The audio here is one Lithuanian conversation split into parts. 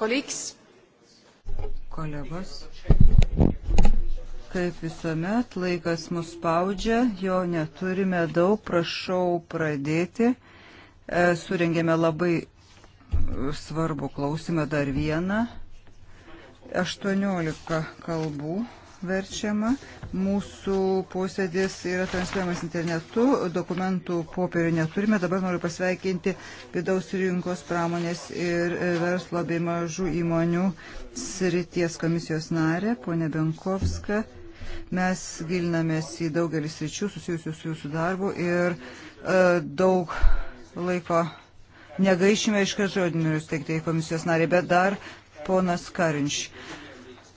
Colleagues. Kolegos, kaip visuomet, laikas mus spaudžia, jo neturime daug, prašau pradėti. E, surengėme labai svarbų klausimą dar vieną. 18 kalbų verčiama. Mūsų posėdis yra transliuojamas internetu, dokumentų popierių neturime. Dabar noriu pasveikinti vidaus rinkos pramonės ir verslo bei mažų įmonių srities komisijos narę, ponė Benkovska. Mes gilinamės į daugelį sričių susijusių su jūsų darbu ir e, daug laiko negaišime iš kažodinių jūs teiktai komisijos narė, bet dar ponas Karinč. E,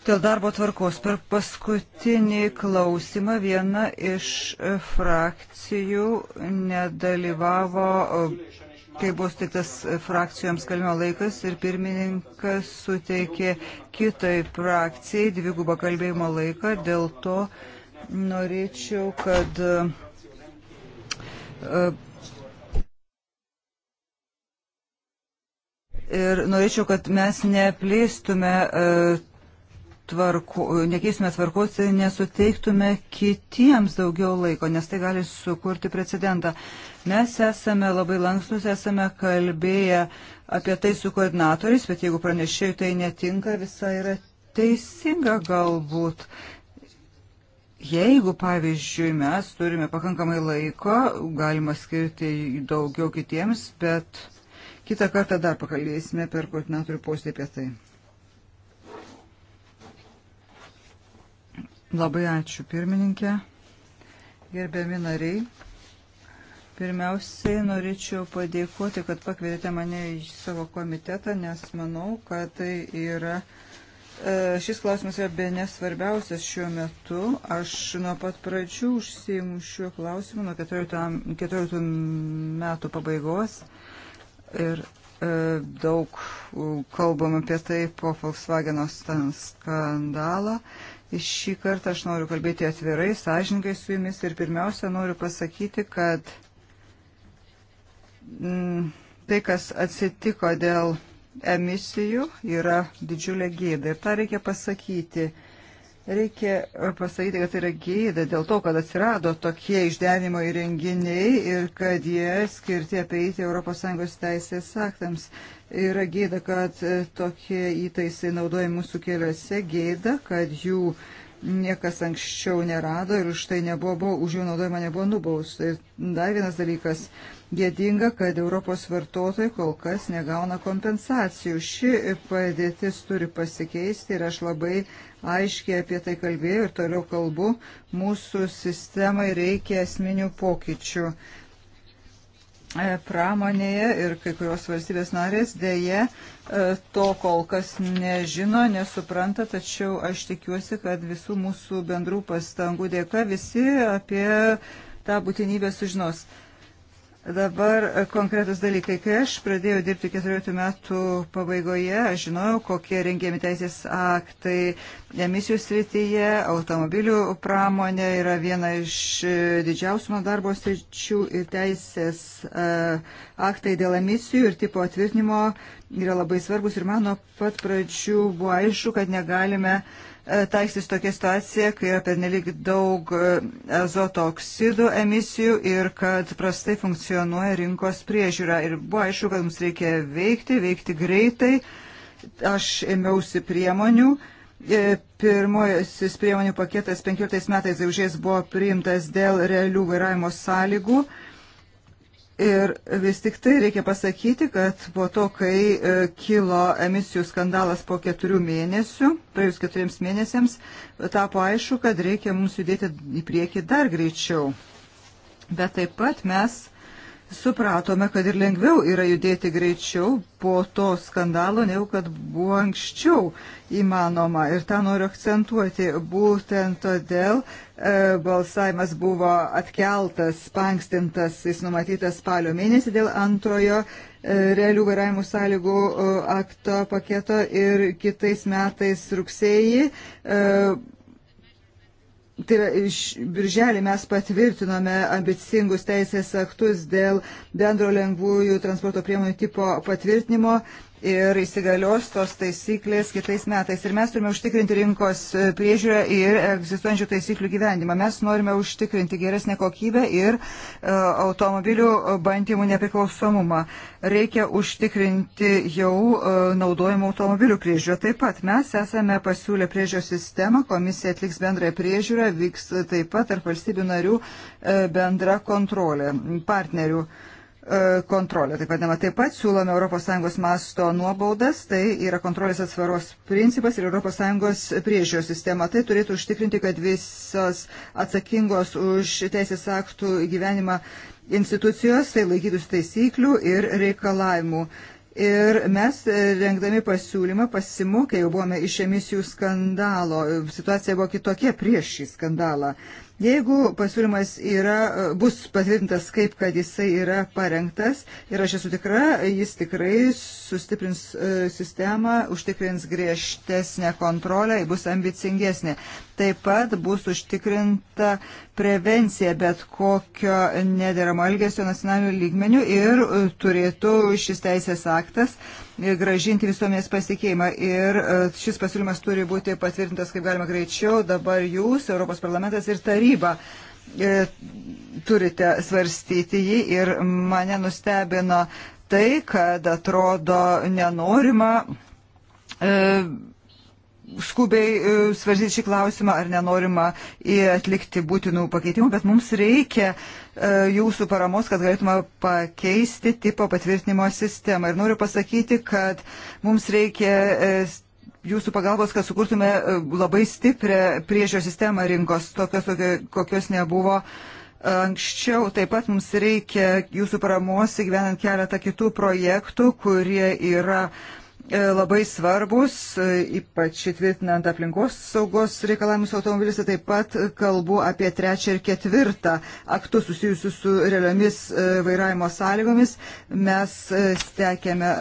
Dėl darbo tvarkos per paskutinį klausimą viena iš e, frakcijų nedalyvavo, kai buvo stiktas e, frakcijoms kalbimo laikas ir pirmininkas suteikė kitai frakcijai dvigubą kalbėjimo laiką. Dėl to norėčiau, kad. E, ir norėčiau, kad mes neplėstume. Uh, tvarko, nekeisime tvarkos ir nesuteiktume kitiems daugiau laiko, nes tai gali sukurti precedentą. Mes esame labai lankstus, esame kalbėję apie tai su koordinatoriais, bet jeigu pranešėjų tai netinka, visai yra teisinga galbūt. Jeigu, pavyzdžiui, mes turime pakankamai laiko, galima skirti daugiau kitiems, bet kitą kartą dar pakalbėsime per koordinatorių posėdį apie tai. Labai ačiū pirmininkė. Gerbiami nariai, pirmiausiai norėčiau padėkoti, kad pakvietėte mane į savo komitetą, nes manau, kad tai yra, e, šis klausimas yra be nesvarbiausias šiuo metu. Aš nuo pat pradžių užsijimu šiuo klausimu, nuo 14, 14 metų pabaigos. Ir e, daug kalbam apie tai po Volkswagen skandalą. Šį kartą aš noriu kalbėti atvirai, sąžininkai su jumis ir pirmiausia noriu pasakyti, kad m, mm, tai, kas atsitiko dėl emisijų, yra didžiulė gėda ir tą reikia pasakyti. Reikia e, pasakyti, kad tai yra gėda dėl to, kad atsirado tokie išdenimo įrenginiai ir kad jie skirti apeiti ES teisės aktams. Yra gėda, kad e, tokie įtaisai naudojami mūsų keliuose, gėda, kad jų niekas anksčiau nerado ir už tai nebuvo, už jų naudojimą nebuvo nubausta. Ir dar vienas dalykas Gėdinga, kad Europos vartotojai kol kas negauna kompensacijų. Ši padėtis turi pasikeisti ir aš labai aiškiai apie tai kalbėjau ir toliau kalbu, mūsų sistemai reikia esminių pokyčių. E, pramonėje ir kai kurios valstybės narės dėje e, to kol kas nežino, nesupranta, tačiau aš tikiuosi, kad visų mūsų bendrų pastangų dėka visi apie tą būtinybę sužinos. Dabar konkretus dalykai. Kai aš pradėjau dirbti 14 metų pabaigoje, aš žinojau, kokie rengiami teisės aktai emisijų srityje, automobilių pramonė yra viena iš e, didžiausių mano darbo sričių ir teisės e, aktai dėl emisijų ir tipo atvirtinimo yra labai svarbus ir mano pat pradžių buvo aišku, kad negalime uh, E, taiksis tokia situacija, kai yra pernelik daug e, azotoksidų emisijų ir kad prastai funkcionuoja rinkos priežiūra. Ir buvo aišku, kad mums reikia veikti, veikti greitai. Aš ėmiausi priemonių. E, Pirmojasis priemonių paketas 15 metais tai jau žies buvo priimtas dėl realių vairavimo sąlygų. Ir vis tik tai reikia pasakyti, kad po to, kai e, kilo emisijų skandalas po keturių mėnesių, praėjus keturiems mėnesiams, tapo aišku, kad reikia mums judėti į priekį dar greičiau. Bet taip pat mes supratome, kad ir lengviau yra judėti greičiau po to skandalo, negu kad buvo anksčiau įmanoma. Ir tą noriu akcentuoti. Būtent todėl e, balsavimas buvo atkeltas, pankstintas, jis numatytas spalio mėnesį dėl antrojo e, realių vairavimų sąlygų e, akto paketo ir kitais metais rugsėjį. E, Tai yra, iš birželį mes patvirtinome ambicingus teisės aktus dėl bendro lengvųjų transporto priemonių tipo patvirtinimo ir įsigalios tos taisyklės kitais metais. Ir mes turime užtikrinti rinkos e, priežiūrą ir egzistuojančių taisyklių gyvendimą. Mes norime užtikrinti geresnę kokybę ir e, automobilių bandymų nepriklausomumą. Reikia užtikrinti jau e, naudojimo automobilių priežiūrą. Taip pat mes esame pasiūlę priežiūros sistemą, komisija atliks bendrąją priežiūrą, vyks taip pat tarp valstybių narių bendra kontrolė partnerių. Uh, E, kontrolę. Taip vadinama, taip pat siūlome ES masto nuobaudas, tai yra kontrolės atsvaros principas ir ES priežiūros sistema. Tai turėtų užtikrinti, kad visos atsakingos už teisės aktų gyvenimą institucijos tai laikytųsi taisyklių ir reikalavimų. Ir mes e, rengdami pasiūlymą pasimokę jau buvome iš emisijų skandalo. Situacija buvo kitokia prieš šį skandalą. Jeigu pasiūlymas yra, bus patvirtintas kaip, kad jisai yra parengtas ir aš esu tikra, jis tikrai sustiprins e, sistemą, užtikrins griežtesnę kontrolę, bus ambicingesnė. Taip pat bus užtikrinta prevencija bet kokio nederamo elgesio nacionalinių lygmenių ir e, turėtų šis teisės aktas uh, gražinti visuomenės pasikeimą. Ir e, šis pasiūlymas turi būti patvirtintas kaip galima greičiau. Dabar jūs, Europos parlamentas ir taryba e, turite svarstyti jį ir mane nustebino tai, kad atrodo nenorima e, skubiai e, svarstyti šį klausimą, ar nenorima atlikti būtinų pakeitimų, bet mums reikia e, jūsų paramos, kad galėtume pakeisti tipo patvirtinimo sistemą. Ir noriu pasakyti, kad mums reikia e, jūsų pagalbos, kad sukurtume labai stiprią priežio sistemą rinkos, tokios, kokios nebuvo. Anksčiau taip pat mums reikia jūsų paramos įgyvenant keletą kitų projektų, kurie yra uh, E, labai svarbus, e, ypač įtvirtinant aplinkos saugos reikalavimus automobiliuose. Taip pat kalbu apie trečią ir ketvirtą aktus susijusius su realiomis e, vairavimo sąlygomis. Mes stekėme,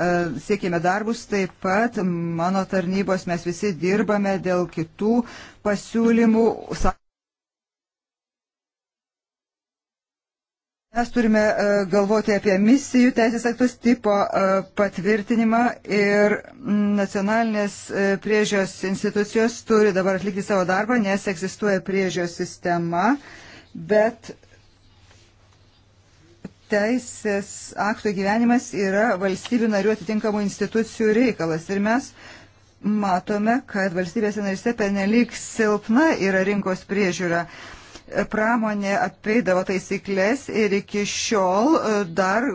siekėme darbus, taip pat mano tarnybos mes visi dirbame dėl kitų pasiūlymų. Mes turime e, galvoti apie misijų teisės aktus tipo e, patvirtinimą ir nacionalinės e, priežios institucijos turi dabar atlikti savo darbą, nes egzistuoja priežios sistema, bet teisės aktų gyvenimas yra valstybių narių atitinkamų institucijų reikalas. Ir mes matome, kad valstybėse narise penelik silpna yra rinkos priežiūra pramonė apeidavo taisyklės ir iki šiol e, dar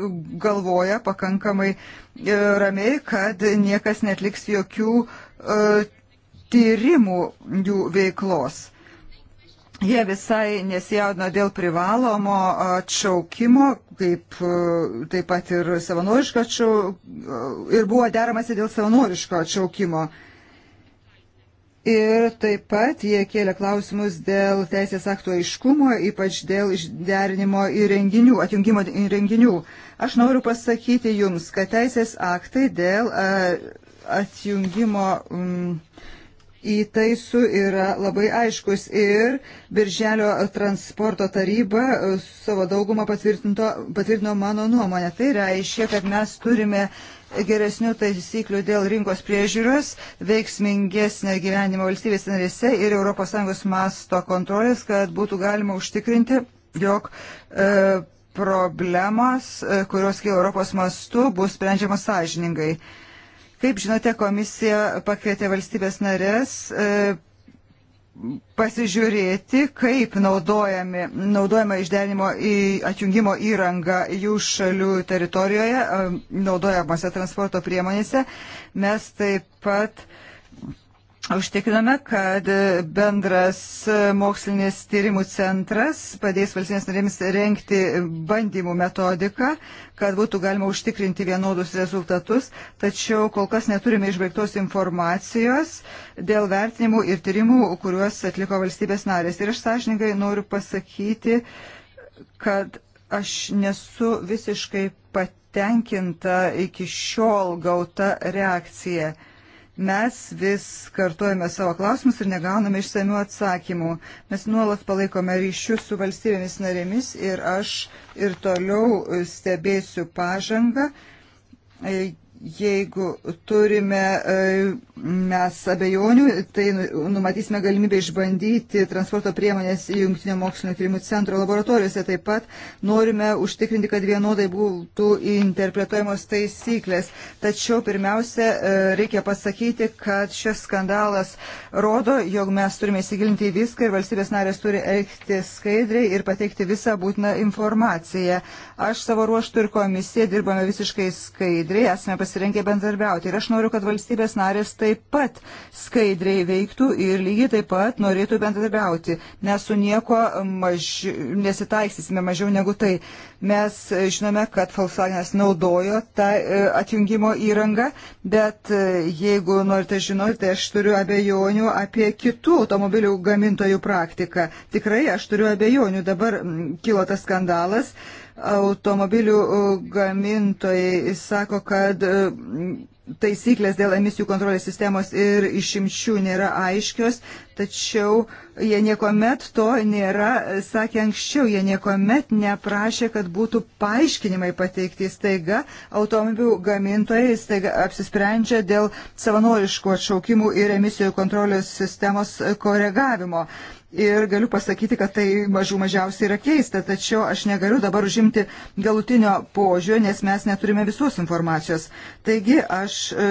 galvoja pakankamai e, ramiai, kad niekas netliks jokių e, tyrimų jų veiklos. Jie visai nesijaudino dėl privalomo atšaukimo, kaip taip pat ir savanoriško atšaukimo, ir buvo deramasi dėl savanoriško atšaukimo. Ir taip pat jie kėlė klausimus dėl teisės aktų aiškumo, ypač dėl išderinimo įrenginių, atjungimo įrenginių. Aš noriu pasakyti Jums, kad teisės aktai dėl atjungimo um, įtaisų yra labai aiškus ir Birželio transporto taryba e, savo daugumą patvirtino mano nuomonę. Tai reiškia, kad mes turime uh, geresnių taisyklių dėl rinkos priežiūros, veiksmingesnė gyvenimo valstybės narėse ir ES masto kontrolės, kad būtų galima užtikrinti, jog e, problemos, e, kurios kyla Europos mastu, bus sprendžiamas sąžiningai. Kaip žinote, komisija pakvietė valstybės narės e, pasižiūrėti, kaip naudojami, naudojama išdenimo į atjungimo įrangą jų šalių teritorijoje, e, naudojamose transporto priemonėse. Mes taip pat Užtikriname, kad bendras mokslinės tyrimų centras padės valstybės narėms renkti bandymų metodiką, kad būtų galima užtikrinti vienodus rezultatus, tačiau kol kas neturime išbaigtos informacijos dėl vertinimų ir tyrimų, kuriuos atliko valstybės narės. Ir aš sąžininkai noriu pasakyti, kad aš nesu visiškai patenkinta iki šiol gauta reakcija Mes vis kartuojame savo klausimus ir negauname išsamių atsakymų. Mes nuolat palaikome ryšius su valstybėmis narėmis ir aš ir toliau stebėsiu pažangą jeigu turime e, mes abejonių, tai nu, numatysime galimybę išbandyti transporto priemonės Jungtinio mokslinio tyrimų centro laboratorijose. Taip pat norime užtikrinti, kad vienodai būtų interpretuojamos taisyklės. Tačiau pirmiausia, e, reikia pasakyti, kad šis skandalas rodo, jog mes turime įsigilinti į viską ir valstybės narės turi elgti skaidriai ir pateikti visą būtiną informaciją. Aš savo ruoštų ir komisija dirbame visiškai skaidriai. Esame pasirengę bendarbiauti. Ir aš noriu, kad valstybės narės taip pat skaidriai veiktų ir lygiai taip pat norėtų bendarbiauti. Mes su nieko maž... nesitaiksysime mažiau negu tai. Mes e, žinome, kad Volkswagenas naudojo tą e, atjungimo įrangą, bet e, jeigu norite žinoti, tai aš turiu abejonių apie kitų automobilių gamintojų praktiką. Tikrai aš turiu abejonių. Dabar kilo tas skandalas. Uh, Automobilių gamintojai sako, kad e, taisyklės dėl emisijų kontrolės sistemos ir išimčių nėra aiškios, tačiau jie niekuomet to nėra, e, sakė anksčiau, jie niekuomet neprašė, kad būtų paaiškinimai pateikti staiga. Automobilių gamintojai staiga apsisprendžia dėl savanoriškų atšaukimų ir emisijų kontrolės sistemos koregavimo ir galiu pasakyti, kad tai mažų mažiausiai yra keista, tačiau aš negaliu dabar užimti galutinio požiūrio, nes mes neturime visos informacijos. Taigi aš e,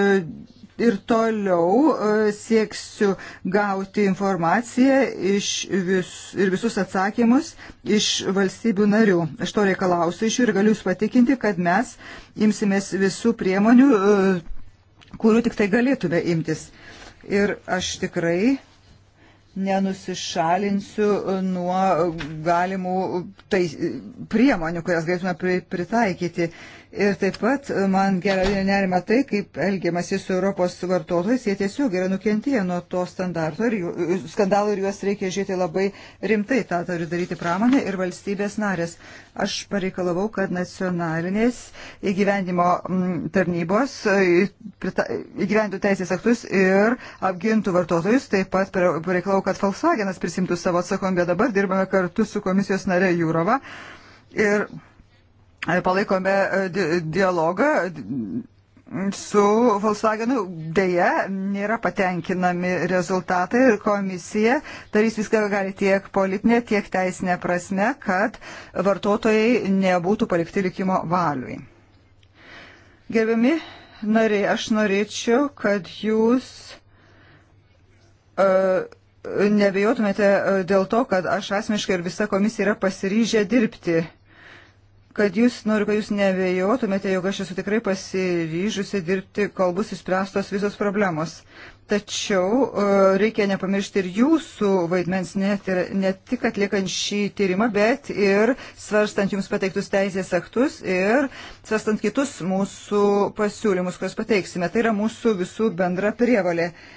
ir toliau e, sieksiu gauti informaciją vis, ir visus atsakymus iš valstybių narių. Aš to reikalausiu iš jų ir galiu jūs patikinti, kad mes imsimės visų priemonių, e, kurių tik tai galėtume imtis. Ir aš tikrai nenusišalinsiu e, nuo galimų tai, priemonių, kurias galėtume pritaikyti. Uh, Ir taip pat e, man gerą nerima tai, kaip elgiamasi su Europos vartotojais, jie tiesiog yra nukentėję nuo to standarto ir jų, e, skandalų ir juos reikia žiūrėti labai rimtai, tą turi daryti pramonė ir valstybės narės. Aš pareikalavau, kad nacionalinės įgyvendimo tarnybos e, įgyvendintų teisės aktus ir apgintų vartotojus, taip pat pareikalavau, kad Volkswagenas prisimtų savo atsakomybę, dabar dirbame kartu su komisijos nare Jūrova. Ir palaikome e, dialogą su Volkswagenu dėja nėra patenkinami rezultatai ir komisija darys viską, ką gali tiek politinė, tiek teisinė prasme, kad vartotojai nebūtų palikti likimo valiui. Gerbiami nariai, aš norėčiau, kad jūs uh, e, nebejotumėte e, dėl to, kad aš asmeniškai ir visa komisija yra pasiryžę dirbti kad jūs, noriu, kad jūs nebejotumėte, jog aš esu tikrai pasiryžusi dirbti, kol bus išspręstos visos problemos. Tačiau e, reikia nepamiršti ir jūsų vaidmens, net ir, ne tik atliekant šį tyrimą, bet ir svarstant jums pateiktus teisės aktus ir svarstant kitus mūsų pasiūlymus, kuriuos pateiksime. Tai yra mūsų visų bendra prievalė. Uh,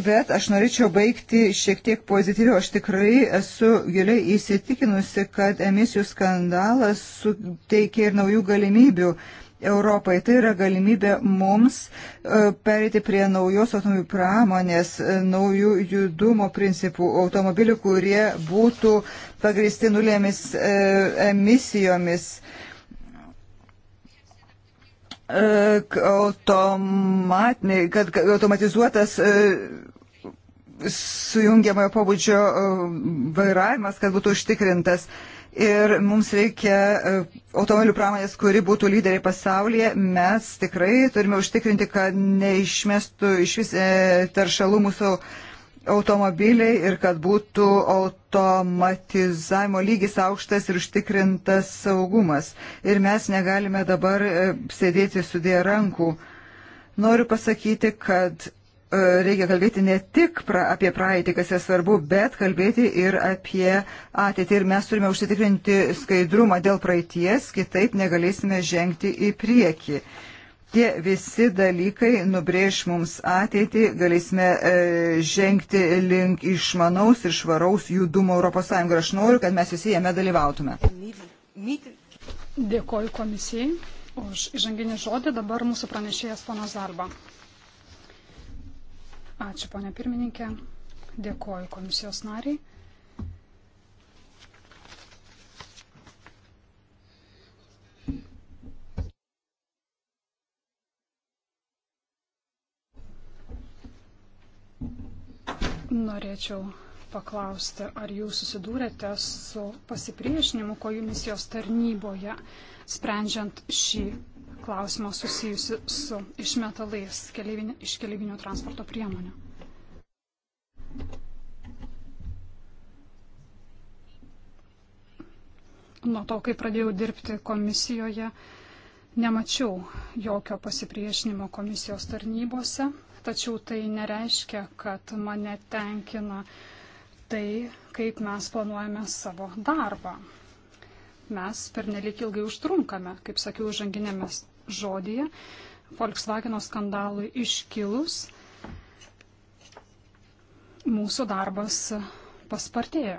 Bet aš norėčiau baigti šiek tiek pozityviau. Aš tikrai esu giliai įsitikinusi, kad emisijų skandalas suteikia ir naujų galimybių Europai. Tai yra galimybė mums e, perėti prie naujos automobilių pramonės, e, naujų judumo principų automobilių, kurie būtų pagristi nulėmis e, emisijomis. E, automatiniai, kad automatizuotas e, sujungiamojo pobūdžio e, vairavimas, kad būtų užtikrintas. Ir mums reikia e, automobilių pramonės, kuri būtų lyderiai pasaulyje. Mes tikrai turime užtikrinti, kad neišmestų iš vis taršalų mūsų automobiliai ir kad būtų automatizavimo lygis aukštas ir užtikrintas saugumas. Ir mes negalime dabar e, sėdėti sudėję rankų. Noriu pasakyti, kad e, reikia kalbėti ne tik pra, apie praeitį, kas yra svarbu, bet kalbėti ir apie ateitį. Ir mes turime užsitikrinti skaidrumą dėl praeities, kitaip negalėsime žengti į priekį. Uh, Tie visi dalykai nubrėž mums ateitį, galėsime e, žengti link išmanaus ir švaraus judumo ES. Ir aš noriu, kad mes visi jame dalyvautume. Dėkoju komisijai už įžanginį žodį. Dabar mūsų pranešėjas ponas Zarba. Ačiū, ponė pirmininkė. Dėkoju komisijos nariai. Norėčiau paklausti, ar jūs susidūrėte su pasipriešinimu komisijos tarnyboje, sprendžiant šį klausimą susijusi su išmetalais keliavinio, iš keliaivinių transporto priemonių. Nuo to, kai pradėjau dirbti komisijoje, nemačiau jokio pasipriešinimo komisijos tarnybose tačiau tai nereiškia, kad mane tenkina tai, kaip mes planuojame savo darbą. Mes pernelik ilgai užtrunkame, kaip sakiau, žanginėme žodyje, Volkswageno skandalui iškilus, mūsų darbas paspartėjo.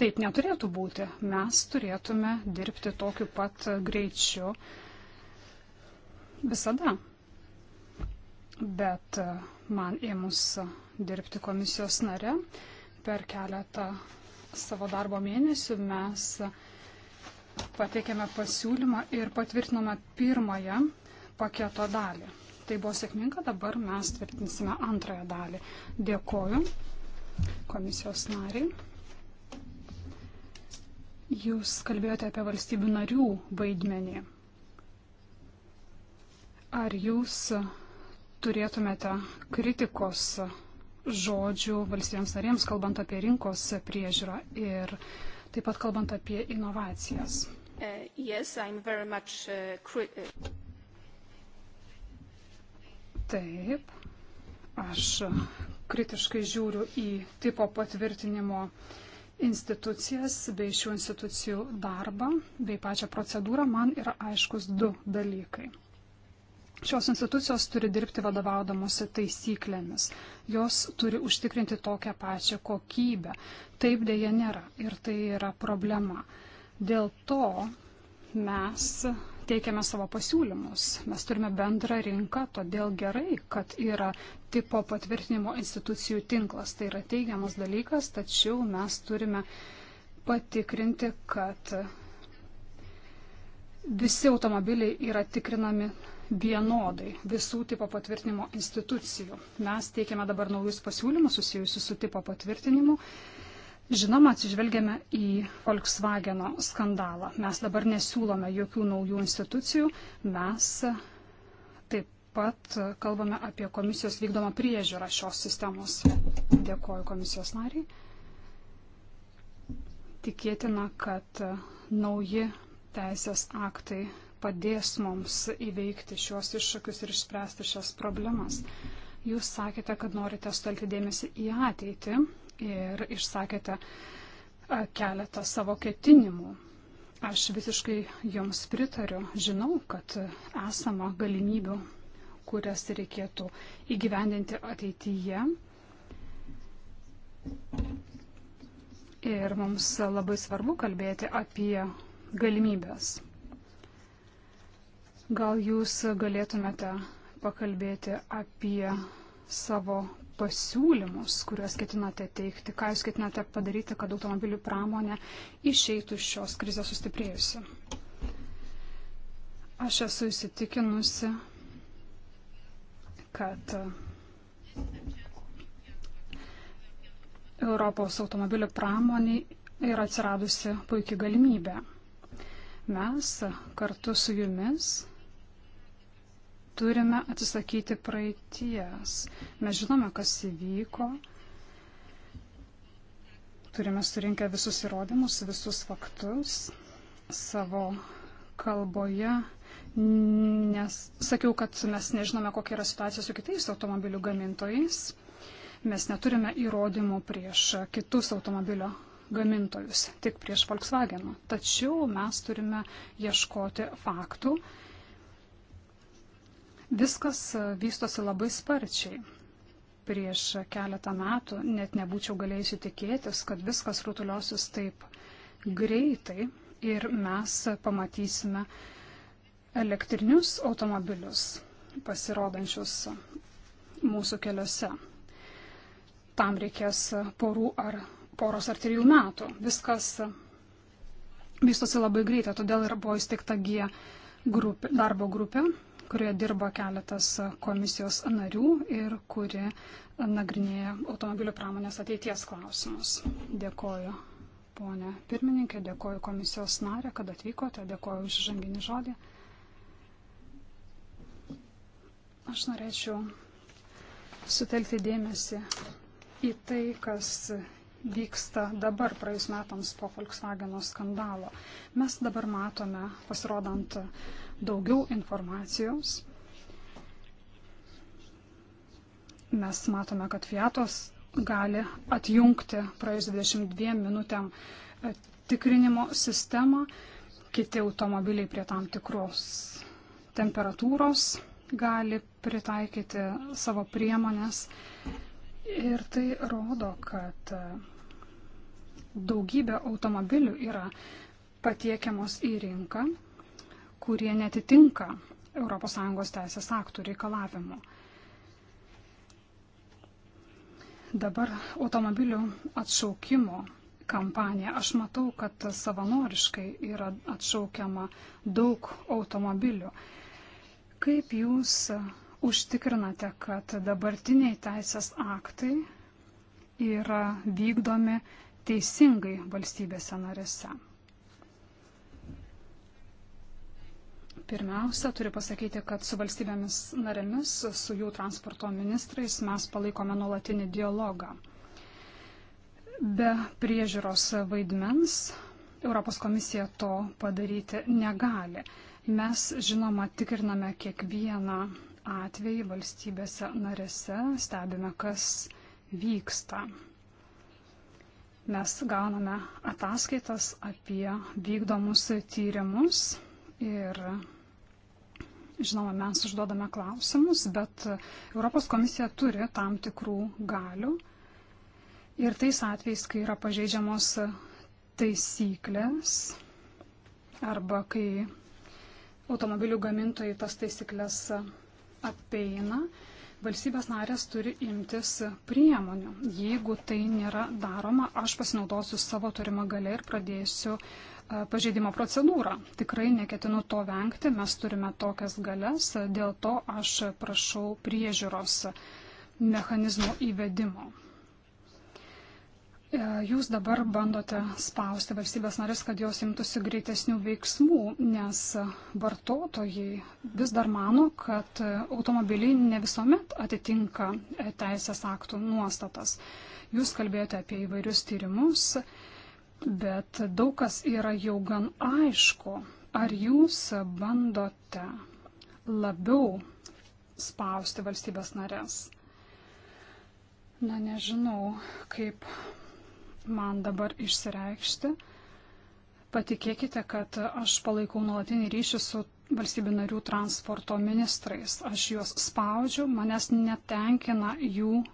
Taip neturėtų būti. Mes turėtume dirbti tokiu pat greičiu visada bet e, man ėmus dirbti komisijos nare per keletą savo darbo mėnesių mes pateikėme pasiūlymą ir patvirtinome pirmąją paketo dalį. Tai buvo sėkminga, dabar mes tvirtinsime antrąją dalį. Dėkoju komisijos nariai. Jūs kalbėjote apie valstybių narių vaidmenį. Ar jūs turėtumėte kritikos žodžių valstybėms narėms, kalbant apie rinkos priežiūrą ir taip pat kalbant apie inovacijas. Uh, yes, much, uh, uh, Taip, aš kritiškai žiūriu į tipo patvirtinimo institucijas bei šių institucijų darbą bei pačią procedūrą, man yra aiškus du dalykai. Šios institucijos turi dirbti vadovaudamosi taisyklėmis. Jos turi užtikrinti tokią pačią kokybę. Taip dėja nėra ir tai yra problema. Dėl to mes teikiame savo pasiūlymus. Mes turime bendrą rinką, todėl gerai, kad yra tipo patvirtinimo institucijų tinklas. Tai yra teigiamas dalykas, tačiau mes turime patikrinti, kad visi automobiliai yra tikrinami vienodai visų tipo patvirtinimo institucijų. Mes teikiame dabar naujus pasiūlymus susijusius su tipo patvirtinimu. Žinoma, atsižvelgiame į Volkswageno skandalą. Mes dabar nesiūlome jokių naujų institucijų. Mes taip pat kalbame apie komisijos vykdomą priežiūrą šios sistemos. Dėkoju komisijos nariai. Tikėtina, kad nauji teisės aktai padės mums įveikti šios iššūkius ir išspręsti šias problemas. Jūs sakėte, kad norite stelti dėmesį į ateitį ir išsakėte e, keletą savo ketinimų. Aš visiškai joms pritariu. Žinau, kad esama galimybių, kurias reikėtų įgyvendinti ateityje. Ir mums labai svarbu kalbėti apie galimybės. Gal jūs galėtumėte pakalbėti apie savo pasiūlymus, kuriuos ketinate teikti, ką jūs ketinate padaryti, kad automobilių pramonė išeitų iš šios krizės sustiprėjusi. Aš esu įsitikinusi, kad Europos automobilių pramoniai yra atsiradusi puikia galimybė. Mes kartu su jumis turime atsisakyti praeities. Mes žinome, kas įvyko. Turime surinkę visus įrodymus, visus faktus savo kalboje. Nes sakiau, kad mes nežinome, kokia yra situacija su kitais automobilių gamintojais. Mes neturime įrodymų prieš kitus automobilio gamintojus, tik prieš Volkswageną. Tačiau mes turime ieškoti faktų, Viskas e, vystosi labai sparčiai. Prieš keletą metų net nebūčiau galėjusi tikėtis, kad viskas rutuliosis taip greitai ir mes pamatysime elektrinius automobilius pasirodančius mūsų keliuose. Tam reikės porų ar poros ar trijų metų. Viskas vystosi labai greitai, todėl ir buvo įsteigta G grupė, darbo grupė, kurioje dirba keletas komisijos narių ir kuri nagrinėja automobilių pramonės ateities klausimus. Dėkoju, ponė pirmininkė, dėkoju komisijos narė, kad atvykote, dėkoju už žanginį žodį. Aš norėčiau sutelkti dėmesį į tai, kas vyksta dabar praėjus metams po Volkswagen skandalo. Mes dabar matome, pasirodant uh, daugiau informacijos. Mes matome, kad Fiatos gali atjungti praėjus 22 minutėm e, tikrinimo sistemą, kiti automobiliai prie tam tikros temperatūros gali pritaikyti savo priemonės. Ir tai rodo, kad e, daugybė automobilių yra patiekiamos į rinką kurie netitinka ES teisės aktų reikalavimų. Dabar automobilių atšaukimo kampanija. Aš matau, kad savanoriškai yra atšaukiama daug automobilių. Kaip jūs užtikrinate, kad dabartiniai teisės aktai yra vykdomi teisingai valstybėse narėse? Pirmiausia, turiu pasakyti, kad su valstybėmis narėmis, su jų transporto ministrais mes palaikome nuolatinį dialogą. Be priežiūros vaidmens Europos komisija to padaryti negali. Mes, žinoma, tikriname kiekvieną atvejį valstybėse narėse, stebime, kas vyksta. Mes gauname ataskaitas apie vykdomus tyrimus ir Žinoma, mes užduodame klausimus, bet Europos komisija turi tam tikrų galių. Ir tais atvejais, kai yra pažeidžiamos taisyklės arba kai automobilių gamintojai tas taisyklės apeina, valstybės narės turi imtis priemonių. Jeigu tai nėra daroma, aš pasinaudosiu savo turimą galę ir pradėsiu uh, pažeidimo procedūrą. Tikrai neketinu to vengti, mes turime tokias galias, dėl to aš prašau priežiūros mechanizmo įvedimo. E, jūs dabar bandote spausti valstybės narės, kad jos imtųsi greitesnių veiksmų, nes vartotojai vis dar mano, kad automobiliai ne visuomet atitinka teisės aktų nuostatas. Jūs kalbėjote apie įvairius tyrimus bet daug kas yra jau gan aišku. Ar jūs bandote labiau spausti valstybės narės? Na nežinau, kaip man dabar išsireikšti. Patikėkite, kad aš palaikau nuolatinį ryšį su valstybių narių transporto ministrais. Aš juos spaudžiu, manęs netenkina jų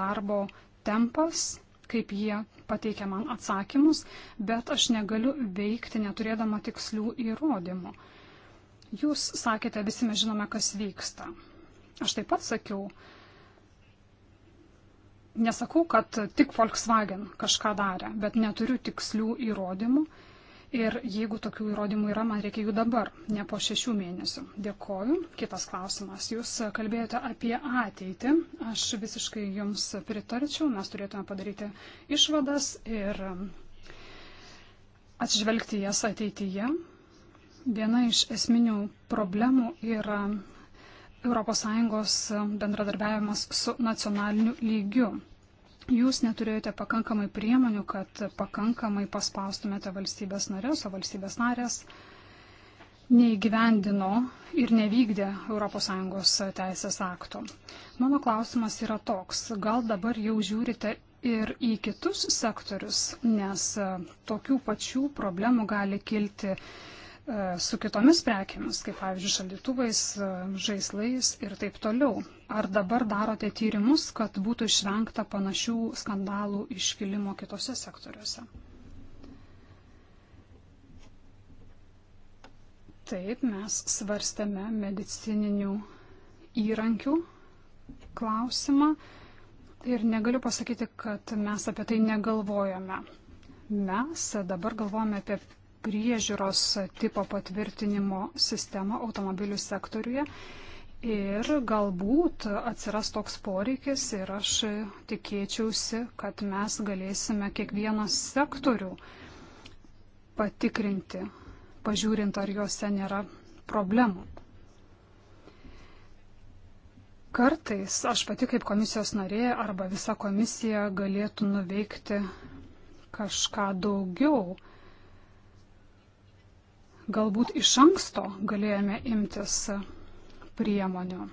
darbo tempas, kaip jie pateikia man atsakymus, bet aš negaliu veikti neturėdama tikslių įrodymų. Jūs sakėte, visi mes žinome, kas vyksta. Aš taip pat sakiau, nesakau, kad tik Volkswagen kažką darė, bet neturiu tikslių įrodymų Ir jeigu tokių įrodymų yra, man reikia jų dabar, ne po šešių mėnesių. Dėkoju. Kitas klausimas. Jūs kalbėjote apie ateitį. Aš visiškai jums pritarčiau. Mes turėtume padaryti išvadas ir atsižvelgti jas ateityje. Viena iš esminių problemų yra ES bendradarbiavimas su nacionaliniu lygiu. Jūs neturėjote pakankamai priemonių, kad pakankamai paspaustumėte valstybės narės, o valstybės narės neįgyvendino ir nevykdė ES teisės akto. Mano klausimas yra toks, gal dabar jau žiūrite ir į kitus sektorius, nes e, tokių pačių problemų gali kilti e, su kitomis prekėmis, kaip pavyzdžiui šaldytuvais, e, žaislais ir taip toliau. Ar dabar darote tyrimus, kad būtų išvengta panašių skandalų iškilimo kitose sektoriuose? Taip, mes svarstėme medicininių įrankių klausimą ir negaliu pasakyti, kad mes apie tai negalvojame. Mes dabar galvojame apie priežiūros tipo patvirtinimo sistemą automobilių sektoriuje Ir galbūt atsiras toks poreikis ir aš tikėčiausi, kad mes galėsime kiekvieną sektorių patikrinti, pažiūrint, ar juose nėra problemų. Kartais aš pati kaip komisijos narė arba visa komisija galėtų nuveikti kažką daugiau galbūt iš anksto galėjome imtis priemonių.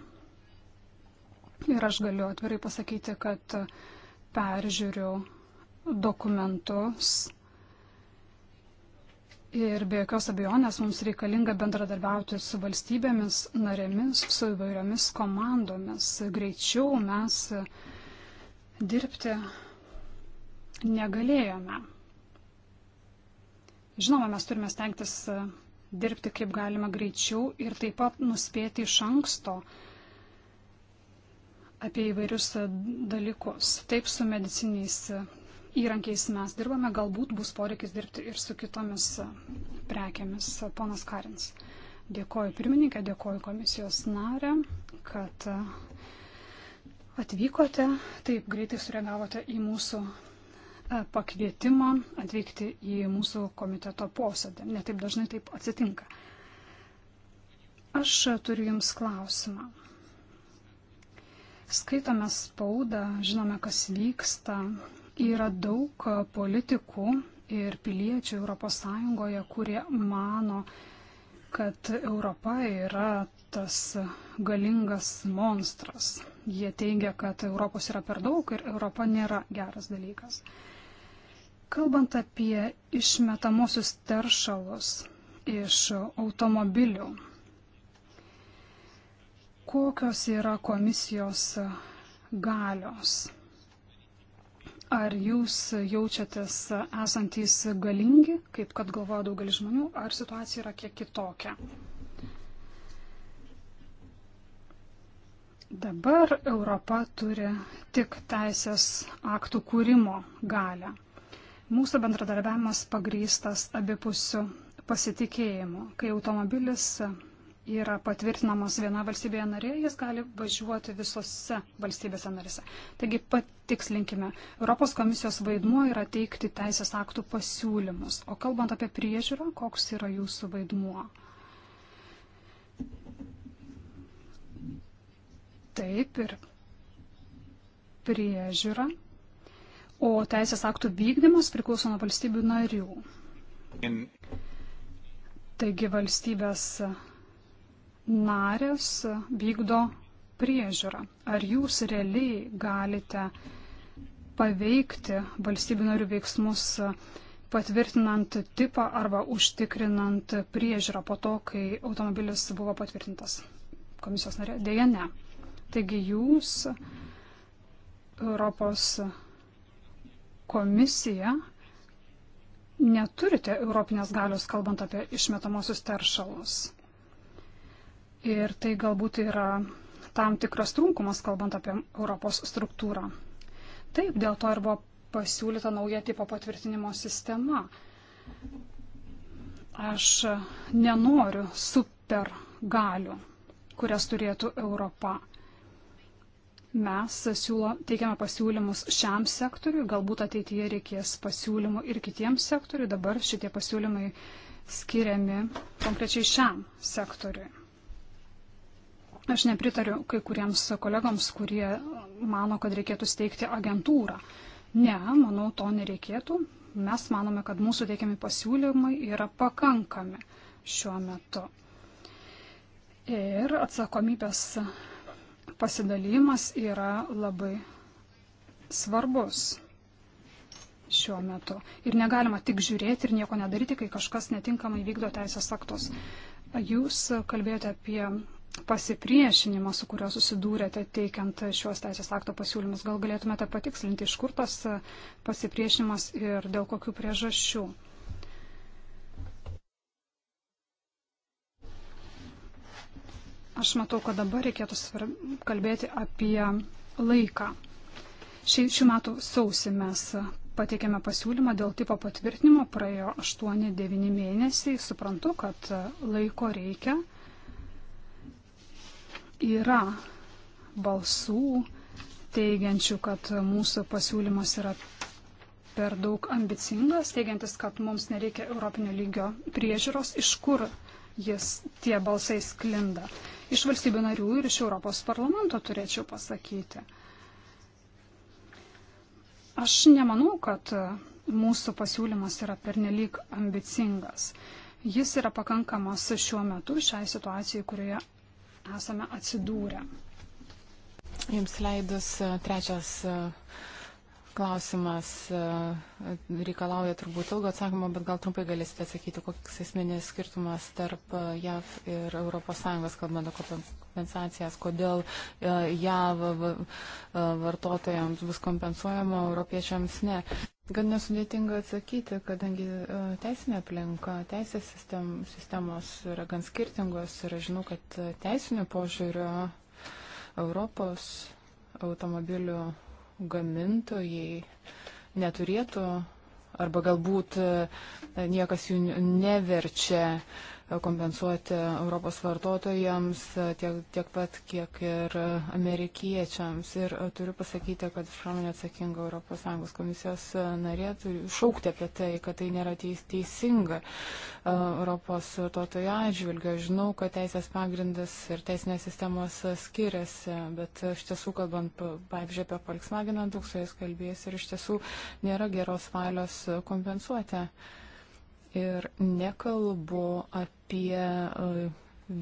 Ir aš galiu atvirai pasakyti, kad peržiūriu dokumentus ir be jokios abejonės mums reikalinga bendradarbiauti su valstybėmis narėmis, su įvairiomis komandomis. Greičiau mes dirbti negalėjome. Žinoma, mes turime stengtis dirbti kaip galima greičiau ir taip pat nuspėti iš anksto apie įvairius e, dalykus. Taip su mediciniais e, įrankiais mes dirbame, galbūt bus poreikis dirbti ir su kitomis e, prekiamis. Ponas Karins, dėkoju pirmininkę, dėkoju komisijos narę, kad atvykote, taip greitai sureagavote į mūsų E, pakvietimą atvykti į mūsų komiteto posėdį. Netaip dažnai taip atsitinka. Aš turiu Jums klausimą. Skaitome spaudą, žinome, kas vyksta. Yra daug politikų ir piliečių ES, kurie mano, kad Europa yra tas galingas monstras. Jie teigia, kad Europos yra per daug ir Europa nėra geras dalykas. Kalbant apie išmetamosius teršalus iš automobilių, kokios yra komisijos galios? Ar jūs jaučiatės esantys galingi, kaip kad galvoja daugelis žmonių, ar situacija yra kiek kitokia? Dabar Europa turi tik teisės aktų kūrimo galę. Mūsų bendradarbiavimas pagrystas abipusiu pasitikėjimu. Kai automobilis yra patvirtinamas viena valstybėje narėje, jis gali važiuoti visose valstybėse narėse. Taigi patikslinkime, Europos komisijos vaidmuo yra teikti teisės aktų pasiūlymus. O kalbant apie priežiūrą, koks yra jūsų vaidmuo? Taip ir priežiūra o teisės aktų vykdymas priklauso nuo valstybių narių. Taigi valstybės narės vykdo priežiūrą. Ar jūs realiai galite paveikti valstybių narių veiksmus patvirtinant tipą arba užtikrinant priežiūrą po to, kai automobilis buvo patvirtintas? Komisijos narė, dėja ne. Taigi jūs Europos komisija neturite europinės galios, kalbant apie išmetamosius teršalus. Ir tai galbūt yra tam tikras trūkumas, kalbant apie Europos struktūrą. Taip, dėl to ir buvo pasiūlyta nauja tipo patvirtinimo sistema. Aš nenoriu supergalių, kurias turėtų Europa. Mes siūlo, teikiame pasiūlymus šiam sektoriu, galbūt ateityje reikės pasiūlymų ir kitiems sektoriui, dabar šitie pasiūlymai skiriami konkrečiai šiam sektoriui. Aš nepritariu kai kuriems kolegoms, kurie mano, kad reikėtų steigti agentūrą. Ne, manau, to nereikėtų. Mes manome, kad mūsų teikiami pasiūlymai yra pakankami šiuo metu. Ir atsakomybės pasidalymas yra labai svarbus šiuo metu. Ir negalima tik žiūrėti ir nieko nedaryti, kai kažkas netinkamai vykdo teisės aktus. Jūs kalbėjote apie pasipriešinimą, su kurio susidūrėte teikiant šios teisės akto pasiūlymus. Gal galėtumėte patikslinti, iš kur tas pasipriešinimas ir dėl kokių priežasčių. Aš matau, kad dabar reikėtų svarb... kalbėti apie laiką. Šį, šių metų sausį mes pateikėme pasiūlymą dėl tipo patvirtinimo, praėjo 8-9 mėnesiai, suprantu, kad laiko reikia. Yra balsų teigiančių, kad mūsų pasiūlymas yra per daug ambicingas, teigiantis, kad mums nereikia europinio lygio priežiūros, iš kur jis tie balsai sklinda iš valstybių narių ir iš Europos parlamento, turėčiau pasakyti. Aš nemanau, kad mūsų pasiūlymas yra pernelyg ambicingas. Jis yra pakankamas šiuo metu, šiai situacijai, kurioje esame atsidūrę. Jums leidus trečias. Uh klausimas e, reikalauja turbūt ilgo atsakymo, bet gal trumpai galėsite atsakyti, koks esminis skirtumas tarp e, JAV ir ES, kalbant apie kompensacijas, kodėl e, JAV vartotojams bus kompensuojama, europiečiams ne. Gan nesudėtinga atsakyti, kadangi teisinė aplinka, teisės sistem, sistemos yra gan skirtingos ir aš žinau, kad teisinių požiūrio Europos automobilių gamintojai neturėtų arba galbūt e, niekas jų neverčia kompensuoti Europos vartotojams tiek, tiek pat, kiek ir amerikiečiams. Ir turiu pasakyti, kad pramonė atsakinga ES komisijos narė turi šaukti apie tai, kad tai nėra teis, teisinga Europos vartotojų atžvilgiu. Žinau, kad teisės pagrindas ir teisinės sistemos skiriasi, bet iš tiesų, kalbant, pavyzdžiui, apie Volkswagen, daug su jais kalbėjęs ir iš tiesų nėra geros valios kompensuoti ir nekalbu apie e,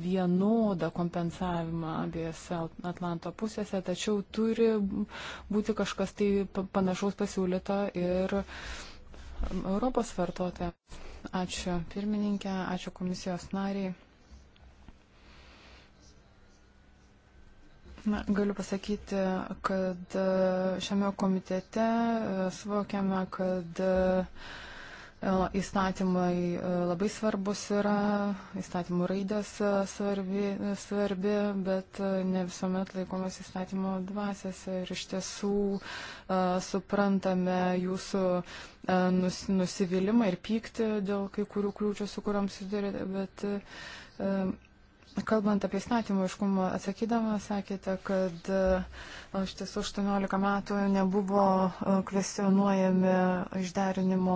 vienodą kompensavimą abiejose Atlanto pusėse, tačiau turi būti kažkas tai panašaus pasiūlyta ir Europos vartotojai. Ačiū pirmininkė, ačiū komisijos nariai. Na, galiu pasakyti, kad e, šiame komitete e, suvokiame, kad uh, E, įstatymai e, labai svarbus yra, įstatymų raidės e, svarbi, svarbi, bet ne visuomet laikomas įstatymo dvasės ir iš tiesų suprantame jūsų nus, nusivylimą ir pyktį dėl kai kurių kliūčių, su kuriam susidurėte, bet kalbant apie įstatymų iškumą, atsakydama sakėte, kad Iš tiesų 18 metų nebuvo e, kvestionuojami išderinimo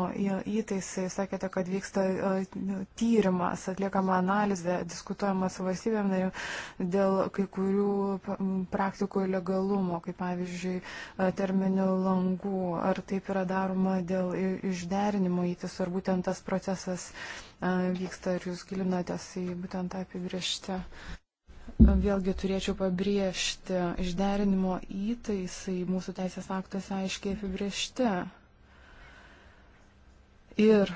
įtaisai. Sakėte, kad vyksta e, tyrimas, atliekama analizė, diskutuojama su valstybėm narėm dėl kai kurių praktikų legalumo, kaip pavyzdžiui e, terminių langų. Ar taip yra daroma dėl išderinimo įtaisų, ar būtent tas procesas vyksta, ar jūs gilinatės į būtent tą apibriežtę. Vėlgi turėčiau pabrėžti išderinimo įtaisai mūsų teisės aktuose aiškiai apibriežti. Ir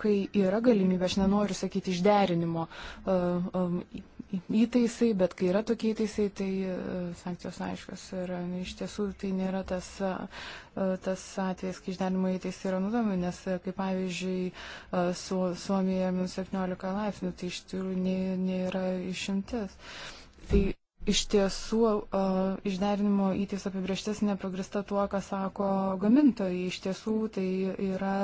kai yra galimybė, aš nenoriu sakyti išderinimo uh, um, įtaisai, bet kai yra tokie įtaisai, tai e, sankcijos aiškios. Ir iš tiesų tai nėra tas, e, tas atvejis, kai išdenimo įtaisai yra nudomi, nes e, kaip pavyzdžiui, su, Suomijoje minus 17 laipsnių, tai iš tikrųjų nėra išimtis. Tai iš tiesų išderinimo įtais apibrieštis nepagrista tuo, ką sako gamintojai. Iš tiesų tai yra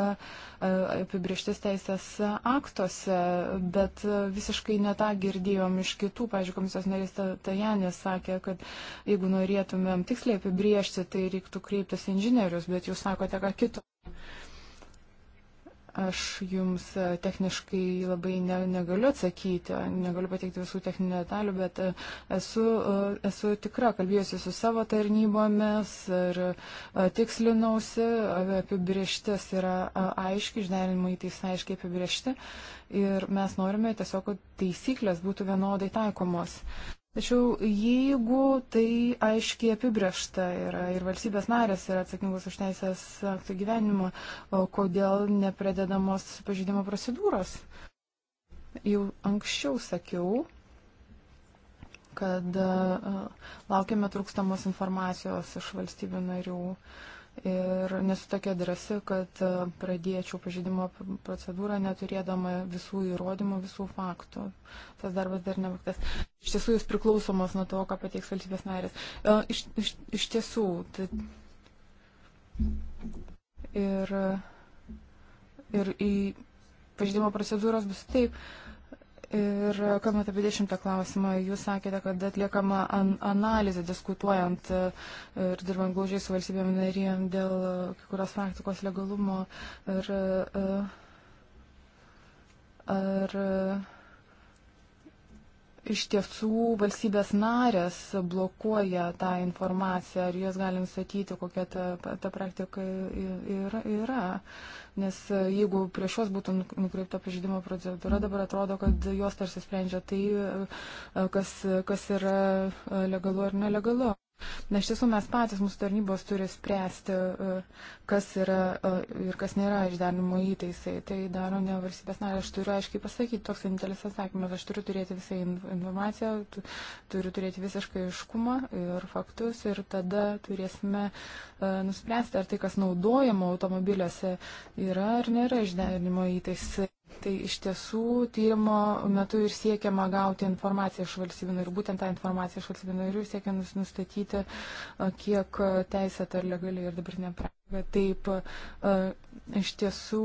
apibrieštis teisės aktuose, bet visiškai netą girdėjom iš kitų. Pavyzdžiui, komisijos narys Tajanė sakė, kad jeigu norėtumėm tiksliai apibriešti, tai reiktų kreiptis inžinierius, bet jūs sakote ką kito. Aš jums e, techniškai labai ne, negaliu atsakyti, negaliu pateikti visų techninių detalių, bet e, esu, e, esu tikra, kalbėjusi su savo tarnybomis ir tikslinausi, apibrieštis yra aiški, ždelinimai tai aiškiai apibriešti ir mes norime tiesiog, kad taisyklės būtų vienodai taikomos. Tačiau jeigu tai aiškiai apibriešta yra ir valstybės narės yra atsakingos už teisės aktų gyvenimą, kodėl nepradedamos pažydimo procedūros? Jau anksčiau sakiau, kad laukiame trūkstamos informacijos iš valstybių narių. Uh, ir nesu tokia drąsi, kad e, pradėčiau pažydimo procedūrą neturėdama visų įrodymų, visų faktų. Tas darbas dar nevaktas. Iš tiesų jūs priklausomos nuo to, ką pateiks valstybės narės. E, iš, iš, iš tiesų. Tai... Ir, ir į pažydimo procedūros bus taip. Uh, Ir kalbant apie dešimtą klausimą, jūs sakėte, kad atliekama an analizė diskutuojant e, ir dirbant glaužiai su valstybėm narėm dėl kai kurios praktikos legalumo. Ir, e, ar, ar iš tiesų valstybės narės blokuoja tą informaciją, ar jos gali nustatyti, kokia ta, ta praktika yra, yra. Nes jeigu prieš juos būtų nukreipta pažydimo procedūra, dabar atrodo, kad jos tarsi sprendžia tai, kas, kas yra legalu ar nelegalu. Na, iš tiesų mes patys, mūsų tarnybos turi spręsti, e, kas yra e, ir kas nėra išderinimo įtaisai. Tai daro ne valstybės narė. Aš turiu aiškiai pasakyti, toks vienintelis atsakymas. Aš turiu turėti visą informaciją, turiu turėti visišką iškumą ir faktus ir tada turėsime e, nuspręsti, ar tai, kas naudojama automobiliuose, yra ar nėra išderinimo įtaisai. Tai iš tiesų tyrimo metu ir siekiama gauti informaciją iš valstybių narių, būtent tą informaciją iš valstybių narių siekia nustatyti, kiek teisėta ar legaliai ir dabar nepraga. Taip, iš tiesų.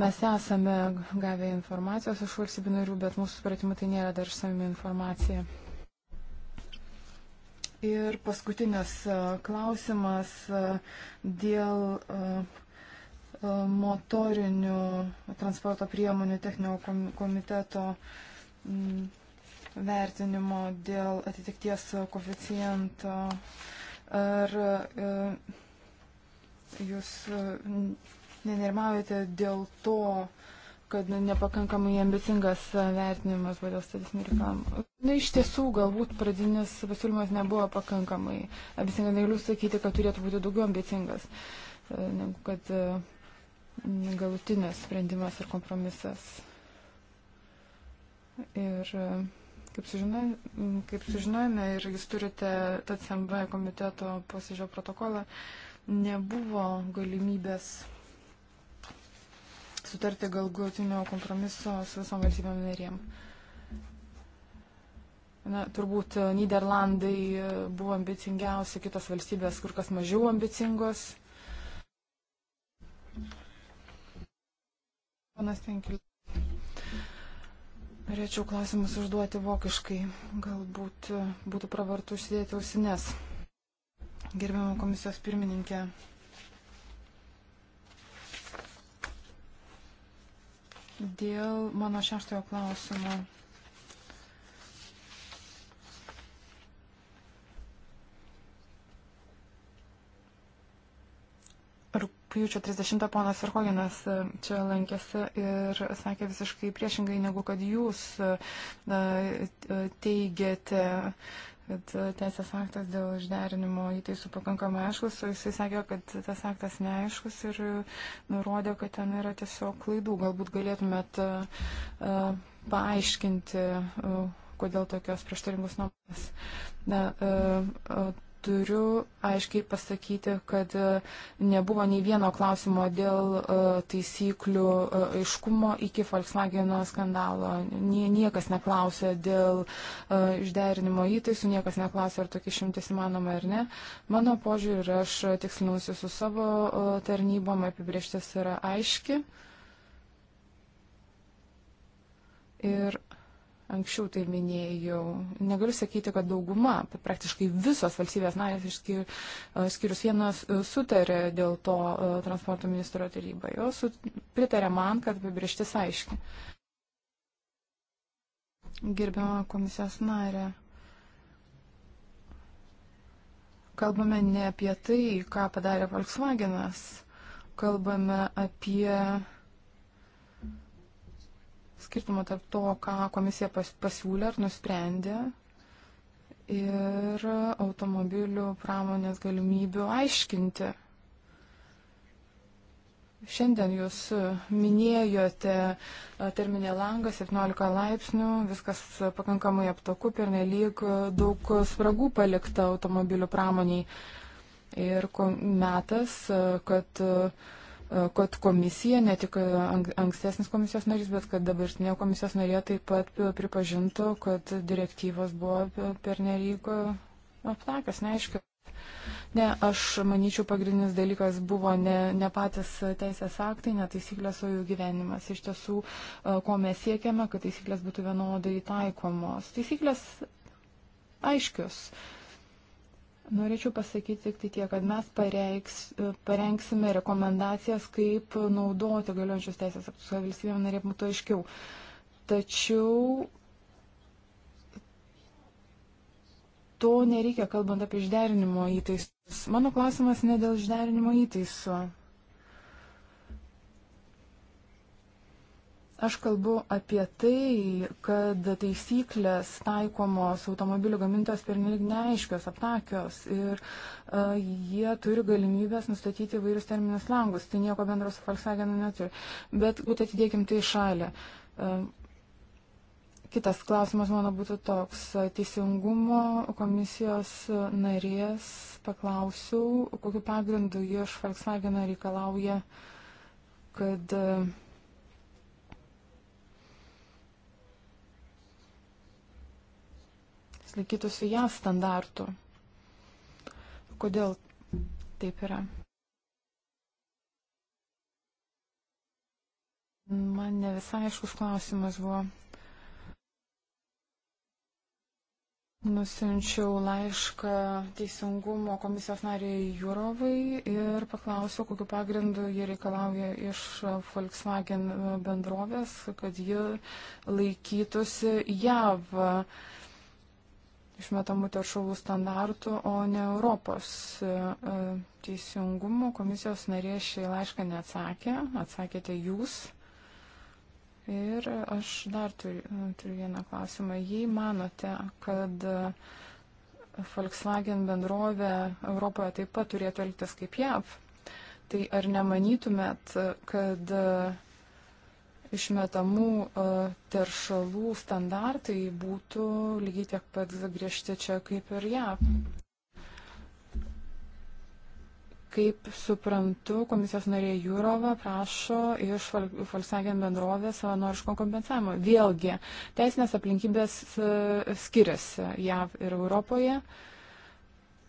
Mes esame gavę informacijos iš valstybių narių, bet mūsų supratimu tai nėra dar išsami informacija. Ir paskutinis klausimas dėl motorinių transporto priemonių techninio komiteto mm, vertinimo dėl atitikties koficijento. Ar e, jūs nenerimaujate dėl to, kad nepakankamai ambicingas vertinimas buvo dėl statistinių reklamų? Na, iš tiesų, galbūt pradinis pasiūlymas nebuvo pakankamai ambicingas. Negaliu sakyti, kad turėtų būti daugiau ambicingas, e, negu kad e, galutinis sprendimas ir kompromisas. Ir e, kaip, sužino, kaip sužinojame, ir jūs turite TCMB komiteto posėdžio protokolą, nebuvo galimybės sutarti gal galutinio kompromiso su visom valstybėm narėm. Na, turbūt e, Niderlandai e, buvo ambicingiausi, kitos valstybės kur kas mažiau ambicingos. Panas Tenkil. Norėčiau klausimus užduoti vokiškai. Galbūt būtų pravartu užsidėti ausines. Gerbiamo komisijos pirmininkė. Dėl mano šeštojo klausimo Pajūčio 30 ponas Irkoginas e, čia lankėsi ir sakė visiškai priešingai negu kad jūs e, e, teigiate kad teisės aktas dėl išderinimo įtaisų pakankamai aiškus, o jisai sakė, kad tas aktas neaiškus ir nurodė, kad ten yra tiesiog klaidų. Galbūt galėtumėt uh, paaiškinti, uh, kodėl tokios prieštaringos nuomonės. Na, uh, turiu aiškiai pasakyti, kad e, nebuvo nei vieno klausimo dėl e, taisyklių e, aiškumo iki Volkswagen skandalo. Niekas neklausė dėl išderinimo įtaisų, niekas neklausė, ar tokia šimtis įmanoma ar ne. Mano požiūrį ir aš tikslinusi su savo tarnybom, apibrieštis yra aiški. Ir anksčiau tai minėjau, negaliu sakyti, kad dauguma, praktiškai visos valstybės narės e, išskyrus vienas e, sutarė dėl to e, transporto ministro taryba. Jos pritarė man, kad apibrieštis aiški. Gerbiama komisijos narė. Kalbame ne apie tai, ką padarė Volkswagenas, kalbame apie skirtumą tarp to, ką komisija pasiūlė ar nusprendė ir automobilių pramonės galimybių aiškinti. Šiandien jūs minėjote terminė langą 17 laipsnių, viskas pakankamai aptoku, pernelyg daug spragų palikta automobilių pramoniai. Ir metas, kad uh, E, kad komisija, ne tik e, ankstesnis komisijos narys, bet kad dabartinė komisijos narė taip pat pripažintų, kad direktyvos buvo pernelyg e, aplakas, neaiškiai. Ne, aš manyčiau, pagrindinis dalykas buvo ne, ne patys teisės aktai, ne taisyklės, o jų gyvenimas. Iš tiesų, ko mes siekiame, kad taisyklės būtų vienodai taikomos. Taisyklės aiškius. Uh, Norėčiau pasakyti tik tai tiek, kad mes pareiks, parengsime rekomendacijas, kaip naudoti galiojančius teisės aktus, kad valstybėm narėm būtų aiškiau. Tačiau to nereikia, kalbant apie išderinimo įtaisus. Mano klausimas ne dėl išderinimo įtaisų. Aš kalbu apie tai, kad taisyklės taikomos automobilių gamintos pernelyg neaiškios, aptakios ir uh, jie turi galimybės nustatyti vairius terminus langus. Tai nieko bendro su Volkswagenu neturi. Bet būtent atidėkim tai šalį. Uh, kitas klausimas mano būtų toks. Teisingumo komisijos narės paklausiau, kokiu pagrindu jie iš Volkswageno reikalauja, kad. Uh, laikytųsi ją standartų. Kodėl taip yra? Man ne visai aiškus klausimas buvo. Nusinčiau laišką teisingumo komisijos nariai Jurovai ir paklausiau, kokiu pagrindu jie reikalauja iš Volkswagen bendrovės, kad ji laikytųsi JAV išmetamų teršalų standartų, o ne Europos e, e, teisingumo komisijos narė šį laišką neatsakė, atsakėte jūs. Ir aš dar turiu, e, turiu vieną klausimą. Jei manote, kad Volkswagen bendrovė Europoje taip pat turėtų elgtis kaip JAV, tai ar nemanytumėt, kad uh, išmetamų e, teršalų standartai būtų lygiai tiek pat griežti čia kaip ir JAV. Kaip suprantu, komisijos narė Jūrova prašo iš Volkswagen bendrovės savanoriško kompensavimo. Vėlgi, teisinės aplinkybės e, skiriasi JAV ir Europoje. Uh,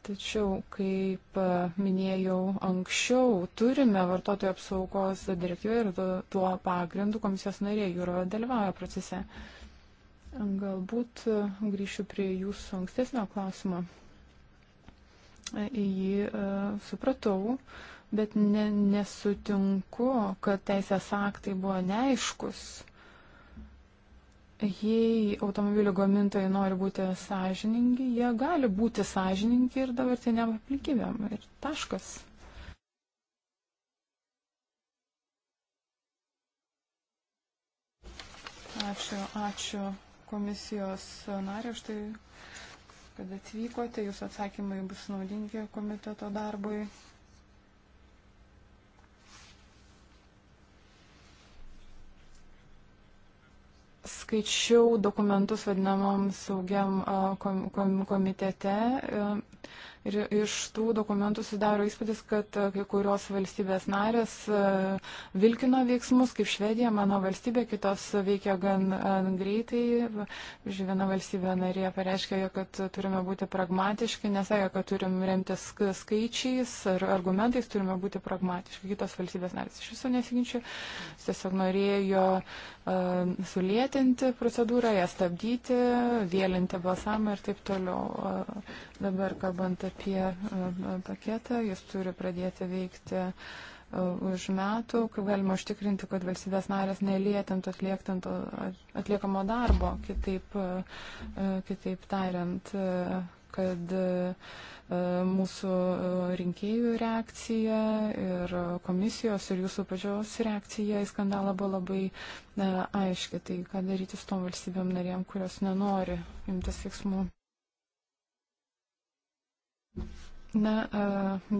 Tačiau, kaip minėjau anksčiau, turime vartotojų apsaugos direktyvą ir tuo pagrindu komisijos nariai jūro dalyvauja procese. Galbūt grįšiu prie jūsų ankstesnio klausimo. Į jį e, supratau, bet ne, nesutinku, kad teisės aktai buvo neaiškus. Uh, jei automobilių gamintojai nori būti sąžiningi, jie gali būti sąžiningi ir dabartiniam aplinkybėm. Ir taškas. Ačiū, ačiū komisijos nariu už tai, kad atvykote. Jūsų atsakymai bus naudingi komiteto darbui. skaičiau dokumentus vadinamam saugiam komitete Ir iš tų dokumentų sudaro įspūdis, kad e, kai kurios valstybės narės e, vilkino veiksmus, kaip Švedija, mano valstybė, kitos veikia gan e, greitai. Žiūrėjau, viena valstybė narė pareiškė, kad turime būti pragmatiški, nesakė, kad turim remtis skaičiais ar argumentais, turime būti pragmatiški. Kitos valstybės narės iš viso nesiginčiu, tiesiog norėjo sulėtinti procedūrą, ją stabdyti, vėlinti balsamą ir taip toliau. Dabar kalbant apie apie e, paketą, jis turi pradėti veikti e, už metų, kaip galima užtikrinti, kad valstybės narės nelietintų atliekamo darbo, kitaip, e, kitaip tariant, kad mūsų rinkėjų reakcija ir komisijos ir jūsų pačios reakcija į skandalą buvo labai aiški. Tai ką daryti su tom valstybėm narėm, kurios nenori imtis veiksmų. Na,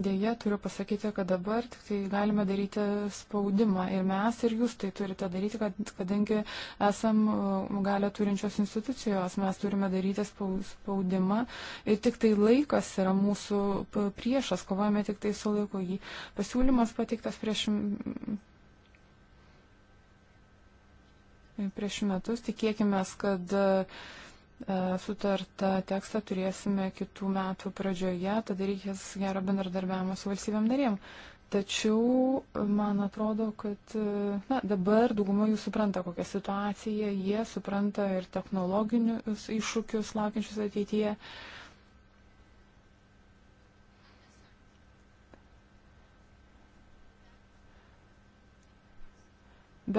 dėje turiu pasakyti, kad dabar tik tai galime daryti spaudimą ir mes ir jūs tai turite daryti, kad, kadangi esam galę turinčios institucijos, mes turime daryti spaudimą ir tik tai laikas yra mūsų priešas, kovojame tik tai su laiku jį. Pasiūlymas pateiktas prieš. Prieš metus tikėkime, kad uh, E, sutartą tekstą turėsime kitų metų pradžioje, tada reikės gero bendradarbiavimo su valstybėm narėm. Tačiau e, man atrodo, kad e, na, dabar dauguma jų supranta, kokią situaciją jie supranta ir technologinius iššūkius laukiančius ateityje.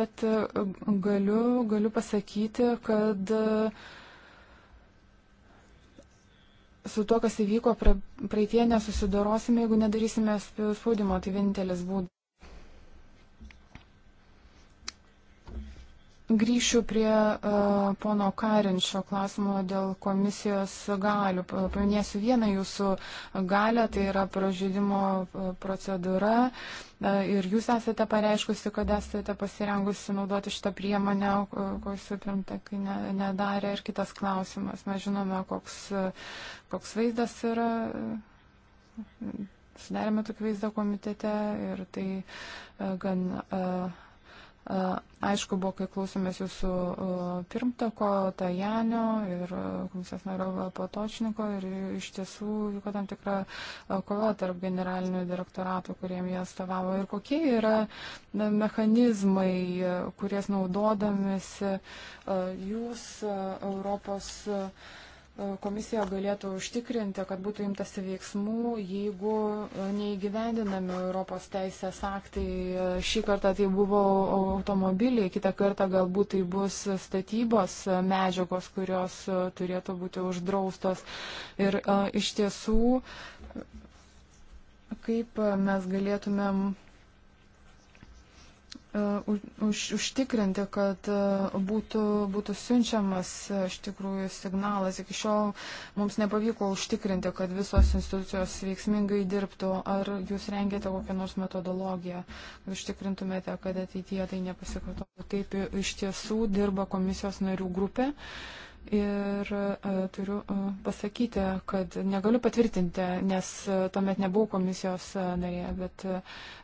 Bet galiu, galiu pasakyti, kad uh, su tuo, kas įvyko praeitie, nesusidorosime, jeigu nedarysime spaudimo. Tai vienintelis būdas. Grįšiu prie uh, pono Karinčio klausimo dėl komisijos galių. Paminėsiu vieną jūsų galę, tai yra pražydimo e, procedūra. Uh, ir jūs esate pareiškusi, kad esate pasirengusi naudoti šitą priemonę, ko jūsų pirmtakai ne, nedarė. Ir kitas klausimas. Mes žinome, koks, koks vaizdas yra. Sudarėme tokį vaizdą komitete ir tai uh, gan. Uh, Aišku, buvo, kai klausėmės jūsų pirmtako Tajanio ir komisijos nario Patočniko ir iš tiesų vyko tam tikra kova tarp generalinių direktoratų, kuriem jie atstovavo ir kokie yra mechanizmai, kuries naudodamėsi jūs Europos. Uh, komisija galėtų užtikrinti, kad būtų imtasi veiksmų, jeigu neįgyvendinami Europos teisės aktai. Šį kartą tai buvo automobiliai, kitą kartą galbūt tai bus statybos medžiagos, kurios turėtų būti uždraustos. Ir e, iš tiesų, kaip mes galėtumėm E, už, užtikrinti, kad e, būtų, būtų siunčiamas e, iš tikrųjų signalas. Iki šiol mums nepavyko užtikrinti, kad visos institucijos veiksmingai dirbtų. Ar jūs rengėte kokią nors metodologiją, kad užtikrintumėte, kad ateityje tai nepasikartotų? Taip iš tiesų dirba komisijos narių grupė. Uh, Ir e, turiu e, pasakyti, kad negaliu patvirtinti, nes e, tuomet nebuvau komisijos narė, bet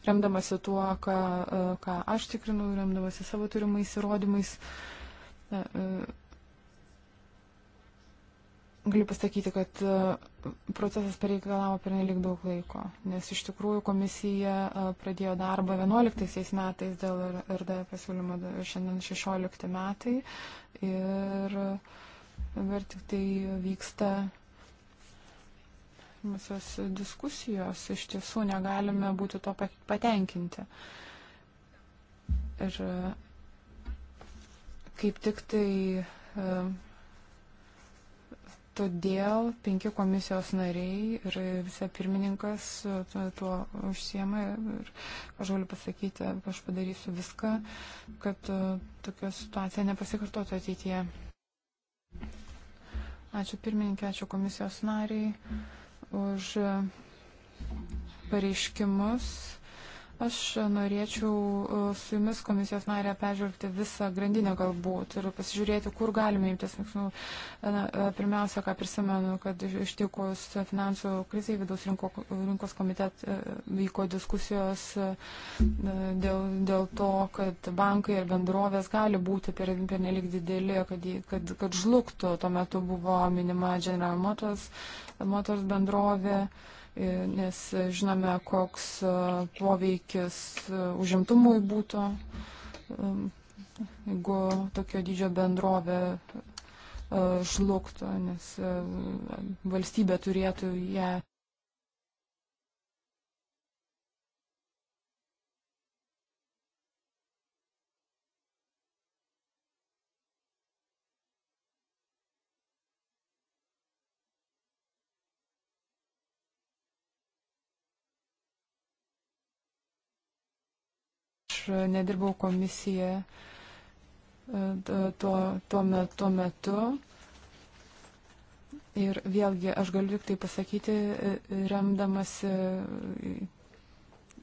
remdamasi tuo, ką, ką aš tikrinau, remdamasi savo turimais įrodymais, galiu pasakyti, kad procesas pareikalavo per nelik daug laiko, nes iš tikrųjų komisija pradėjo darbą 11 metais dėl RD pasiūlymo, šiandien 16 metai ir uh, Dabar tik tai vyksta visos diskusijos, iš tiesų negalime būti to patenkinti. Ir e, kaip tik tai e, todėl penki komisijos nariai ir visa pirmininkas e, tuo užsiema ir aš galiu pasakyti, aš padarysiu viską, kad tokia situacija nepasikartotų ateityje. Ačiū pirmininkė, ačiū komisijos nariai už pareiškimus Aš norėčiau e, su jumis komisijos narė peržvelgti visą grandinę galbūt ir pasižiūrėti, kur galime imtis veiksmų. E, e, pirmiausia, ką prisimenu, kad ištikus finansų krizai vidaus rinko, rinkos komitet vyko diskusijos dėl, dėl to, kad bankai ir bendrovės gali būti per, per nelik dideli, kad, kad, kad žlugtų. Tuo metu buvo minima General Motors, Motors bendrovė. Yeah E, nes žinome, koks e, poveikis e, užimtumui būtų, jeigu tokio dydžio bendrovė žlugtų, nes valstybė turėtų ją nedirbau komisiją e, tuo, tuo, metu, tuo metu. Ir vėlgi aš galiu tik tai pasakyti, e, remdamasi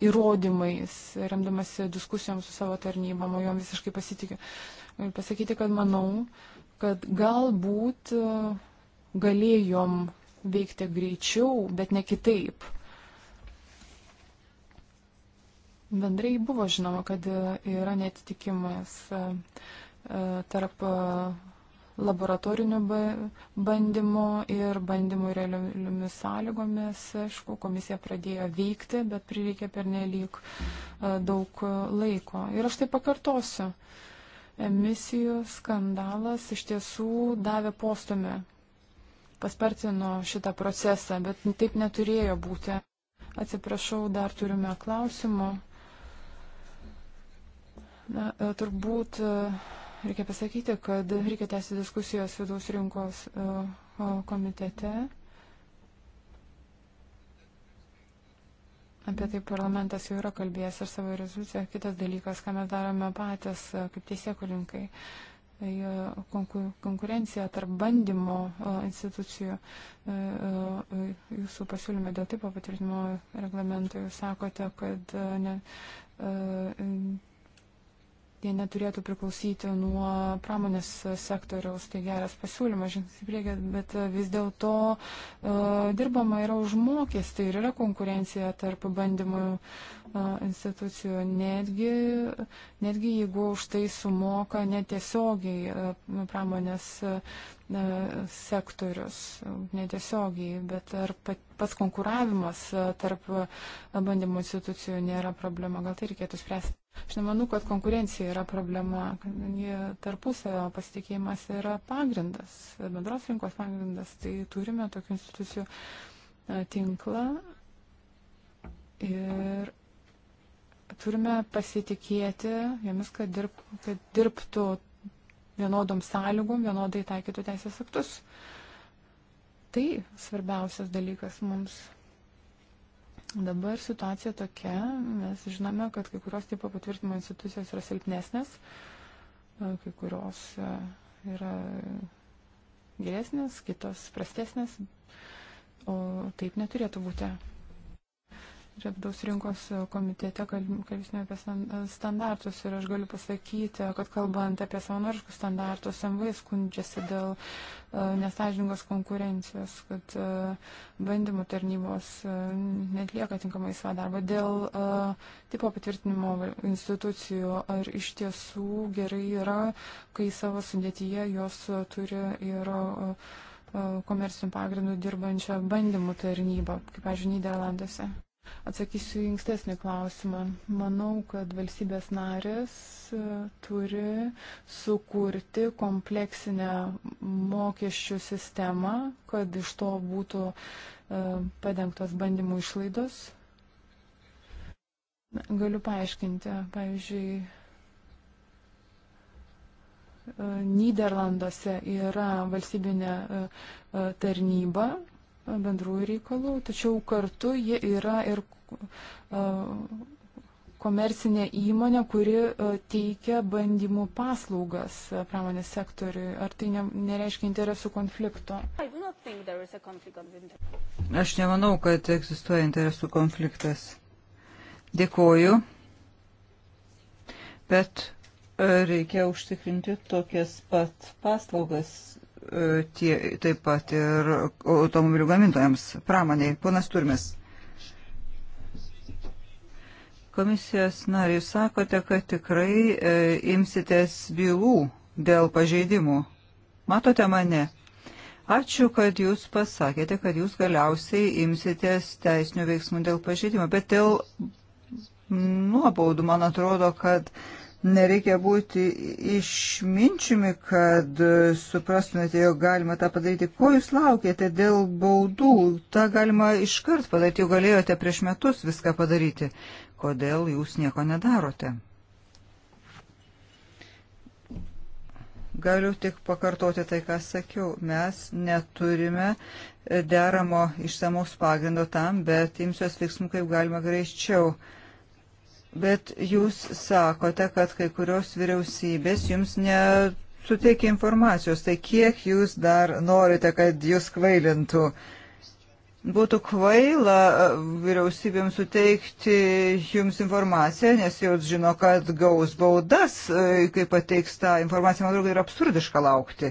įrodymais, remdamasi diskusijom su savo tarnybom, o jom visiškai pasitikiu. Galiu pasakyti, kad manau, kad galbūt e, galėjom veikti greičiau, bet ne kitaip. Bendrai buvo žinoma, kad e, yra netitikimas e, e, tarp laboratorinių bandymų ir bandymų realiomis sąlygomis. Aišku, komisija pradėjo veikti, bet prireikė pernelyg daug laiko. Ir aš tai pakartosiu. Emisijų skandalas iš tiesų davė postumį, paspartino šitą procesą, bet taip neturėjo būti. Atsiprašau, dar turime klausimų. Na, e, turbūt e, reikia pasakyti, kad reikia tęsti diskusijos vidaus rinkos e, komitete. Apie tai parlamentas jau yra kalbėjęs ir savo rezoliuciją. Kitas dalykas, ką mes darome patys kaip teisėkurinkai, tai, konkurencija tarp bandymo institucijų. Jūsų pasiūlyme dėl tipo patvirtinimo reglamento jūs sakote, kad ne, jie neturėtų priklausyti nuo pramonės sektoriaus. Tai geras pasiūlymas, žingsnis į priekį, bet vis dėlto uh, dirbama yra už mokestį ir yra konkurencija tarp bandymų uh, institucijų. Netgi, netgi jeigu už tai sumoka netiesiogiai uh, pramonės sektorius, netiesiogiai, bet ar pats konkuravimas tarp bandymų institucijų nėra problema, gal tai reikėtų spręsti. Aš nemanau, kad konkurencija yra problema, kadangi tarpusavio pasitikėjimas yra pagrindas, bendros rinkos pagrindas, tai turime tokių institucijų tinklą ir turime pasitikėti jomis, kad, dirb, kad dirbtų vienodom sąlygom, vienodai taikytų teisės aktus. Tai svarbiausias dalykas mums. Dabar situacija tokia, mes žinome, kad kai kurios tipo patvirtinimo institucijos yra silpnesnės, e, kai kurios e, yra geresnės, kitos prastesnės, o taip neturėtų būti ir apdaus rinkos komitete kalbėsime apie standartus. Ir aš galiu pasakyti, kad kalbant apie savanoriškus standartus, MV skundžiasi dėl e, nesažingos konkurencijos, kad e, bandymų tarnybos e, netlieka tinkamai savo darbą. Dėl tipo patvirtinimo institucijų, ar iš tiesų gerai yra, kai savo sudėtyje jos turi ir komercinių pagrindų dirbančią bandymų tarnybą, kaip, pažiūrėjau, Niderlanduose. Atsakysiu į ankstesnį klausimą. Manau, kad valstybės narės e, turi sukurti kompleksinę mokesčių sistemą, kad iš to būtų e, padengtos bandymų išlaidos. Galiu paaiškinti, pavyzdžiui, e, Niderlanduose yra valstybinė tarnyba, bendrųjų reikalų, tačiau kartu ji yra ir komercinė įmonė, kuri teikia bandymų paslaugas pramonės sektoriui. Ar tai ne, nereiškia interesų konflikto? Aš nemanau, kad egzistuoja interesų konfliktas. Dėkoju, bet reikia užtikrinti tokias pat paslaugas E, tie, taip pat ir automobilių gamintojams, pramoniai. Ponas Turmes. Komisijos nariai, sakote, kad tikrai e, imsitės bylų dėl pažeidimų. Matote mane? Ačiū, kad jūs pasakėte, kad jūs galiausiai imsitės teisinių veiksmų dėl pažeidimo, bet dėl nuobaudų, man atrodo, kad e, Nereikia būti išminčiumi, kad suprastumėte, jog galima tą padaryti. Ko jūs laukėte dėl baudų? Ta galima iškart padaryti, jau galėjote prieš metus viską padaryti. Kodėl jūs nieko nedarote? Galiu tik pakartoti tai, ką sakiau. Mes neturime deramo išsamaus pagrindo tam, bet imsiuos veiksmų kaip galima greičiau bet jūs sakote, kad kai kurios vyriausybės jums nesuteikia informacijos. Tai kiek jūs dar norite, kad jūs kvailintų? Būtų kvaila e, vyriausybėms suteikti jums informaciją, nes jos žino, kad gaus baudas, e, kai pateiks tą informaciją, man atrodo, yra absurdiška laukti.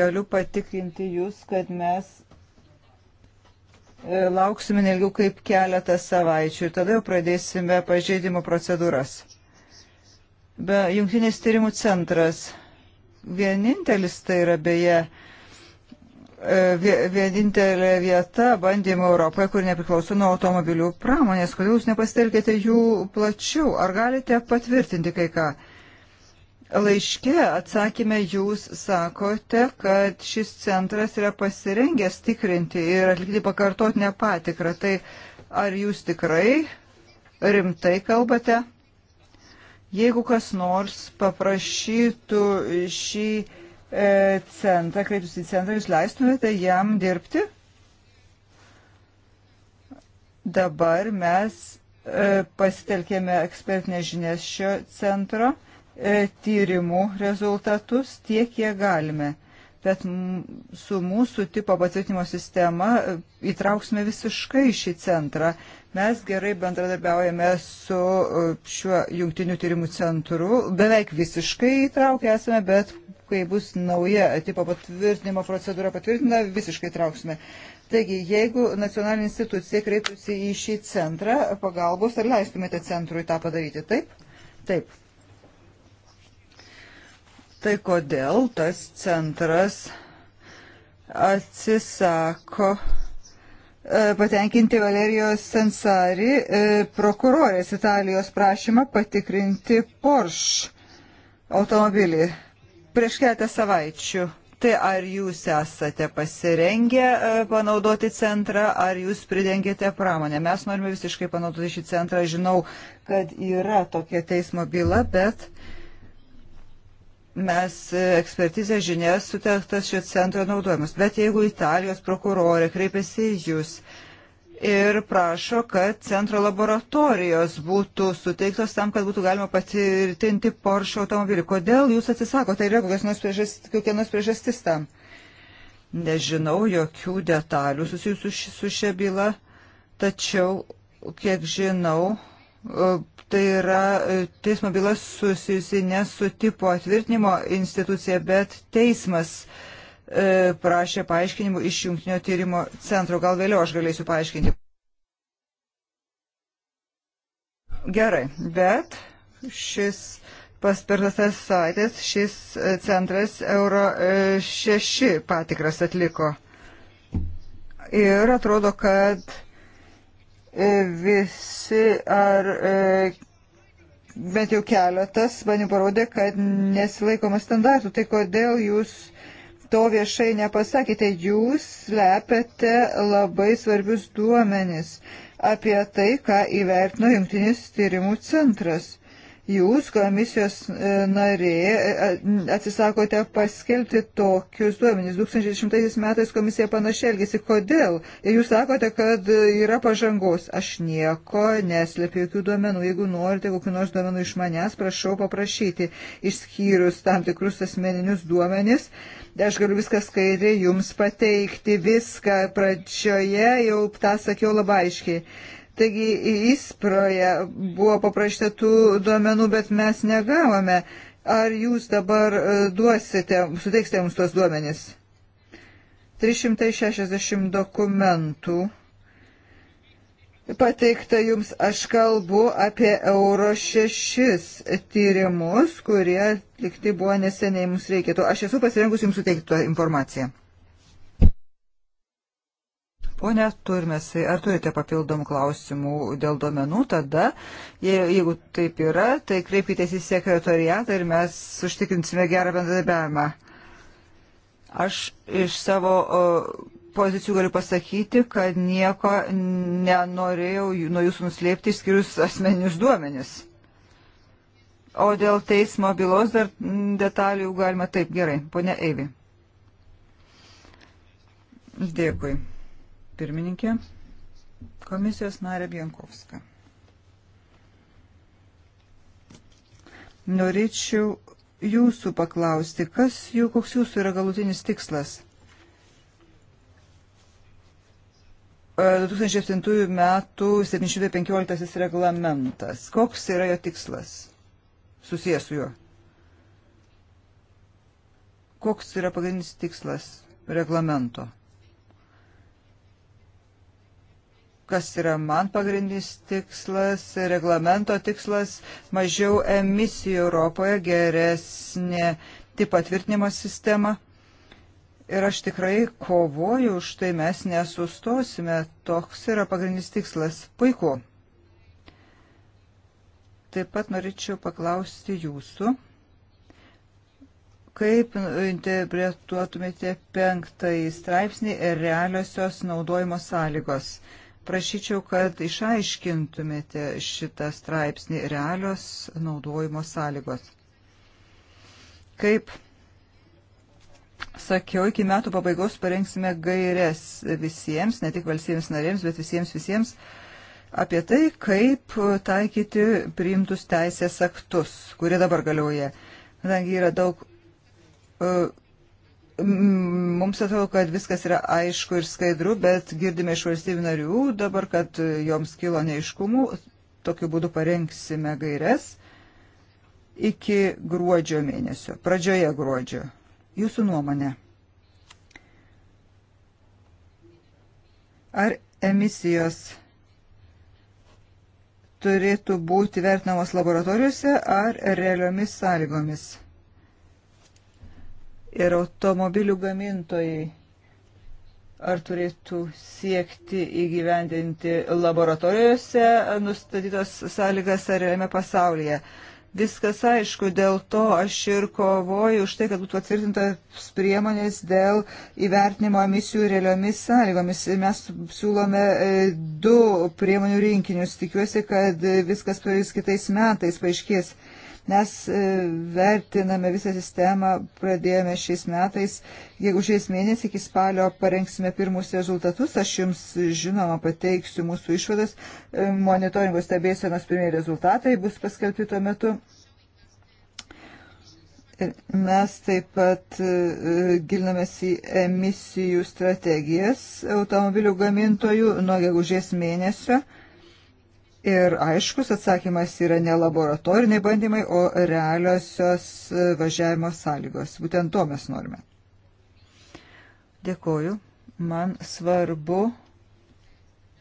Galiu patikrinti jūs, kad mes E, lauksime nelgiau kaip keletą savaičių ir tada jau pradėsime pažeidimo procedūras. Be jungtinės tyrimų centras vienintelis tai yra beje e, vienintelė vieta bandymų Europoje, kur nepriklauso nuo automobilių pramonės. Kodėl jūs nepasitelkėte jų plačiau? Ar galite patvirtinti kai ką? Laiške atsakymė jūs sakote, kad šis centras yra pasirengęs tikrinti ir atlikti pakartotinę patikrą. Tai ar jūs tikrai rimtai kalbate? Jeigu kas nors paprašytų šį e, centrą, kreiptųsi į centrą, jūs leistumėte jam dirbti? Dabar mes e, pasitelkėme ekspertinės žinias šio centro. E, E, tyrimų rezultatus tiek, kiek galime. Bet su mūsų tipo patvirtinimo sistema e, įtrauksime visiškai šį centrą. Mes gerai bendradarbiaujame su e, šiuo jungtiniu tyrimų centru. Beveik visiškai įtraukę esame, bet kai bus nauja tipo patvirtinimo procedūra patvirtina, visiškai įtrauksime. Taigi, jeigu nacionalinė institucija kreiptųsi į šį centrą pagalbos, ar leistumėte centrui tą padaryti? Taip? Taip tai kodėl tas centras atsisako e, patenkinti Valerijos Sensari e, prokurorės Italijos prašymą patikrinti Porsche automobilį prieš keletą savaičių. Tai ar jūs esate pasirengę e, panaudoti centrą, ar jūs pridengėte pramonę? Mes norime visiškai panaudoti šį centrą. Žinau, kad yra tokia teismo byla, bet mes e, ekspertizę žinias sutelktas šio centro naudojimus. Bet jeigu Italijos prokurorė kreipiasi į jūs ir prašo, kad centro laboratorijos būtų suteiktos tam, kad būtų galima patvirtinti Porsche automobilį, kodėl jūs atsisakote, tai yra kokia nors priežastis tam? Nežinau jokių detalių susijusių su šia byla, tačiau, kiek žinau, e, Tai yra e, teismo bylas susijusi ne su tipo atvirtinimo institucija, bet teismas e, prašė paaiškinimų iš jungtinio tyrimo centro. Gal vėliau aš galėsiu paaiškinti. Gerai, bet šis pas per tas savaitės šis e, centras Euro 6 patikras atliko. Ir atrodo, kad E, visi ar e, bent jau keletas man parodė, kad nesilaikoma standartų. Tai kodėl jūs to viešai nepasakėte, jūs slepiate labai svarbius duomenis apie tai, ką įvertino Junktinis tyrimų centras jūs, komisijos e, narė, e, atsisakote paskelbti tokius duomenys. 2010 metais komisija panašiai elgėsi. Kodėl? Ir jūs sakote, kad yra pažangos. Aš nieko neslėpiu jokių duomenų. Jeigu norite kokiu nors duomenų iš manęs, prašau paprašyti, išskyrus tam tikrus asmeninius duomenys aš galiu viską skaidriai jums pateikti, viską pradžioje jau tą sakiau labai aiškiai. Taigi įsproje buvo paprašyta tų duomenų, bet mes negavome. Ar jūs dabar e, duosite, suteiksite mums tuos duomenys? 360 dokumentų pateikta jums, aš kalbu apie Euro 6 tyrimus, kurie atlikti buvo neseniai mums reikėtų. Aš esu pasirengusi jums suteikti tą informaciją. Pone Turmesai, ar turite papildomų klausimų dėl duomenų? Tada, jeigu taip yra, tai kreipkitės į sekretoriatą ir mes užtikrinsime gerą bendradarbiavimą. Aš iš savo pozicijų galiu pasakyti, kad nieko nenorėjau nuo jūsų nuslėpti, išskyrus asmeninius duomenis. O dėl teismo bylos dar detalių galima taip gerai. Pone Eivi. Dėkui pirmininkė, komisijos narė Bienkovska. Norėčiau jūsų paklausti, kas jų, koks jūsų yra galutinis tikslas? 2007 e, metų 715 reglamentas. Koks yra jo tikslas? Susijęs su juo. Koks yra pagrindinis tikslas reglamento? kas yra man pagrindinis tikslas, reglamento tikslas - mažiau emisijų Europoje, geresnė tik patvirtinimo sistema. Ir aš tikrai kovoju už tai, mes nesustosime. Toks yra pagrindinis tikslas. Puiku. Taip pat norėčiau paklausti jūsų, kaip interpretuotumėte penktąjį straipsnį ir realiosios naudojimo sąlygos. Prašyčiau, kad išaiškintumėte šitą straipsnį realios naudojimo sąlygos. Kaip sakiau, iki metų pabaigos parengsime gairias visiems, ne tik valstybėms narėms, bet visiems visiems apie tai, kaip taikyti priimtus teisės aktus, kurie dabar galioja. Kadangi yra daug uh, Mm, mums atrodo, kad viskas yra aišku ir skaidru, bet girdime iš valstybių narių dabar, kad joms kilo neiškumų. Tokiu būdu parengsime gairias iki gruodžio mėnesio, pradžioje gruodžio. Jūsų nuomonė. Ar emisijos turėtų būti vertinamos laboratorijose ar realiomis sąlygomis? ir automobilių gamintojai ar turėtų siekti įgyvendinti laboratorijose nustatytos sąlygas ar realiame pasaulyje. Viskas aišku, dėl to aš ir kovoju už tai, kad būtų patvirtintas priemonės dėl įvertinimo emisijų realiomis sąlygomis. Mes siūlome e, du priemonių rinkinius. Tikiuosi, kad viskas praėjus kitais metais paaiškės. Mes e, vertiname visą sistemą, pradėjome šiais metais, jeigu šiais mėnesį iki spalio parengsime pirmus rezultatus, aš jums žinoma pateiksiu mūsų išvadas, e, monitoringo stebėsenos pirmieji rezultatai bus paskelbti tuo metu. Ir e, mes taip pat gilinamės į emisijų strategijas automobilių gamintojų nuo gegužės mėnesio. Ir aiškus atsakymas yra ne laboratoriniai bandymai, o realiosios e, važiavimo sąlygos. Būtent to mes norime. Dėkoju. Man svarbu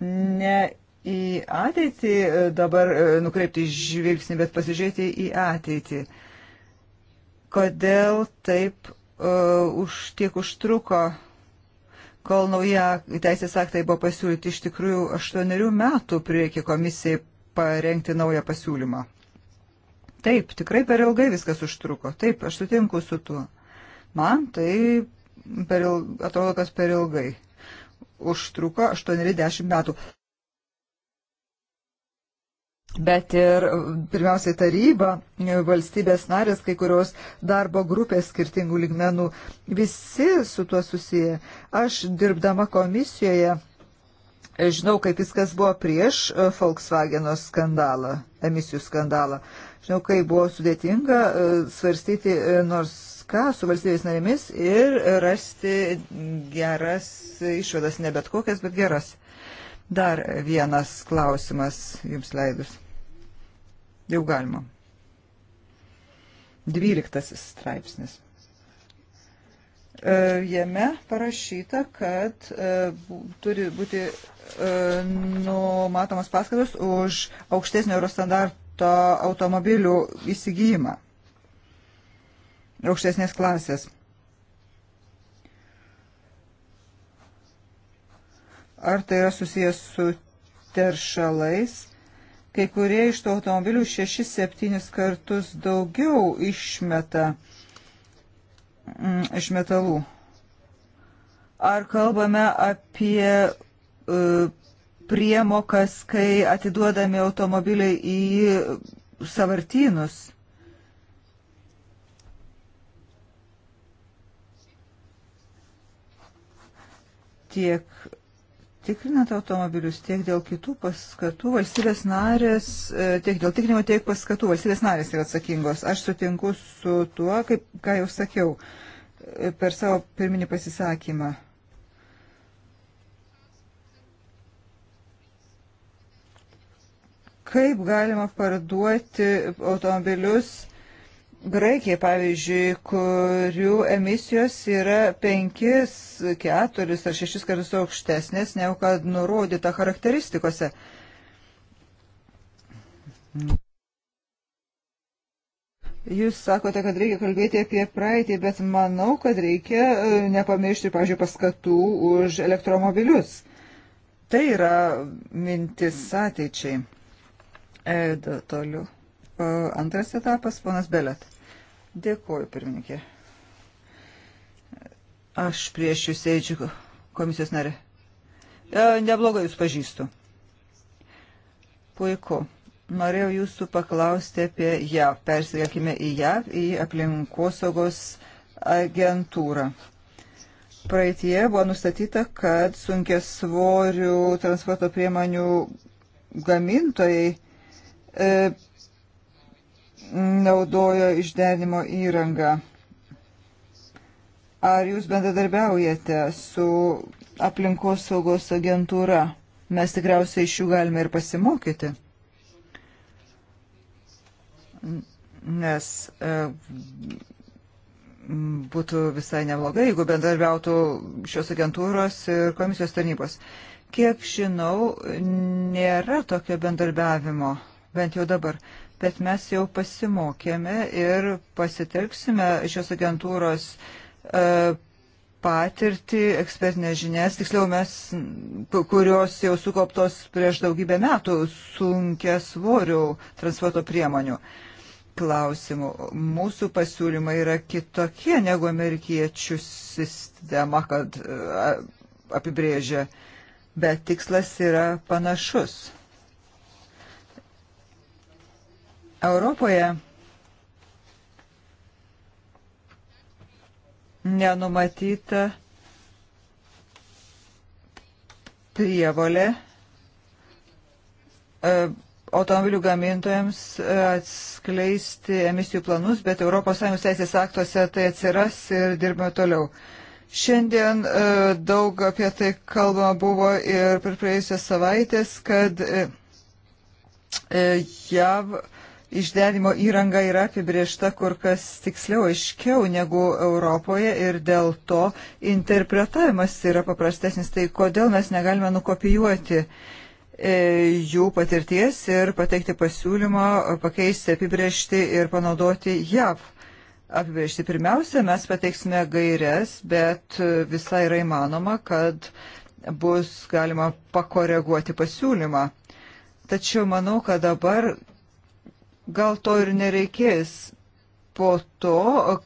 ne į ateitį e, dabar e, nukreipti žvilgsnį, bet pasižiūrėti į ateitį. Kodėl taip uh, už tiek užtruko Kol nauja teisės aktai buvo pasiūlyti, iš tikrųjų aštuonerių metų prireikė komisijai parengti naują pasiūlymą. Taip, tikrai per ilgai viskas užtruko. Taip, aš sutinku su tuo. Man tai per il... atrodo, kas per ilgai užtruko 80 metų bet ir pirmiausiai taryba, valstybės narės, kai kurios darbo grupės skirtingų ligmenų, visi su tuo susiję. Aš dirbdama komisijoje e, žinau, kaip viskas buvo prieš e, Volkswageno skandalą, emisijų skandalą. Žinau, kaip buvo sudėtinga e, svarstyti nors ką su valstybės narėmis ir rasti geras išvadas, ne bet kokias, bet geras. Dar vienas klausimas jums leidus. Jau galima. Dvyliktasis straipsnis. E, jame parašyta, kad e, turi būti e, numatomas paskatos už aukštesnio eurostandarto automobilių įsigijimą aukštesnės klasės. Ar tai yra susijęs su teršalais? Kai kurie iš tų automobilių 6-7 kartus daugiau išmeta mm, iš metalų. Ar kalbame apie uh, priemokas, kai atiduodami automobiliai į savartynus? tiek tikrinant automobilius, tiek dėl kitų paskatų valstybės narės, e, tiek dėl tikrinimo, tiek paskatų valstybės narės yra atsakingos. Aš sutinku su tuo, kaip, ką jau sakiau e, per savo pirminį pasisakymą. Kaip galima parduoti automobilius Graikija, pavyzdžiui, kurių emisijos yra penkis, keturis ar šešis kartus aukštesnės, negu kad nurodyta charakteristikose. Jūs sakote, kad reikia kalbėti apie praeitį, bet manau, kad reikia e, nepamiršti, pavyzdžiui, paskatų už elektromobilius. Tai yra mintis ateičiai. E, toliau. E, antras etapas, ponas Belet. Dėkuoju, pirmininkė. Aš prieš jūs eidžiu komisijos narė. E, neblogai jūs pažįstu. Puiku. Norėjau jūsų paklausti apie JAV. Persikelkime į JAV, į aplinkosaugos agentūrą. Praeitie buvo nustatyta, kad sunkės svorių transporto priemonių gamintojai e, naudojo išdenimo įrangą. Ar jūs bendradarbiaujate su aplinkos saugos agentūra? Mes tikriausiai iš jų galime ir pasimokyti. Nes e, būtų visai neblogai, jeigu bendradarbiautų šios agentūros ir komisijos tarnybos. Kiek žinau, nėra tokio bendarbiavimo, bent jau dabar bet mes jau pasimokėme ir pasitelksime šios agentūros e, patirtį, ekspertinės žinias, tiksliau mes, kurios jau sukoptos prieš daugybę metų sunkia svorių transporto priemonių klausimų. Mūsų pasiūlymai yra kitokie negu amerikiečių sistema, kad e, apibrėžia, bet tikslas yra panašus. Europoje nenumatyta prievolė e, automobilių gamintojams atskleisti emisijų planus, bet ES teisės aktuose tai atsiras ir dirbame toliau. Šiandien e, daug apie tai kalbama buvo ir per praėjusią savaitės, kad e, JAV išdedimo įranga yra apibriešta kur kas tiksliau aiškiau negu Europoje ir dėl to interpretavimas yra paprastesnis. Tai kodėl mes negalime nukopijuoti e, jų patirties ir pateikti pasiūlymą, pakeisti, apibriešti ir panaudoti JAV. Apibriešti pirmiausia, mes pateiksime gairias, bet visai yra įmanoma, kad bus galima pakoreguoti pasiūlymą. Tačiau manau, kad dabar Gal to ir nereikės po to,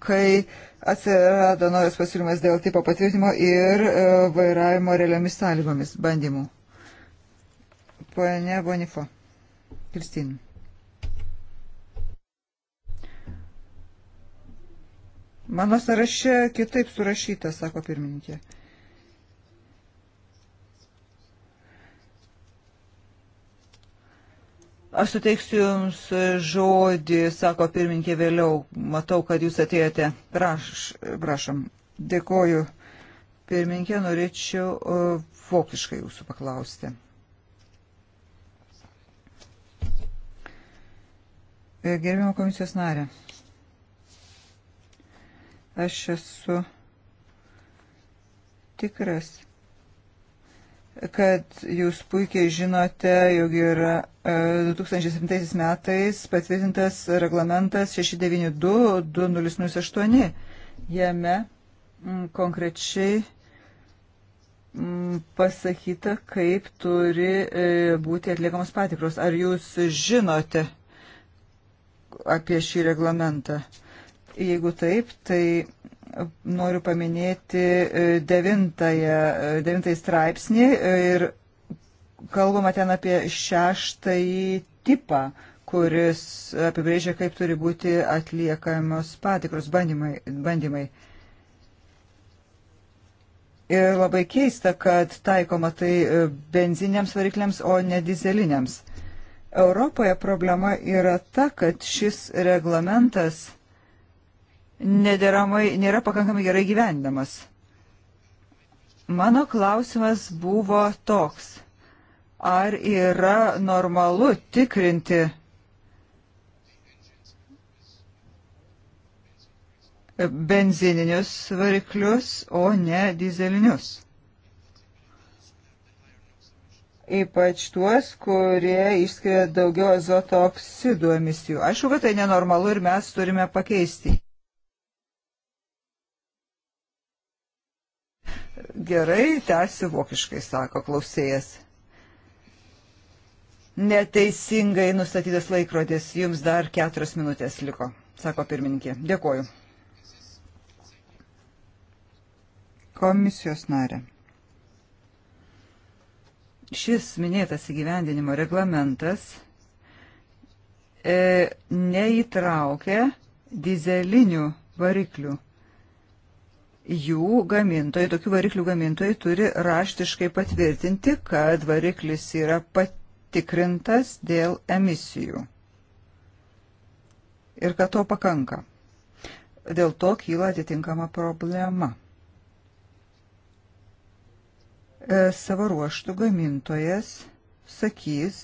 kai atsirado naujas pasiūlymas dėl tipo patvirtinimo ir e, vairavimo realiomis sąlygomis bandymų. Pane Bonifo. Kristin. Mano sąraše kitaip surašyta, sako pirmininkė. Aš suteiksiu Jums žodį, sako pirminkė vėliau. Matau, kad Jūs atėjote. Praš, prašom. Dėkoju. Pirminkė, norėčiau vokiškai Jūsų paklausti. E, Gerbimo komisijos narė. Aš esu tikras, kad jūs puikiai žinote, jog yra 2007 e, metais patvirtintas reglamentas 692-2008. Jame mm, konkrečiai mm, pasakyta, kaip turi e, būti atliekamos patikros. Ar jūs žinote apie šį reglamentą? Jeigu taip, tai noriu paminėti e, devintąją, e, devintąjį straipsnį e, ir kalbama ten apie šeštąjį tipą, kuris apibrėžia, kaip turi būti atliekamos patikros bandymai. bandymai. Ir labai keista, kad taikoma tai benziniams varikliams, o ne dizeliniams. Europoje problema yra ta, kad šis reglamentas nederamai, nėra pakankamai gerai gyvendamas. Mano klausimas buvo toks. Ar yra normalu tikrinti benzininius variklius, o ne dizelinius? ypač tuos, kurie išskiria daugiau azoto oksidų emisijų. Aišku, kad tai nenormalu ir mes turime pakeisti. Gerai, tęsiu vokiškai, sako klausėjas. Neteisingai nustatytas laikrodis, jums dar keturios minutės liko, sako pirmininkė. Dėkoju. Komisijos narė. Šis minėtas įgyvendinimo reglamentas e, neįtraukia dizelinių variklių jų gamintojai, tokių variklių gamintojai turi raštiškai patvirtinti, kad variklis yra patikrintas dėl emisijų. Ir kad to pakanka. Dėl to kyla atitinkama problema. E, savo ruoštų gamintojas sakys,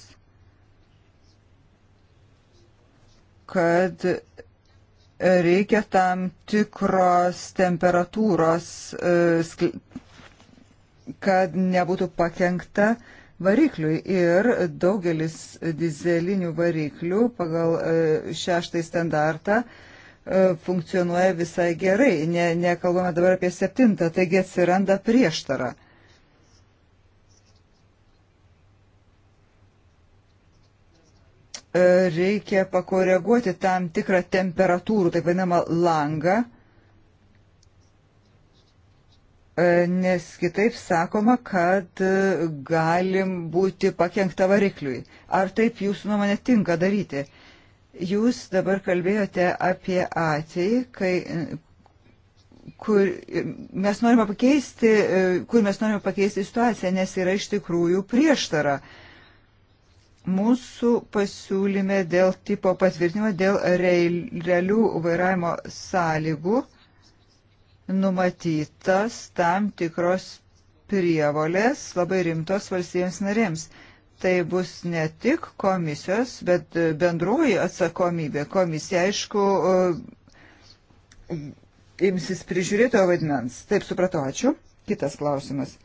kad reikia tam tikros temperatūros, e, kad nebūtų pakengta varikliui. Ir daugelis dizelinių variklių pagal e, šeštąjį standartą e, funkcionuoja visai gerai. Ne, nekalbame dabar apie septintą, taigi atsiranda prieštara. E, reikia pakoreguoti tam tikrą temperatūrų, taip vadinamą langą, e, nes kitaip sakoma, kad e, galim būti pakengta varikliui. Ar taip jūsų nuomonė tinka daryti? Jūs dabar kalbėjote apie atvejį, kai kur mes norime pakeisti, kur mes norime pakeisti situaciją, nes yra iš tikrųjų prieštara. Uh, Mūsų pasiūlyme dėl tipo patvirtinimo, dėl realių vairavimo sąlygų numatytas tam tikros prievolės labai rimtos valstybėms narėms. Tai bus ne tik komisijos, bet e, bendroji atsakomybė. Komisija, aišku, e, imsis prižiūrėtojo vaidmens. Taip supratau, ačiū. Kitas klausimas.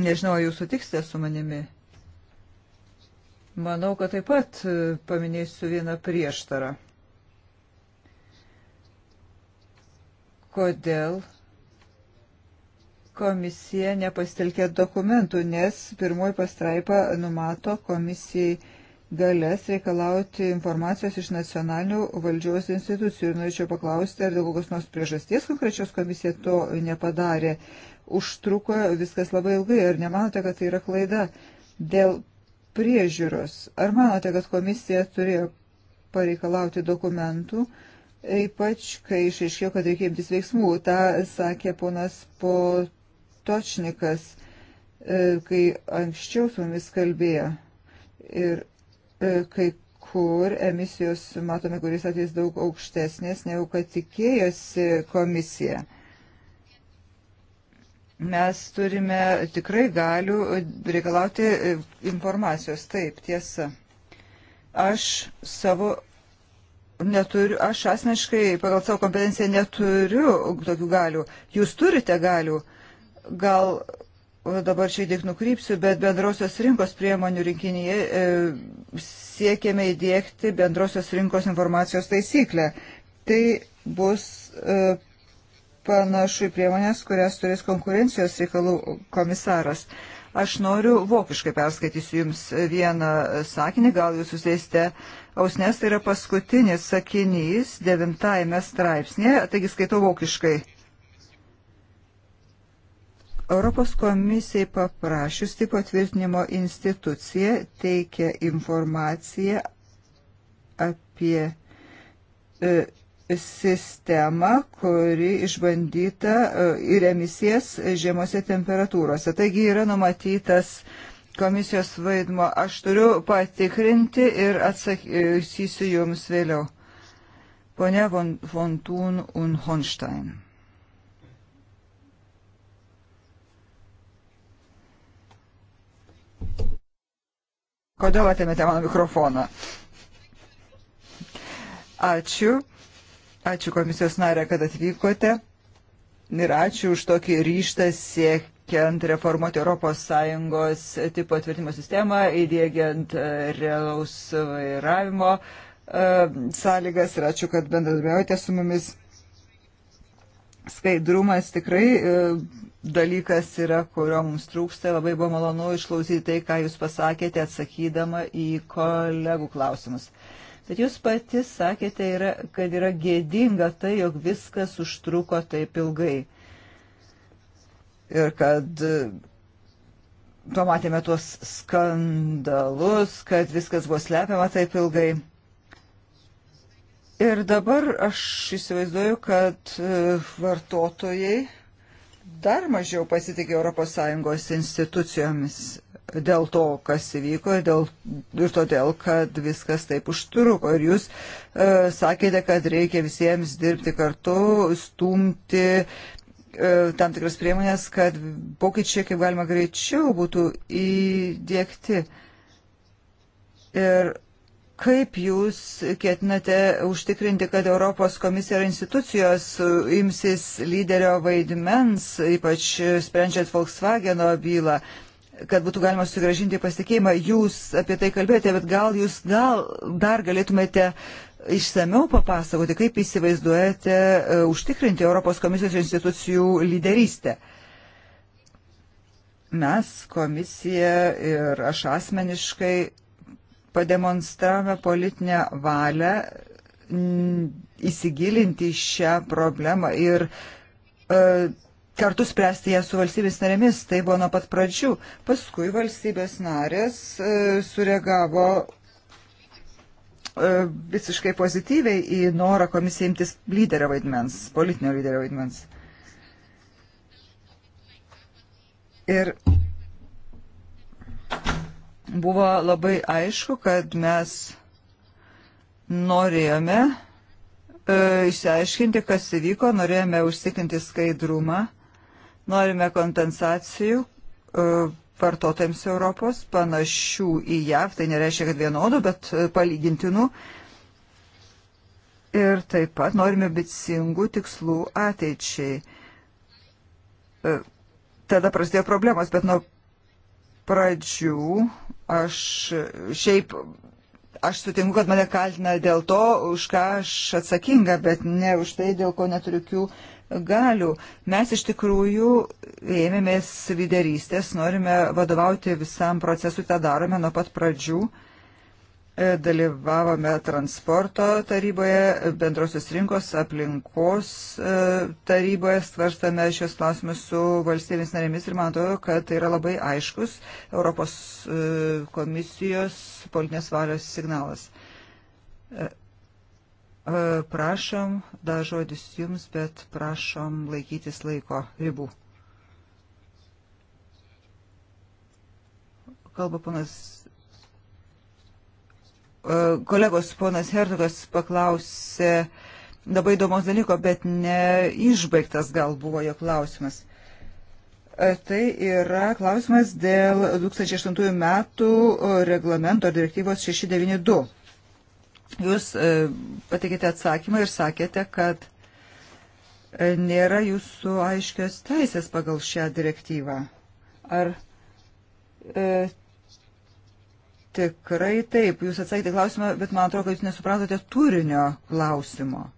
Nežinau, jūs sutiksite su manimi. Manau, kad taip pat e, paminėsiu vieną prieštarą. Kodėl komisija nepastelkė dokumentų, nes pirmoji pastraipa numato komisijai galės reikalauti informacijos iš nacionalinių valdžios institucijų. Ir norėčiau paklausti, ar dėl kokios nors priežasties konkrečios komisija to nepadarė užtruko viskas labai ilgai. Ar nemanote, kad tai yra klaida dėl priežiūros? Ar manote, kad komisija turėjo pareikalauti dokumentų, ypač kai išaiškėjo, kad reikia imtis veiksmų? Ta sakė ponas Potočnikas, e, kai anksčiau su mumis kalbėjo. Ir e, kai kur emisijos matome, kuris ateis daug aukštesnės, negu kad tikėjosi komisija. Mes turime tikrai galių reikalauti e, informacijos. Taip, tiesa. Aš savo neturiu, aš asmeniškai pagal savo kompetenciją neturiu tokių galių. Jūs turite galių. Gal dabar šiek tiek nukrypsiu, bet bendrosios rinkos priemonių rinkinyje e, siekėme įdėkti bendrosios rinkos informacijos taisyklę. Tai bus e, panašu į priemonės, kurias turės konkurencijos reikalų komisaras. Aš noriu vokiškai perskaitysiu Jums vieną sakinį, gal Jūs susėsite ausnes, tai yra paskutinis sakinys devintajame straipsnėje, taigi skaitau vokiškai. Europos komisijai paprašius tipo tvirtinimo institucija teikia informaciją apie e, sistemą, kuri išbandyta e, ir emisijas žemose temperatūrose. Taigi yra numatytas komisijos vaidmo. Aš turiu patikrinti ir atsakysiu jums vėliau. Pone von, von Thun und Honstein. Kodėl atėmėte mano mikrofoną? Ačiū. Ačiū komisijos narė, kad atvykote ir ačiū už tokį ryštą siekiant reformuoti ES tipo atvirtimo sistemą, įdėgiant e, realaus vairavimo e, sąlygas ir ačiū, kad bendradarbiavote su mumis. Skaidrumas tikrai e, dalykas yra, kurio mums trūksta. Labai buvo malonu išklausyti tai, ką Jūs pasakėte, atsakydama į kolegų klausimus. Bet jūs pati sakėte, yra, kad yra gėdinga tai, jog viskas užtruko taip ilgai. Ir kad pamatėme e, tuos skandalus, kad viskas buvo slepiama taip ilgai. Ir dabar aš įsivaizduoju, kad e, vartotojai dar mažiau pasitikė ES institucijomis dėl to, kas įvyko ir, dėl, ir todėl, kad viskas taip užtruko. Ir jūs e, sakėte, kad reikia visiems dirbti kartu, stumti e, tam tikras priemonės, kad pokyčiai kaip galima greičiau būtų įdėkti. Ir Kaip jūs ketinate užtikrinti, kad Europos komisija ir institucijos imsis lyderio vaidmens, ypač sprendžiant Volkswageno bylą? kad būtų galima sugražinti pasitikėjimą. Jūs apie tai kalbėjote, bet gal jūs gal dar galėtumėte išsameu papasakoti, kaip įsivaizduojate e, užtikrinti Europos komisijos institucijų lyderystę. Mes, komisija ir aš asmeniškai pademonstravome politinę valią įsigilinti šią problemą ir uh, kartu spręsti ją su valstybės narėmis. Tai buvo nuo pat pradžių. Paskui valstybės narės e, sureagavo e, visiškai pozityviai į norą komisijai imtis lyderio vaidmens, politinio lyderio vaidmens. Ir buvo labai aišku, kad mes norėjome e, išsiaiškinti, kas įvyko, norėjome užsikrinti skaidrumą. E, Norime kompensacijų e, vartotojams Europos, panašių į JAV, tai nereiškia, kad vienodų, bet e, palygintinų. Ir taip pat norime bitsingų tikslų ateičiai. E, tada prasidėjo problemas, bet nuo pradžių aš šiaip, aš sutinku, kad mane kaltina dėl to, už ką aš atsakinga, bet ne už tai, dėl ko neturiu jokių galių. Mes iš tikrųjų ėmėmės lyderystės, norime vadovauti visam procesui, tą darome nuo pat pradžių. E, dalyvavome transporto taryboje, bendrosios rinkos aplinkos e, taryboje, svarstame šios klausimus su valstybės narėmis ir man atrodo, kad tai yra labai aiškus Europos e, komisijos politinės valios signalas. E, prašom, dar žodis jums, bet prašom laikytis laiko ribų. Kalba ponas. E, kolegos ponas Hertogas paklausė labai įdomus dalyko, bet neišbaigtas gal buvo jo klausimas. E, tai yra klausimas dėl 2008 metų reglamento direktyvos 692. Jūs e, pateikėte atsakymą ir sakėte, kad e, nėra jūsų aiškios teisės pagal šią direktyvą. Ar e, tikrai taip? Jūs atsakėte klausimą, bet man atrodo, kad jūs nesupratote turinio klausimo.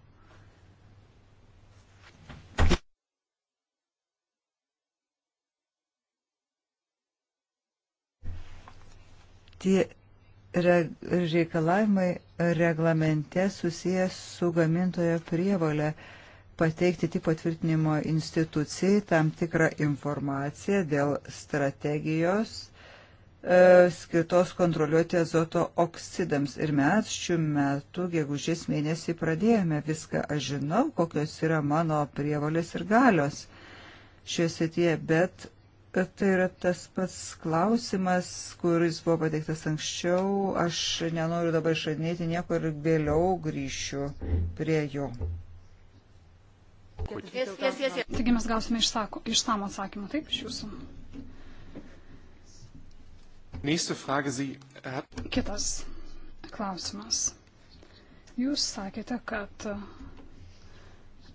Tie reikalavimai reglamente susijęs su gamintojo prievolė pateikti tipo tvirtinimo institucijai tam tikrą informaciją dėl strategijos e, skirtos kontroliuoti azoto oksidams. Ir mes šių metų, gegužės mėnesį, pradėjome viską. Aš žinau, kokios yra mano prievolės ir galios šioje srityje, bet kad tai yra tas pats klausimas, kuris buvo pateiktas anksčiau. Aš nenoriu dabar išradinėti nieko ir vėliau grįšiu prie jo. Taigi mes gausime išsako, išsamą atsakymą, taip, iš jūsų. Kitas klausimas. Jūs sakėte, kad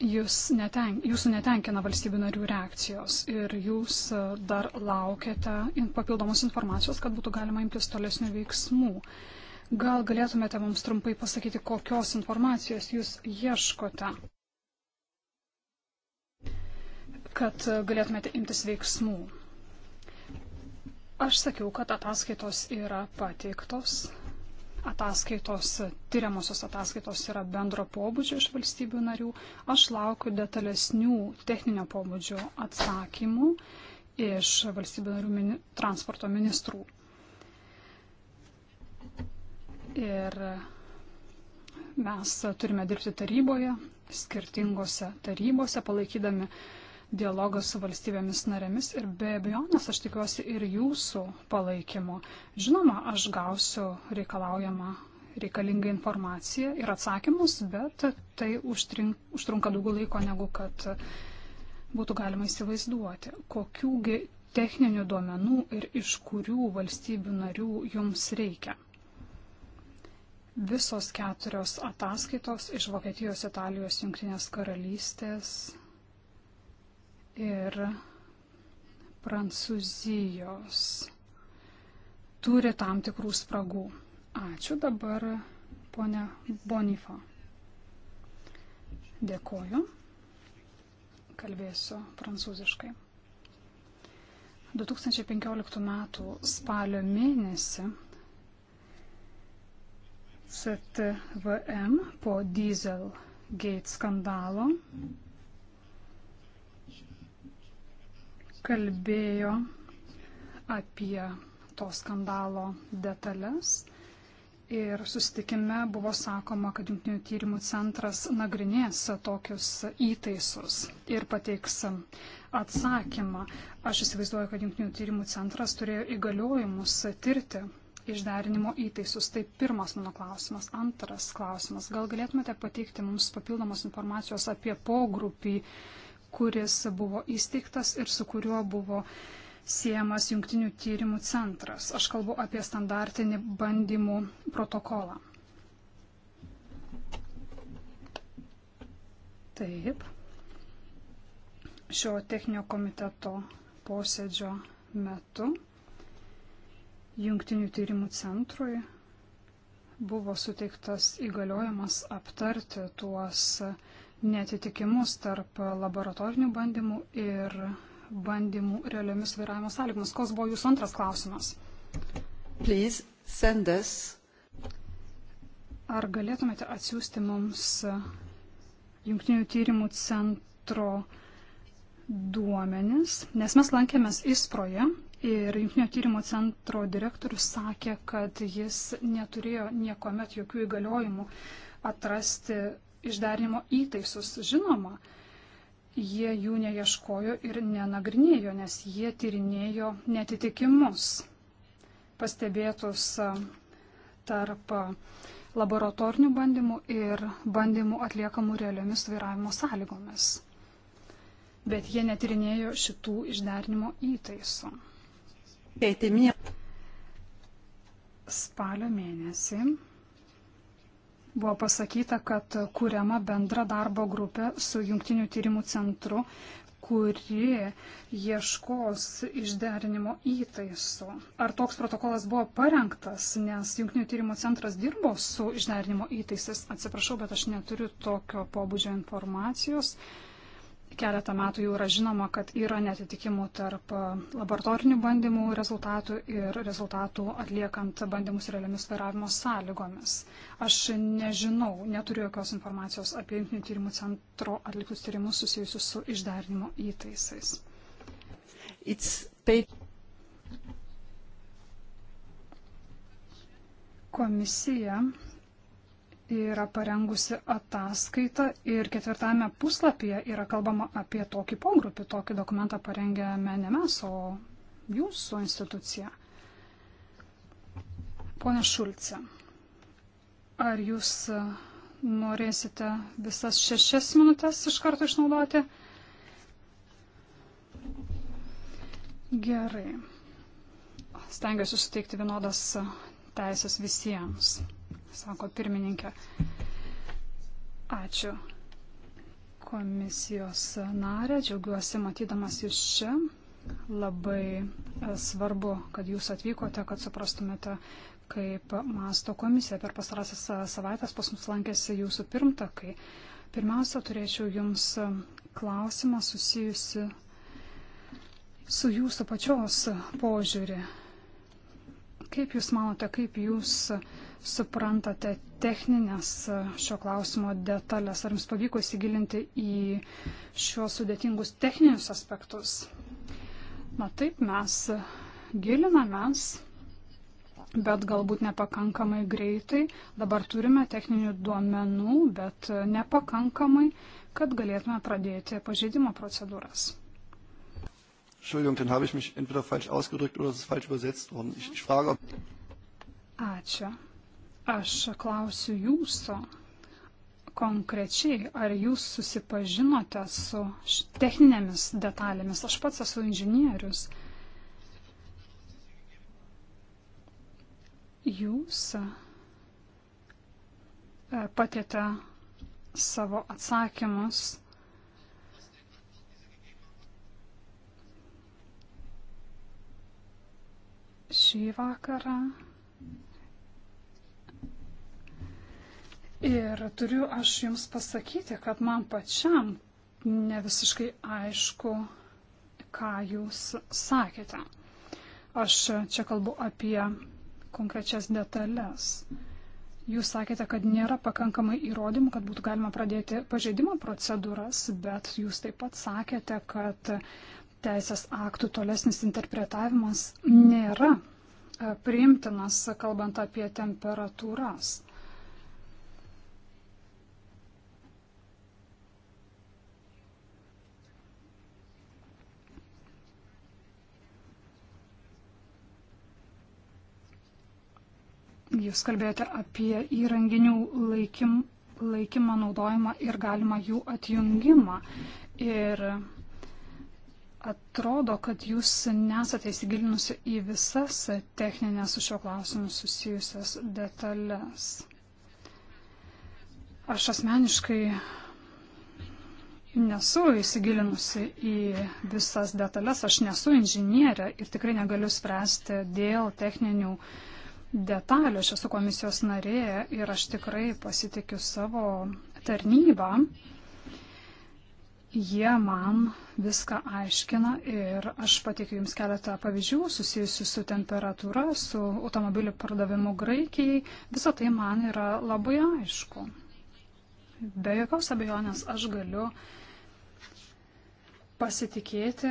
Jūs neten, jūsų netenkina valstybių narių reakcijos ir jūs e, dar laukiate papildomos informacijos, kad būtų galima imtis tolesnių veiksmų. Gal galėtumėte mums trumpai pasakyti, kokios informacijos jūs ieškote, kad e, galėtumėte imtis veiksmų. Aš sakiau, kad ataskaitos yra pateiktos, ataskaitos, tyriamosios ataskaitos yra bendro pobūdžio iš valstybių narių. Aš laukiu detalesnių techninio pobūdžio atsakymų iš valstybių narių mini, transporto ministrų. Ir mes turime dirbti taryboje, skirtingose tarybose, palaikydami uh, dialogas su valstybėmis narėmis ir be abejonės aš tikiuosi ir jūsų palaikymo. Žinoma, aš gausiu reikalaujamą reikalingą informaciją ir atsakymus, bet tai užtrink, užtrunka daugiau laiko negu kad būtų galima įsivaizduoti. Kokiųgi techninių duomenų ir iš kurių valstybių narių jums reikia. Visos keturios ataskaitos iš Vokietijos, Italijos, Junktinės karalystės, ir Prancūzijos turi tam tikrų spragų. Ačiū dabar, ponia Bonifa. Dėkoju. Kalbėsiu prancūziškai. 2015 m. spalio mėnesį CTVM po Dieselgate skandalo kalbėjo apie to skandalo detalės. Ir susitikime buvo sakoma, kad Junktinių tyrimų centras nagrinės tokius įtaisus ir pateiks atsakymą. Aš įsivaizduoju, kad Junktinių tyrimų centras turėjo įgaliojimus tirti išderinimo įtaisus. Tai pirmas mano klausimas. Antras klausimas. Gal galėtumėte pateikti mums papildomos informacijos apie pogrupį kuris buvo įsteigtas ir su kuriuo buvo siejamas jungtinių tyrimų centras. Aš kalbu apie standartinį bandymų protokolą. Taip. Šio techninio komiteto posėdžio metu jungtinių tyrimų centrui buvo suteiktas įgaliojimas aptarti tuos uh, netitikimus tarp laboratorinių bandymų ir bandymų realiomis vairavimo sąlygomis. Koks buvo jūsų antras klausimas? Please send us. Ar galėtumėte atsiųsti mums Junktinių tyrimų centro duomenis, nes mes lankėmės įsproje ir Junktinio tyrimo centro direktorius sakė, kad jis neturėjo niekuomet jokių įgaliojimų atrasti išderinimo įtaisus. Žinoma, jie jų neieškojo ir nenagrinėjo, nes jie tyrinėjo netitikimus pastebėtus tarp laboratorinių bandymų ir bandymų atliekamų realiomis vairavimo sąlygomis. Bet jie netirinėjo šitų išderinimo įtaisų. Tai Spalio mėnesį buvo pasakyta, kad kuriama bendra darbo grupė su Junktiniu tyrimų centru, kuri ieškos išderinimo įtaiso. Ar toks protokolas buvo parengtas, nes Junktinių tyrimų centras dirbo su išderinimo įtaisais? Atsiprašau, bet aš neturiu tokio pobūdžio informacijos. Uh, keletą metų jau yra žinoma, kad yra netitikimų tarp laboratorinių bandymų rezultatų ir rezultatų atliekant bandymus realiomis vairavimo sąlygomis. Aš nežinau, neturiu jokios informacijos apie Junktinių tyrimų centro atliktus tyrimus susijusius su išderinimo įtaisais. Komisija yra parengusi ataskaitą ir ketvirtame puslapyje yra kalbama apie tokį pogrupį. Tokį dokumentą parengėme ne mes, o jūsų institucija. Pone Šulce, ar jūs norėsite visas šešias minutės iš karto išnaudoti? Gerai. Stengiuosi suteikti vienodas teisės visiems sako pirmininkė. Ačiū komisijos narė, džiaugiuosi matydamas jūs čia. Labai e, svarbu, kad jūs atvykote, kad suprastumėte, kaip masto komisija. Per pastarąsias e, savaitės pas mus lankėsi jūsų pirmtakai. Pirmiausia, turėčiau jums e, klausimą susijusi su jūsų pačios požiūrį. Kaip jūs manote, kaip jūs uh, suprantate techninės e, šio klausimo detalės? Ar jums pavyko įsigilinti į šios sudėtingus techninius aspektus? Na taip, mes gilinamės, bet galbūt nepakankamai greitai. Dabar turime techninių duomenų, bet nepakankamai, kad galėtume pradėti pažeidimo procedūras. Entschuldigung, dann habe ich mich entweder falsch ausgedrückt oder es ist falsch übersetzt worden. Ich, ich frage, ob. Ačiū. Aš klausiu jūsų konkrečiai, ar jūs susipažinote su techninėmis detalėmis. Aš pats esu inžinierius. Jūs e, patėte savo atsakymus šį vakarą. Ir turiu aš jums pasakyti, kad man pačiam ne visiškai aišku, ką jūs sakėte. Aš čia kalbu apie konkrečias detalės. Jūs sakėte, kad nėra pakankamai įrodymų, kad būtų galima pradėti pažeidimo procedūras, bet jūs taip pat sakėte, kad teisės aktų tolesnis interpretavimas nėra e, priimtinas, kalbant apie temperatūras. Jūs kalbėjote apie įrenginių laikim, laikimą naudojimą ir galimą jų atjungimą. Ir atrodo, kad jūs nesate įsigilinusi į visas techninės su šio klausimu susijusias detalės. Aš asmeniškai nesu įsigilinusi į visas detalės, aš nesu inžinierė ir tikrai negaliu spręsti dėl techninių uh, detalių. Aš esu komisijos narė ir aš tikrai pasitikiu savo tarnybą. Jie man viską aiškina ir aš pateikiu Jums keletą pavyzdžių susijusių su temperatūra, su automobilių pardavimu Graikijai. Visą tai man yra labai aišku. Be jokios abejonės aš galiu pasitikėti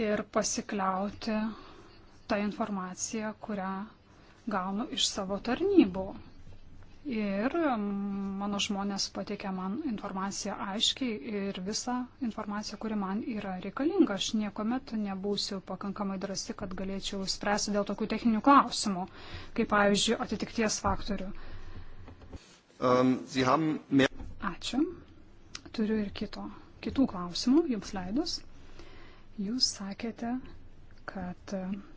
ir pasikliauti tą informaciją, kurią gaunu iš savo tarnybų. Ir mm, mano žmonės pateikia man informaciją aiškiai ir visą informaciją, kuri man yra reikalinga. Aš niekuomet nebūsiu pakankamai drasi, kad galėčiau spręsti dėl tokių techninių klausimų, kaip pavyzdžiui atitikties faktorių. Um, mehr... Ačiū. Turiu ir kito, kitų klausimų, jums leidus. Jūs sakėte, kad. Uh,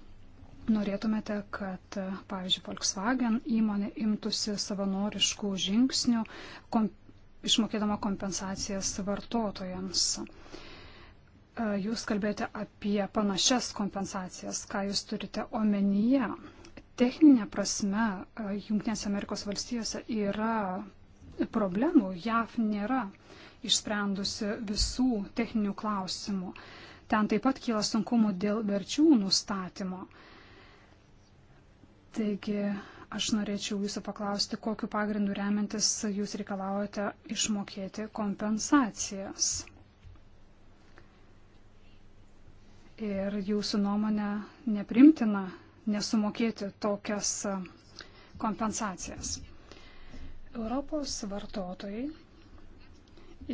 norėtumėte, kad, pavyzdžiui, Volkswagen įmonė imtųsi savanoriškų žingsnių, kom, išmokėdama kompensacijas vartotojams. E, jūs kalbėjote apie panašias kompensacijas, ką jūs turite omenyje. Techninė prasme, e, Junktinėse Amerikos valstijose yra problemų, JAV nėra išsprendusi visų techninių klausimų. Ten taip pat kyla sunkumų dėl verčių nustatymo. Uh, Taigi aš norėčiau jūsų paklausti, kokiu pagrindu remiantis jūs reikalaujate išmokėti kompensacijas. Ir jūsų nuomonė neprimtina nesumokėti tokias kompensacijas. Europos vartotojai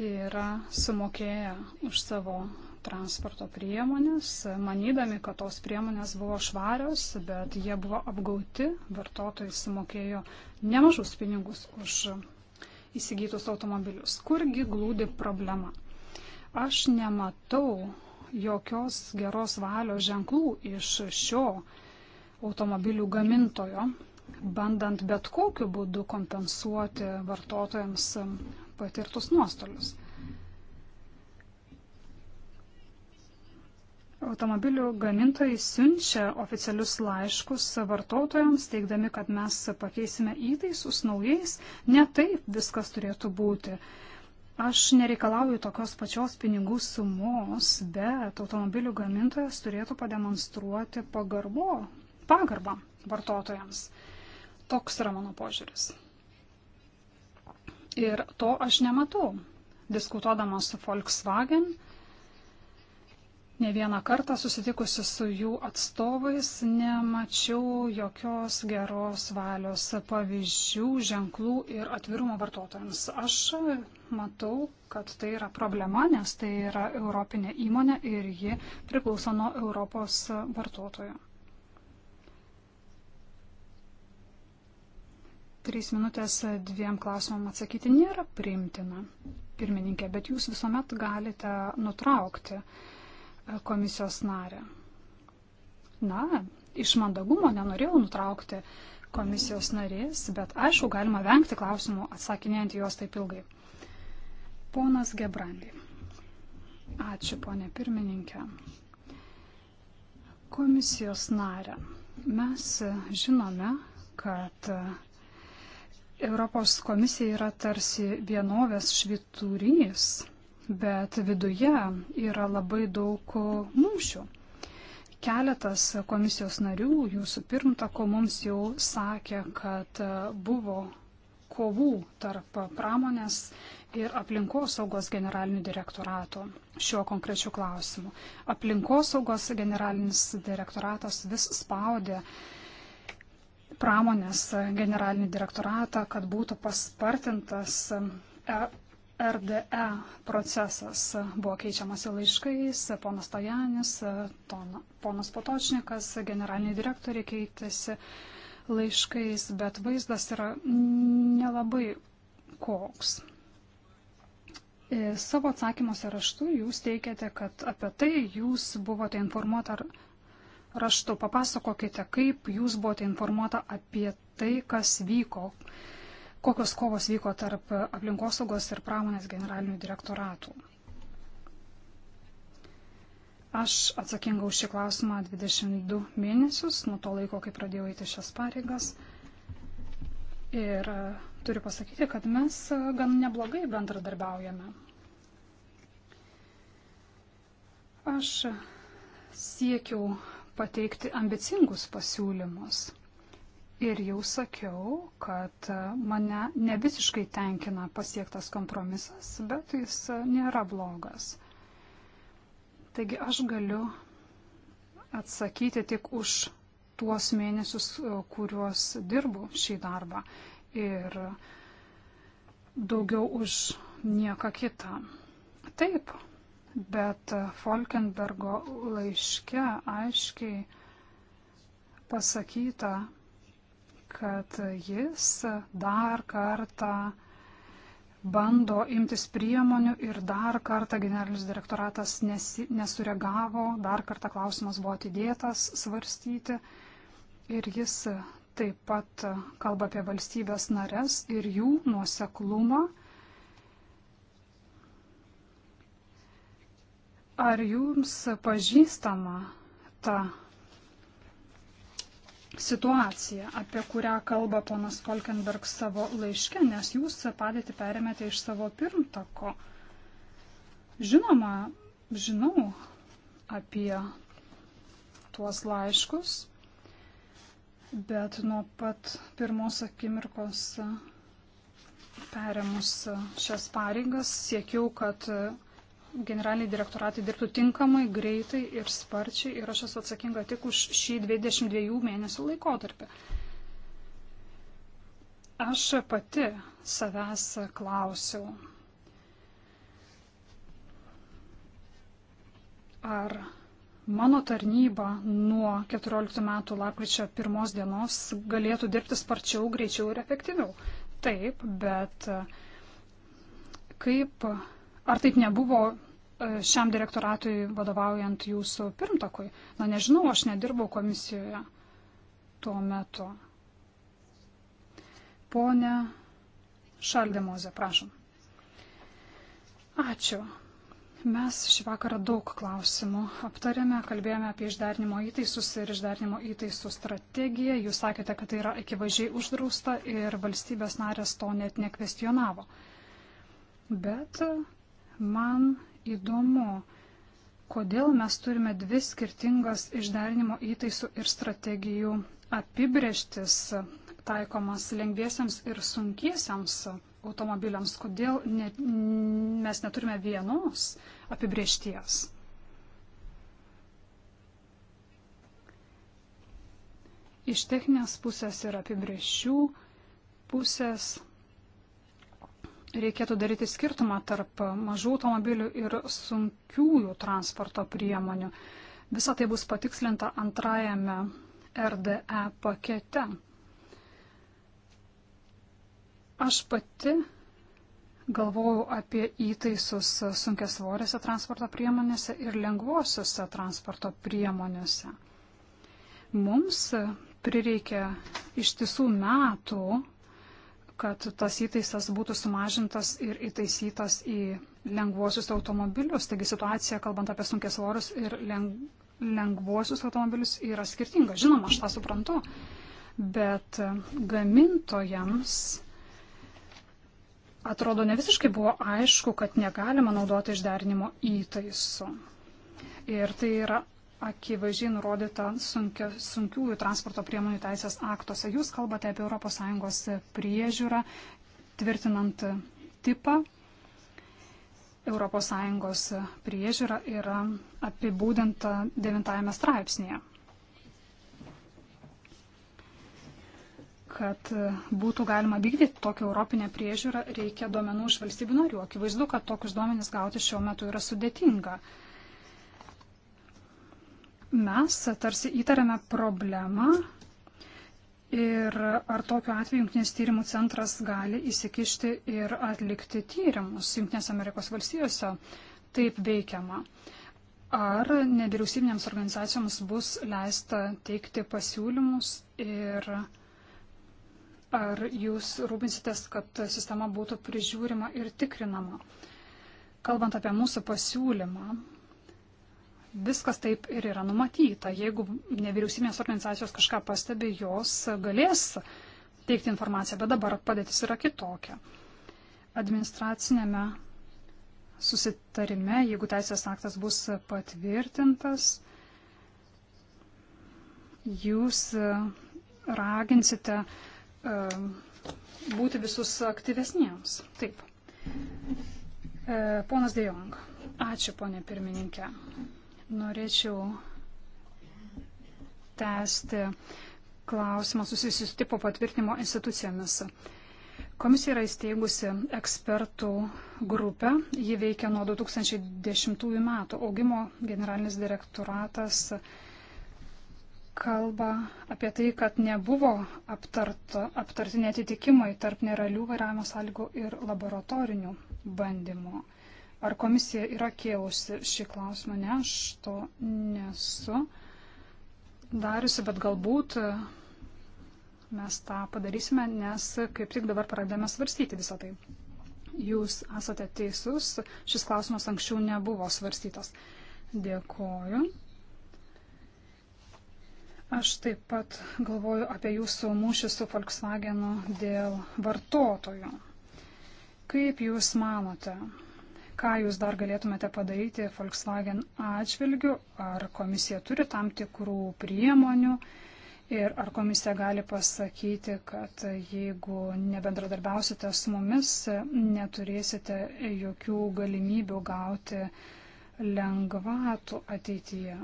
yra sumokėję už savo transporto priemonės, manydami, kad tos priemonės buvo švarios, bet jie buvo apgauti, vartotojai sumokėjo nemažus pinigus už įsigytus automobilius. Kurgi glūdi problema? Aš nematau jokios geros valios ženklų iš šio automobilių gamintojo, bandant bet kokiu būdu kompensuoti vartotojams patirtus nuostolius. Automobilių gamintojai siunčia oficialius laiškus vartotojams, teikdami, kad mes pakeisime įtaisus naujais. Ne taip viskas turėtų būti. Aš nereikalauju tokios pačios pinigų sumos, bet automobilių gamintojas turėtų pademonstruoti pagarbo, pagarbą vartotojams. Toks yra mano požiūris. Ir to aš nematau. Diskutuodama su Volkswagen, Ne vieną kartą susitikusi su jų atstovais nemačiau jokios geros valios pavyzdžių, ženklų ir atvirumo vartotojams. Aš matau, kad tai yra problema, nes tai yra europinė įmonė ir ji priklauso nuo Europos vartotojų. Trys minutės dviem klausimam atsakyti nėra priimtina, pirmininkė, bet jūs visuomet galite nutraukti. Uh, komisijos narę. Na, iš mandagumo nenorėjau nutraukti komisijos narės, bet aišku, galima vengti klausimų atsakinėjant juos taip ilgai. Ponas Gebrandi. Ačiū, ponė pirmininkė. Komisijos narė. Mes žinome, kad Europos komisija yra tarsi vienovės šviturys bet viduje yra labai daug mūšių. Keletas komisijos narių, jūsų pirmtako, mums jau sakė, kad buvo kovų tarp pramonės ir aplinkosaugos generalinių direktorato šiuo konkrečiu klausimu. Aplinkosaugos generalinis direktoratas vis spaudė pramonės generalinį direktoratą, kad būtų paspartintas RDE procesas buvo keičiamasi laiškais, ponas Tajanis, ponas Potočnikas, generaliniai direktoriai keitėsi laiškais, bet vaizdas yra nelabai koks. Ir e, savo atsakymuose raštu jūs teikiate, kad apie tai jūs buvote informuota raštu. Papasakokite, kaip jūs buvote informuota apie tai, kas vyko, kokios kovos vyko tarp aplinkosaugos ir pramonės generalinių direktoratų. Aš atsakinga už šį klausimą 22 mėnesius, nuo to laiko, kai pradėjau eiti šias pareigas. Ir e, turiu pasakyti, kad mes e, gan neblogai bendradarbiaujame. Aš siekiau pateikti ambicingus pasiūlymus. Ir jau sakiau, kad mane ne visiškai tenkina pasiektas kompromisas, bet jis nėra blogas. Taigi aš galiu atsakyti tik už tuos mėnesius, kuriuos dirbu šį darbą ir daugiau už nieką kitą. Taip, bet Folkenbergo laiške aiškiai pasakyta, kad jis dar kartą bando imtis priemonių ir dar kartą generalinis direktoratas nesi, nesureagavo, dar kartą klausimas buvo atidėtas svarstyti ir jis taip pat kalba apie valstybės nares ir jų nuoseklumą. Ar jums pažįstama ta situacija, apie kurią kalba ponas Kolkenberg savo laiške, nes jūs padėtį perėmėte iš savo pirmtako. Žinoma, žinau apie tuos laiškus, bet nuo pat pirmos akimirkos perėmus šias pareigas siekiau, kad generaliniai direktoratai dirbtų tinkamai, greitai ir sparčiai ir aš esu atsakinga tik už šį 22 mėnesių laikotarpį. Aš pati savęs klausiau, ar mano tarnyba nuo 14 metų lapkričio pirmos dienos galėtų dirbti sparčiau, greičiau ir efektyviau. Taip, bet kaip Ar taip nebuvo šiam direktoratui vadovaujant jūsų pirmtakui. Na nežinau, aš nedirbau komisijoje tuo metu. Pone Šaldemoze, prašom. Ačiū. Mes šį vakarą daug klausimų aptarėme, kalbėjome apie išdarnimo įtaisus ir išdarnimo įtaisų strategiją. Jūs sakėte, kad tai yra akivaizdžiai uždrausta ir valstybės narės to net nekvestionavo. Bet man įdomu, kodėl mes turime dvi skirtingas išderinimo įtaisų ir strategijų apibrieštis taikomas lengviesiams ir sunkiesiams automobiliams, kodėl ne, mes neturime vienos apibriešties. Iš techninės pusės ir apibrieščių pusės reikėtų daryti skirtumą tarp mažų automobilių ir sunkiųjų transporto priemonių. Visa tai bus patikslinta antrajame RDE pakete. Aš pati galvojau apie įtaisus sunkiasvorėse transporto priemonėse ir lengvosiuose transporto priemonėse. Mums prireikia iš tiesų metų kad tas įtaisas būtų sumažintas ir įtaisytas į lengvuosius automobilius. Taigi situacija, kalbant apie sunkės svorus ir lengvuosius automobilius, yra skirtinga. Žinoma, aš tą suprantu, bet gamintojams atrodo ne visiškai buvo aišku, kad negalima naudoti išderinimo įtaisų. Ir tai yra akivaizdžiai nurodyta sunkia, sunkiųjų transporto priemonių teisės aktuose. Jūs kalbate apie ES priežiūrą, tvirtinant tipą. ES priežiūra yra apibūdinta 9 straipsnėje. Kad būtų galima vykdyti tokią europinę priežiūrą, reikia duomenų iš valstybių narių. Akivaizdu, kad tokius duomenys gauti šiuo metu yra sudėtinga. Uh, Mes tarsi įtariame problemą ir ar tokiu atveju Junktinės tyrimų centras gali įsikišti ir atlikti tyrimus Junktinės Amerikos valstijose taip veikiama. Ar nevyriausybinėms organizacijoms bus leista teikti pasiūlymus ir ar jūs rūpinsitės, kad sistema būtų prižiūrima ir tikrinama. Kalbant apie mūsų pasiūlymą, viskas taip ir yra numatyta. Jeigu nevyriausybinės organizacijos kažką pastebi, jos galės teikti informaciją, bet dabar padėtis yra kitokia. Administracinėme susitarime, jeigu teisės aktas bus patvirtintas, jūs raginsite e, būti visus aktyvesniems. Taip. E, ponas Dejong. Ačiū, ponė pirmininkė. Norėčiau tęsti klausimą susijusius tipo patvirtinimo institucijomis. Komisija yra įsteigusi ekspertų grupę, ji veikia nuo 2010 metų. Augimo generalinis direktoratas kalba apie tai, kad nebuvo aptarta, aptarti netitikimai tarp neralių vairavimo sąlygų ir laboratorinių bandymų. Ar komisija yra kėlusi šį klausimą? Ne, aš to nesu dariusi, bet galbūt mes tą padarysime, nes kaip tik dabar pradėjome svarstyti visą tai. Jūs esate teisus, šis klausimas anksčiau nebuvo svarstytas. Dėkoju. Aš taip pat galvoju apie jūsų mūšį su Volkswagenu dėl vartotojų. Kaip jūs manote, Ką jūs dar galėtumėte padaryti Volkswagen atžvilgiu? Ar komisija turi tam tikrų priemonių? Ir ar komisija gali pasakyti, kad jeigu nebendradarbiausite su mumis, neturėsite jokių galimybių gauti lengvatų ateityje?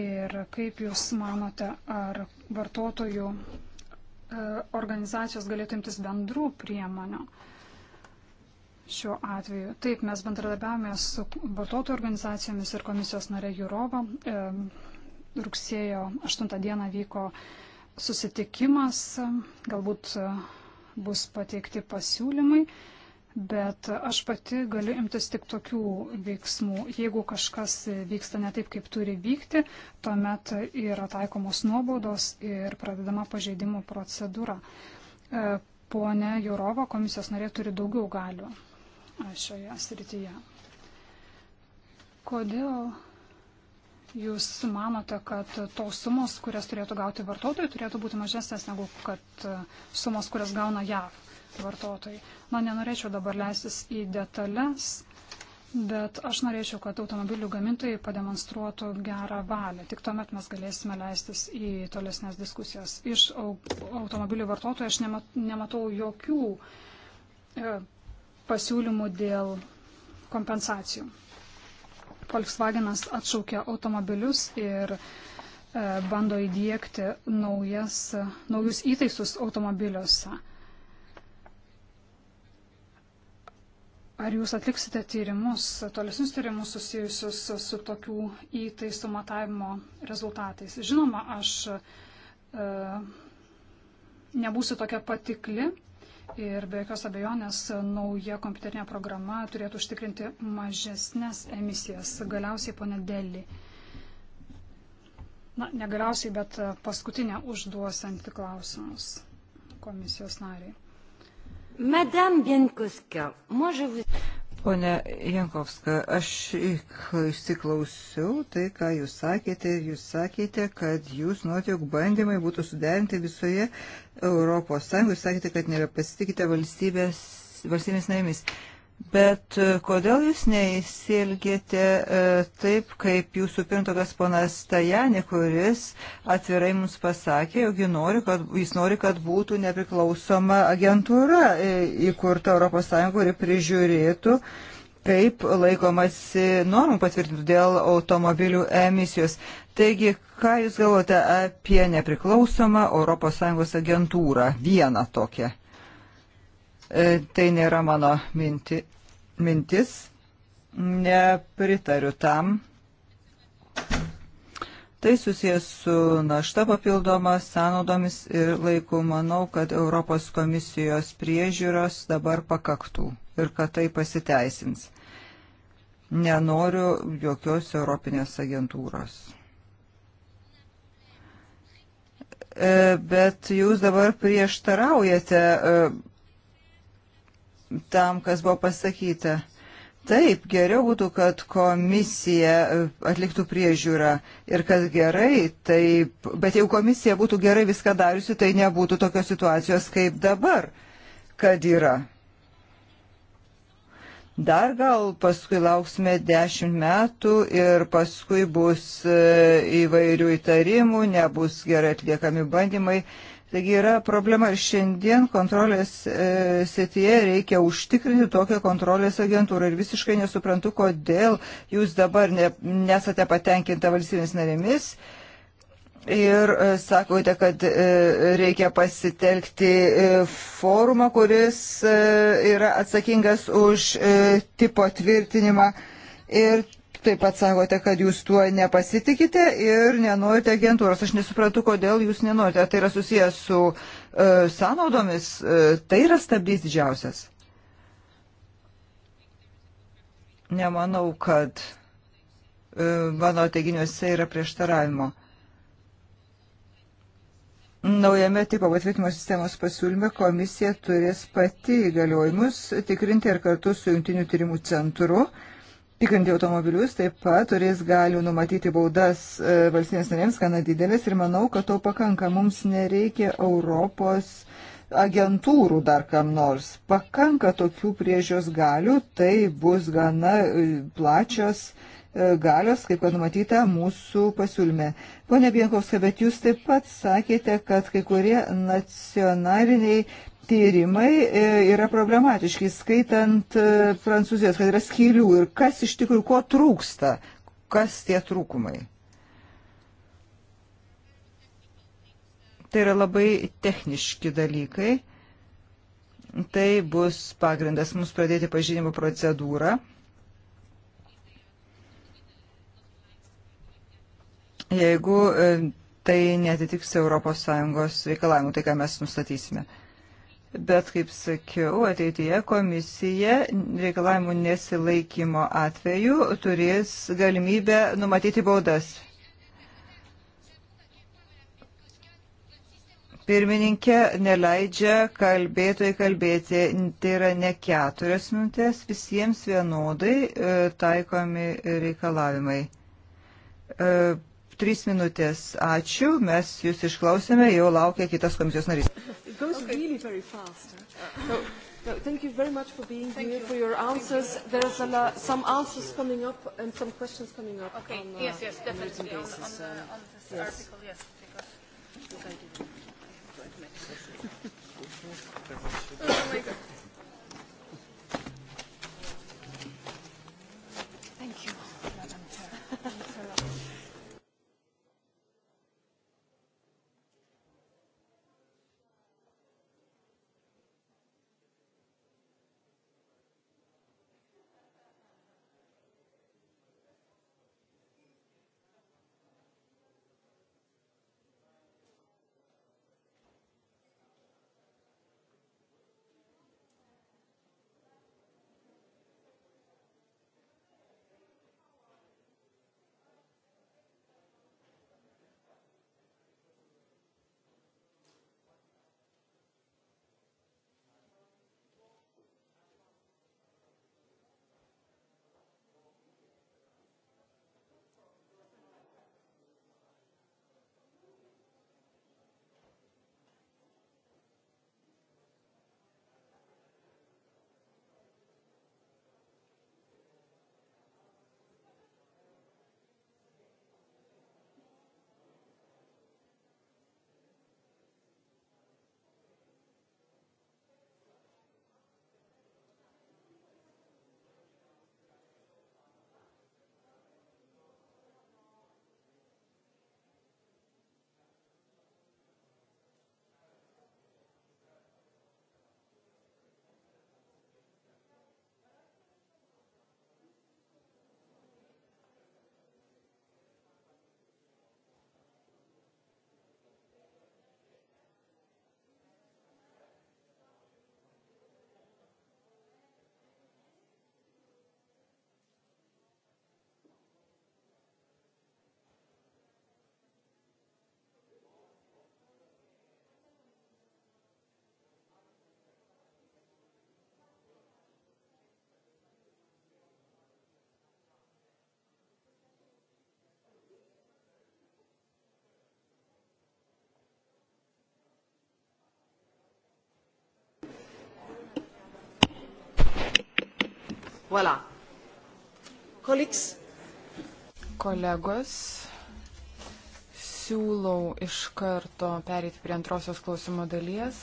Ir kaip Jūs manote, ar vartotojų e, organizacijos galėtų imtis bendrų priemonių? šiuo atveju. Taip, mes bendradarbiavome su vartotojų organizacijomis ir komisijos narė Jurova. E, rugsėjo 8 dieną vyko susitikimas, galbūt e, bus pateikti pasiūlymai, bet aš pati galiu imtis tik tokių veiksmų. Jeigu kažkas vyksta ne taip, kaip turi vykti, tuomet yra taikomos nuobaudos ir pradedama pažeidimo procedūra. E, pone Jurova, komisijos narė turi daugiau galių šioje srityje. Kodėl Jūs manote, kad tos sumos, kurias turėtų gauti vartotojai, turėtų būti mažesnės negu kad e, sumos, kurias gauna JAV vartotojai. Na, nenorėčiau dabar leistis į detalės, bet aš norėčiau, kad automobilių gamintojai pademonstruotų gerą valią. Tik tuomet mes galėsime leistis į tolesnės diskusijas. Iš automobilių vartotojų aš nematau jokių e, pasiūlymų dėl kompensacijų. Volkswagenas atšaukia automobilius ir e, bando įdėkti naujas, naujus įtaisus automobiliuose. Ar jūs atliksite tyrimus, tolesnius tyrimus susijusius su, su tokių įtaisų matavimo rezultatais? Žinoma, aš e, nebūsiu tokia patikli ir be jokios abejonės nauja kompiuterinė programa turėtų užtikrinti mažesnės emisijas. Galiausiai pone Deli. Na, negaliausiai, bet paskutinę užduosianti klausimus komisijos nariai. Madame Bienkuska, moi je vous... Pone Jankovska, aš įsiklausiau tai, ką jūs sakėte. Jūs sakėte, kad jūs norite, jog bandymai būtų suderinti visoje Europos Sąjungoje. Jūs sakėte, kad nebepasitikite valstybės, valstybės narėmis. Bet e, kodėl jūs neįsilgėte e, taip, kaip jūsų pirmtokas ponas Tajani, kuris atvirai mums pasakė, jog nori, kad, jis nori, kad būtų nepriklausoma agentūra e, įkurta ES, kuri prižiūrėtų, kaip laikomasi normų patvirtintų dėl automobilių emisijos. Taigi, ką jūs galvote apie nepriklausomą ES agentūrą, vieną tokią? E, tai nėra mano minti, mintis. Nepritariu tam. Tai susijęs su našta papildoma, sąnaudomis ir laiku. Manau, kad Europos komisijos priežiūros dabar pakaktų ir kad tai pasiteisins. Nenoriu jokios Europinės agentūros. E, bet jūs dabar prieštaraujate e, tam, kas buvo pasakyta. Taip, geriau būtų, kad komisija e, atliktų priežiūrą ir kad gerai, taip, bet jeigu komisija būtų gerai viską dariusi, tai nebūtų tokios situacijos kaip dabar, kad yra. Dar gal paskui lauksime dešimt metų ir paskui bus e, įvairių įtarimų, nebus gerai atliekami bandymai Taigi yra problema ir šiandien kontrolės e, sityje reikia užtikrinti tokią kontrolės agentūrą ir visiškai nesuprantu, kodėl jūs dabar ne, nesate patenkinta valstybės narėmis. Ir e, sakote, kad e, reikia pasitelkti e, forumą, kuris e, yra atsakingas už e, tipo tvirtinimą. Ir taip pat sakote, kad jūs tuo nepasitikite ir nenorite agentūros. Aš nesuprantu, kodėl jūs nenorite. Tai yra susijęs su uh, sąnaudomis, uh, tai yra stabdys didžiausias. Nemanau, kad uh, mano teiginiuose yra prieštaravimo. Naujame tipo patvirtinimo sistemos pasiūlyme komisija turės pati įgaliojimus tikrinti ir kartu su jungtiniu tyrimų centru uh, tikrinti automobilius, taip pat turės galių numatyti baudas e, valstybės narėms gana didelės ir manau, kad to pakanka. Mums nereikia Europos agentūrų dar kam nors. Pakanka tokių priežios galių, tai bus gana e, plačios e, galios, kaip kad numatyta mūsų pasiūlyme. Pone Bienkovska, bet jūs taip pat sakėte, kad kai kurie nacionaliniai tyrimai e, yra problematiški, skaitant e, Prancūzijos, kad yra skylių ir kas iš tikrųjų, ko trūksta, kas tie trūkumai. Tai yra labai techniški dalykai. Tai bus pagrindas mums pradėti pažinimo procedūrą. Jeigu e, tai netitiks ES reikalavimų, tai ką mes nustatysime. Bet, kaip sakiau, ateityje komisija reikalavimų nesilaikymo atveju turės galimybę numatyti baudas. Pirmininkė neleidžia kalbėtojai kalbėti, tai yra ne keturias minutės, visiems vienodai e, taikomi reikalavimai. E, Trys minutės. Ačiū, mes jūs išklausėme, jau laukia kitas komisijos narys. So oh, uh, oh. thank you very much for being thank here, you. for your answers. There's a lot, some answers coming up and some questions coming up. Okay, on, uh, yes, yes, definitely. On, basis. on, uh, on, on this yes. article, yes, because... Thank you. oh my God. Voilà. Koliks. Kolegos, siūlau iš karto pereiti prie antrosios klausimo dalies.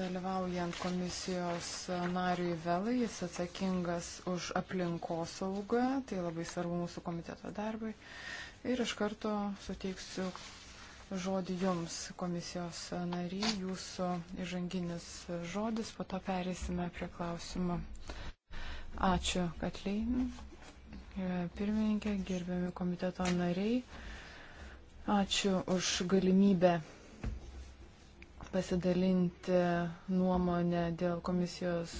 Dalyvaujant komisijos nariui Velai, jis atsakingas už aplinkosaugą, tai labai svarbu mūsų komiteto darbui. Ir iš karto suteiksiu žodį Jums, komisijos nary, Jūsų įžanginis žodis, po to perėsime prie klausimų. Ačiū, Katlein, e, pirmininkė, gerbiami komiteto nariai. Ačiū už galimybę pasidalinti nuomonę dėl komisijos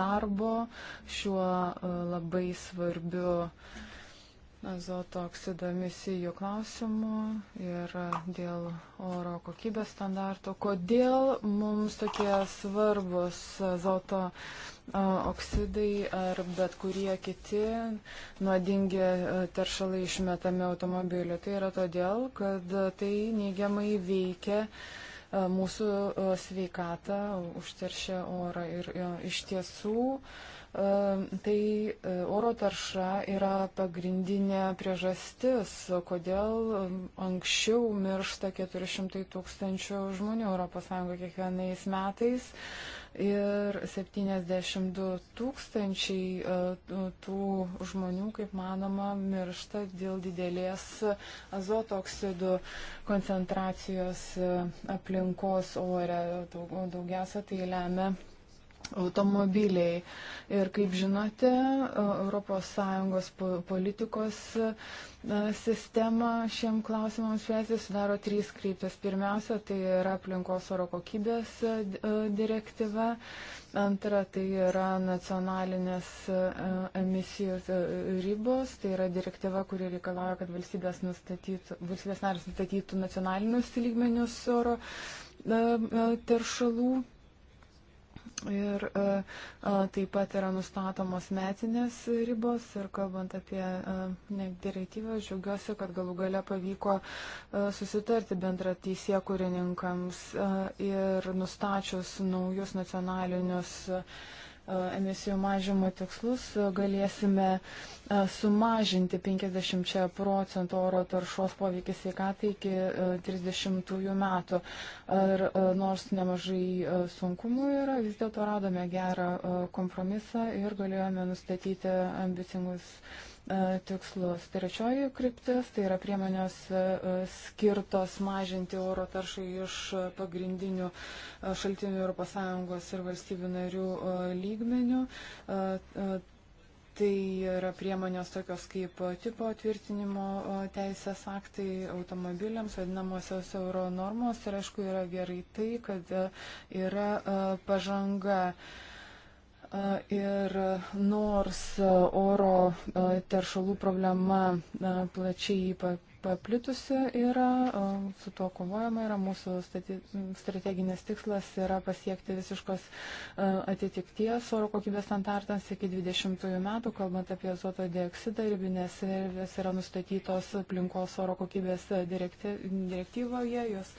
darbo šiuo e, labai svarbiu uh, azoto oksido emisijų klausimų ir dėl oro kokybės standartų. Kodėl mums tokie svarbus azoto oksidai ar bet kurie kiti nuodingi teršalai išmetami automobiliu? Tai yra todėl, kad tai neigiamai veikia mūsų sveikatą, užteršia orą ir iš tiesų tai e, oro tarša yra pagrindinė priežastis, kodėl anksčiau miršta 400 tūkstančių žmonių ES kiekvienais metais ir 72 tūkstančiai e, tų žmonių, kaip manoma, miršta dėl didelės azoto oksidų koncentracijos e, aplinkos ore. Daugiausia tai lemia automobiliai. Ir kaip žinote, e, ES politikos e, sistema šiem klausimams šviesti sudaro trys kryptis. Pirmiausia, tai yra aplinkos oro kokybės e, direktyva. Antra, tai yra nacionalinės emisijų ribos. Tai yra direktyva, kuri reikalauja, kad valstybės, valstybės narės nustatytų nacionalinius lygmenius oro teršalų Ir e, e, taip pat yra nustatomos metinės ribos ir kalbant apie e, direktyvą, aš džiaugiuosi, kad galų gale pavyko susitarti bendra teisė kurininkams ir nustačius naujus nacionalinius E, emisijų mažimo tikslus e, galėsime e, sumažinti 50 procentų oro taršos poveikį sveikatai iki 30 metų. Ir nors nemažai sunkumų yra, vis dėlto radome gerą kompromisą ir galėjome nustatyti ambicingus E, tikslus. Trečioji kryptis tai yra priemonės e, e, skirtos mažinti oro taršą iš pagrindinių šaltinių ES ir valstybių narių lygmenių. Tai yra priemonės tokios kaip tipo tvirtinimo teisės aktai automobiliams, vadinamosios euro normos. Ir aišku, yra gerai tai, kad yra pažanga Ir nors oro teršalų problema plačiai paplitusi yra, su tuo kovojama yra, mūsų stati, strateginis tikslas yra pasiekti visiškos e, atitikties oro kokybės standartams iki 20 metų, kalbant apie azoto dioksidą, ribinės servės yra nustatytos aplinkos oro kokybės direktyvoje, jos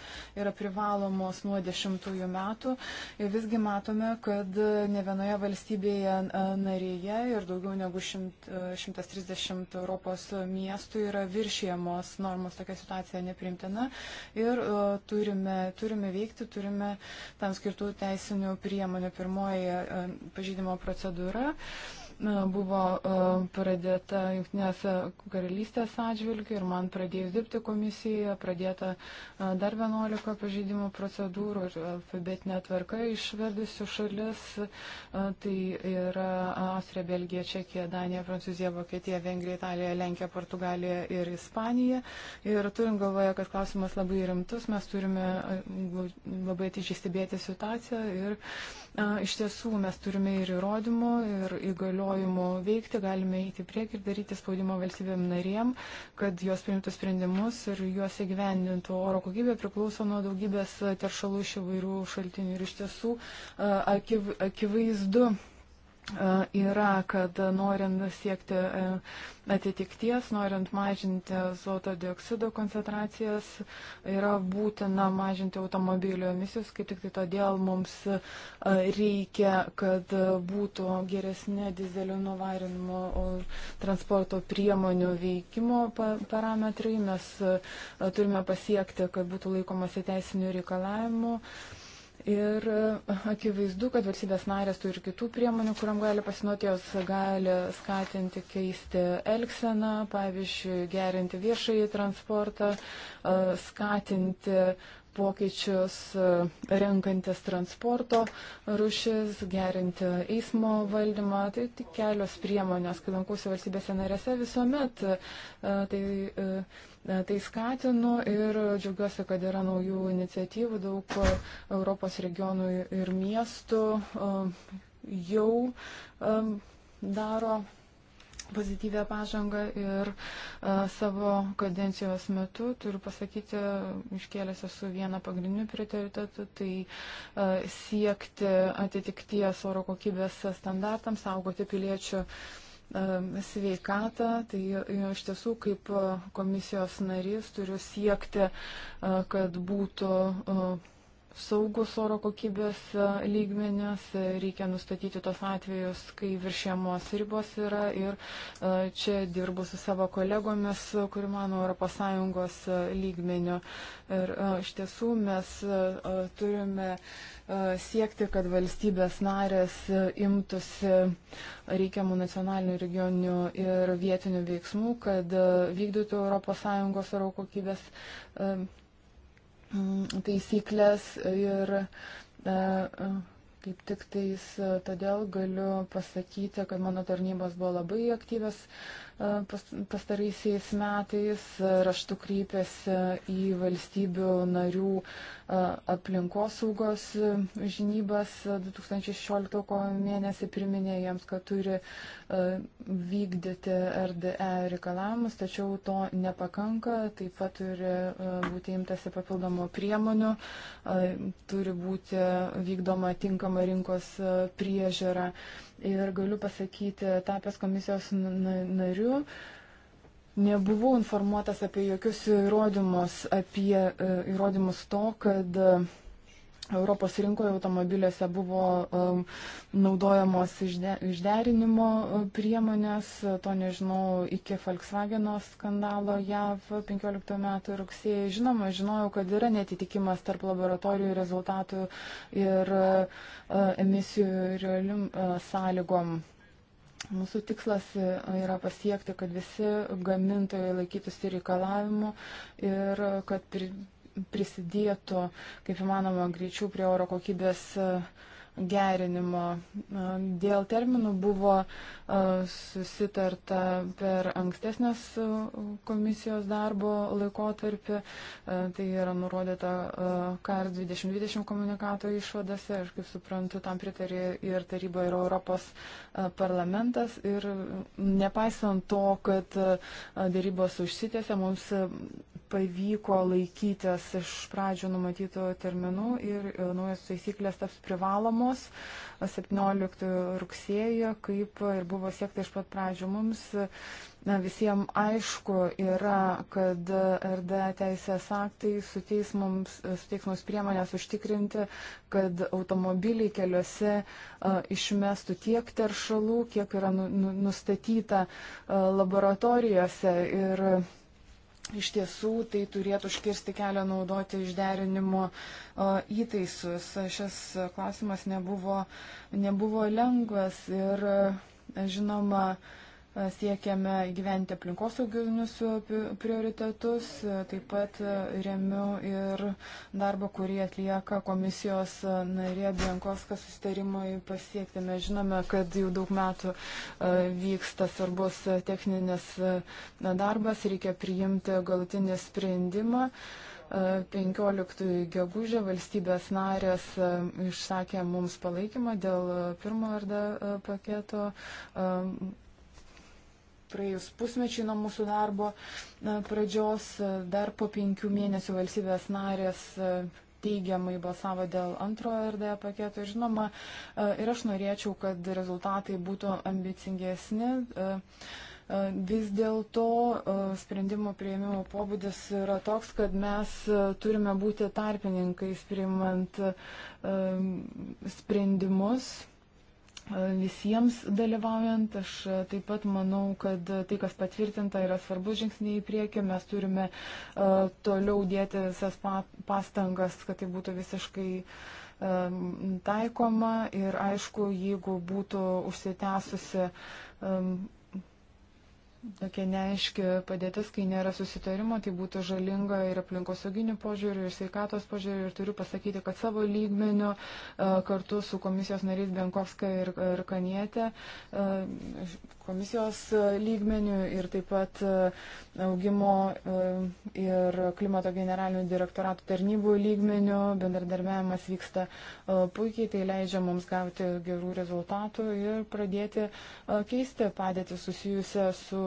yra privalomos nuo 10 metų. Ir visgi matome, kad ne vienoje valstybėje e, narėje ir daugiau negu 100, 130 e, Europos miestų yra viršėjamos ES normos tokia situacija neprimtina ir e, turime, turime veikti, turime tam skirtų teisinių priemonių. Pirmoji e, pažydimo procedūra. Uh, E, buvo e, pradėta Junktinės karalystės atžvilgių ir man pradėjus dirbti komisijoje pradėta e, dar 11 pažeidimo procedūrų ir alfabetinė tvarka išvedusių šalis. Tai yra Austrija, Belgija, Čekija, Danija, Prancūzija, Vokietija, Vengrija, Italija, Lenkija, Portugalija ir Ispanija. Ir turim galvoje, kad klausimas labai rimtus, mes turime labai atidžiai stebėti situaciją ir Iš tiesų mes turime ir įrodymų, ir įgaliojimų veikti, galime eiti prieki ir daryti spaudimą valstybėm narėm, kad jos priimtų sprendimus ir juos įgyvendintų. Oro kokybė priklauso nuo daugybės teršalų iš įvairių šaltinių ir iš tiesų akiv, akivaizdu. Akiv E, yra, kad norint siekti e, atitikties, norint mažinti azoto dioksido koncentracijas, yra būtina mažinti automobilių emisijos, kaip tik tai todėl mums e, reikia, kad būtų geresnė dizelio nuvarinimo transporto priemonių veikimo parametrai. Mes turime pasiekti, kad būtų laikomasi teisinių reikalavimų. Ir e, akivaizdu, kad valstybės narės turi ir kitų priemonių, kuriam gali pasinuoti, jos gali skatinti keisti elkseną, pavyzdžiui, gerinti viešąjį transportą, e, skatinti pokyčius e, renkantis transporto rušis, gerinti eismo valdymą. Tai tik kelios priemonės, kai lankusi valstybėse narėse visuomet. Tai, E, tai skatinu ir džiaugiuosi, kad yra naujų iniciatyvų, daug Europos regionų ir miestų e, jau e, daro pozityvę pažangą ir a, savo kadencijos metu, turiu pasakyti, iškėlęs esu vieną pagrindinių prioritetų, tai a, siekti atitikties oro kokybės standartams, saugoti piliečių a, sveikatą, tai e, iš tiesų kaip e, komisijos narys turiu siekti, e, kad būtų saugus oro kokybės e, lygmenis, e, reikia nustatyti tos atvejus, kai viršėmos ribos yra ir e, čia dirbu su savo kolegomis, kuri mano ES lygmenio. Ir iš tiesų mes turime siekti, kad valstybės narės imtųsi reikiamų nacionalinių, regioninių ir vietinių veiksmų, kad vykdytų ES oro kokybės Mm, taisyklės ir e, e, kaip tik tais e, todėl galiu pasakyti, kad mano tarnybos buvo labai aktyvios pastaraisiais metais, raštu kreipėsi į valstybių narių aplinkosaugos žinybas 2016 mėnesį, priminė jiems, kad turi vykdyti RDE reikalavimus, tačiau to nepakanka, taip pat turi būti imtasi papildomų priemonių, turi būti vykdoma tinkama rinkos priežiūra ir galiu pasakyti, tapęs komisijos nariu, nebuvau informuotas apie jokius įrodymus, apie e, įrodymus to, kad Europos rinkoje automobiliuose buvo um, naudojamos išde, išderinimo uh, priemonės, to nežinau, iki Volkswageno skandalo JAV 15 metų rugsėjai. Žinoma, žinojau, kad yra netitikimas tarp laboratorijų rezultatų ir uh, emisijų realium uh, sąlygom. Mūsų tikslas uh, yra pasiekti, kad visi gamintojai laikytųsi reikalavimų ir uh, kad pri, prisidėtų kaip įmanoma greičiau prie oro kokybės e, gerinimo. E, dėl terminų buvo e, susitarta per ankstesnės komisijos darbo laikotarpį, tai yra nurodyta KAR 2020 komunikato išvadose, aš kaip suprantu, tam pritarė ir taryba, ir Europos parlamentas. Ir nepaisant to, kad dėrybos užsitėse, mums pavyko laikytis iš pradžių numatytų terminų ir e, naujas taisyklės taps privalomos 17 rugsėjo, kaip ir buvo siekta iš pat pradžių. Mums na, visiems aišku yra, kad RD teisės aktai suteiks mums, e, suteiks mums priemonės užtikrinti, kad automobiliai keliuose a, e, išmestų tiek teršalų, kiek yra nu, nu, nustatyta a, laboratorijose. Ir, Iš tiesų, tai turėtų užkirsti kelią naudoti išderinimo įtaisus. Šis klausimas nebuvo, nebuvo lengvas ir, žinoma, uh, siekiame gyventi aplinkosauginius prioritetus, taip pat remiu ir darbą, kurį atlieka komisijos narė Bienkovska sustarimui pasiekti. Mes žinome, kad jau daug metų e, vyksta svarbus techninis e, darbas, reikia priimti galutinį sprendimą. 15 e, gegužė valstybės narės išsakė mums palaikymą dėl pirmo arda paketo praėjus pusmečiai nuo mūsų darbo e, pradžios, e, dar po penkių mėnesių valstybės narės e, teigiamai balsavo dėl antrojo RD paketo. Žinoma, ir aš norėčiau, kad rezultatai būtų ambicingesni. Vis dėlto sprendimo prieimimo pobūdis yra toks, kad mes turime būti tarpininkais priimant sprendimus visiems dalyvaujant. Aš taip pat manau, kad tai, kas patvirtinta, yra svarbus žingsniai į priekį. Mes turime e, toliau dėti visas pastangas, kad tai būtų visiškai e, taikoma ir aišku, jeigu būtų užsitęsusi e, tokia neaiški padėtis, kai nėra susitarimo, tai būtų žalinga ir aplinkosauginių požiūrių, ir sveikatos požiūrių. Ir turiu pasakyti, kad savo lygmeniu e, kartu su komisijos nariais Benkovska ir, ir Kanietė, e, komisijos e, lygmeniu ir taip pat augimo ir klimato generalinių direktoratų tarnybų lygmeniu bendradarbiavimas vyksta puikiai, tai leidžia mums gauti gerų rezultatų ir pradėti keisti padėtį susijusią su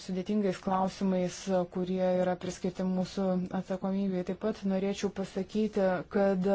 sudėtingais klausimais, kurie yra priskirti mūsų atsakomybėje. Taip pat norėčiau pasakyti, kad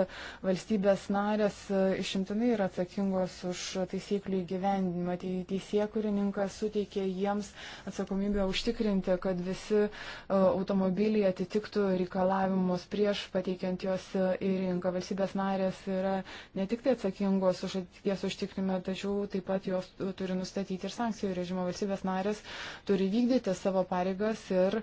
valstybės narės išimtinai yra atsakingos už taisyklių įgyvendinimą. Tai teisėkurininkas suteikė jiems atsakomybę užtikrinti, kad visi e, automobiliai atitiktų reikalavimus prieš pateikiant juos į rinką. Valstybės narės yra ne tik tai atsakingos už atitikties užtikrinimą, tačiau taip pat jos turi nustatyti ir sankcijų režimo. Valstybės narės turi turi vykdyti savo pareigas ir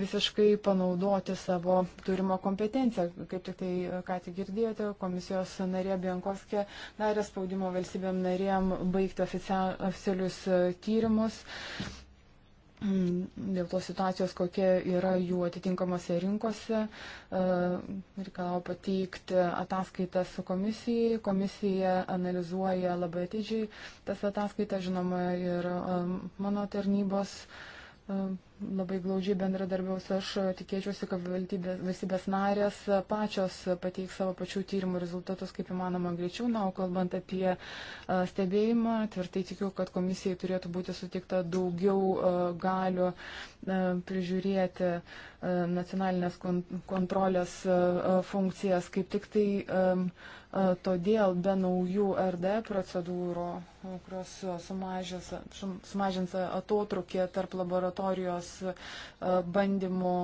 visiškai panaudoti savo turimą kompetenciją. Kaip tik tai, ką tik girdėjote, komisijos narė Bienkovskė darė spaudimo valstybėm narėm baigti oficialius tyrimus Mm, dėl tos situacijos, kokia yra jų atitinkamose rinkose, e, reikalavo pateikti ataskaitas komisijai. Komisija analizuoja labai atidžiai tas ataskaitas, žinoma, ir e, mano tarnybos labai glaudžiai bendradarbiaus. Aš tikėčiausi, kad valstybės narės pačios pateiks savo pačių tyrimų rezultatus kaip įmanoma greičiau. Na, o kalbant apie stebėjimą, tvirtai tikiu, kad komisijai turėtų būti sutikta daugiau galių prižiūrėti nacionalinės kontrolės funkcijas. Kaip tik tai E, todėl be naujų RD procedūrų, e, kurios sumažins, sumažins atotrukį tarp laboratorijos e, bandymų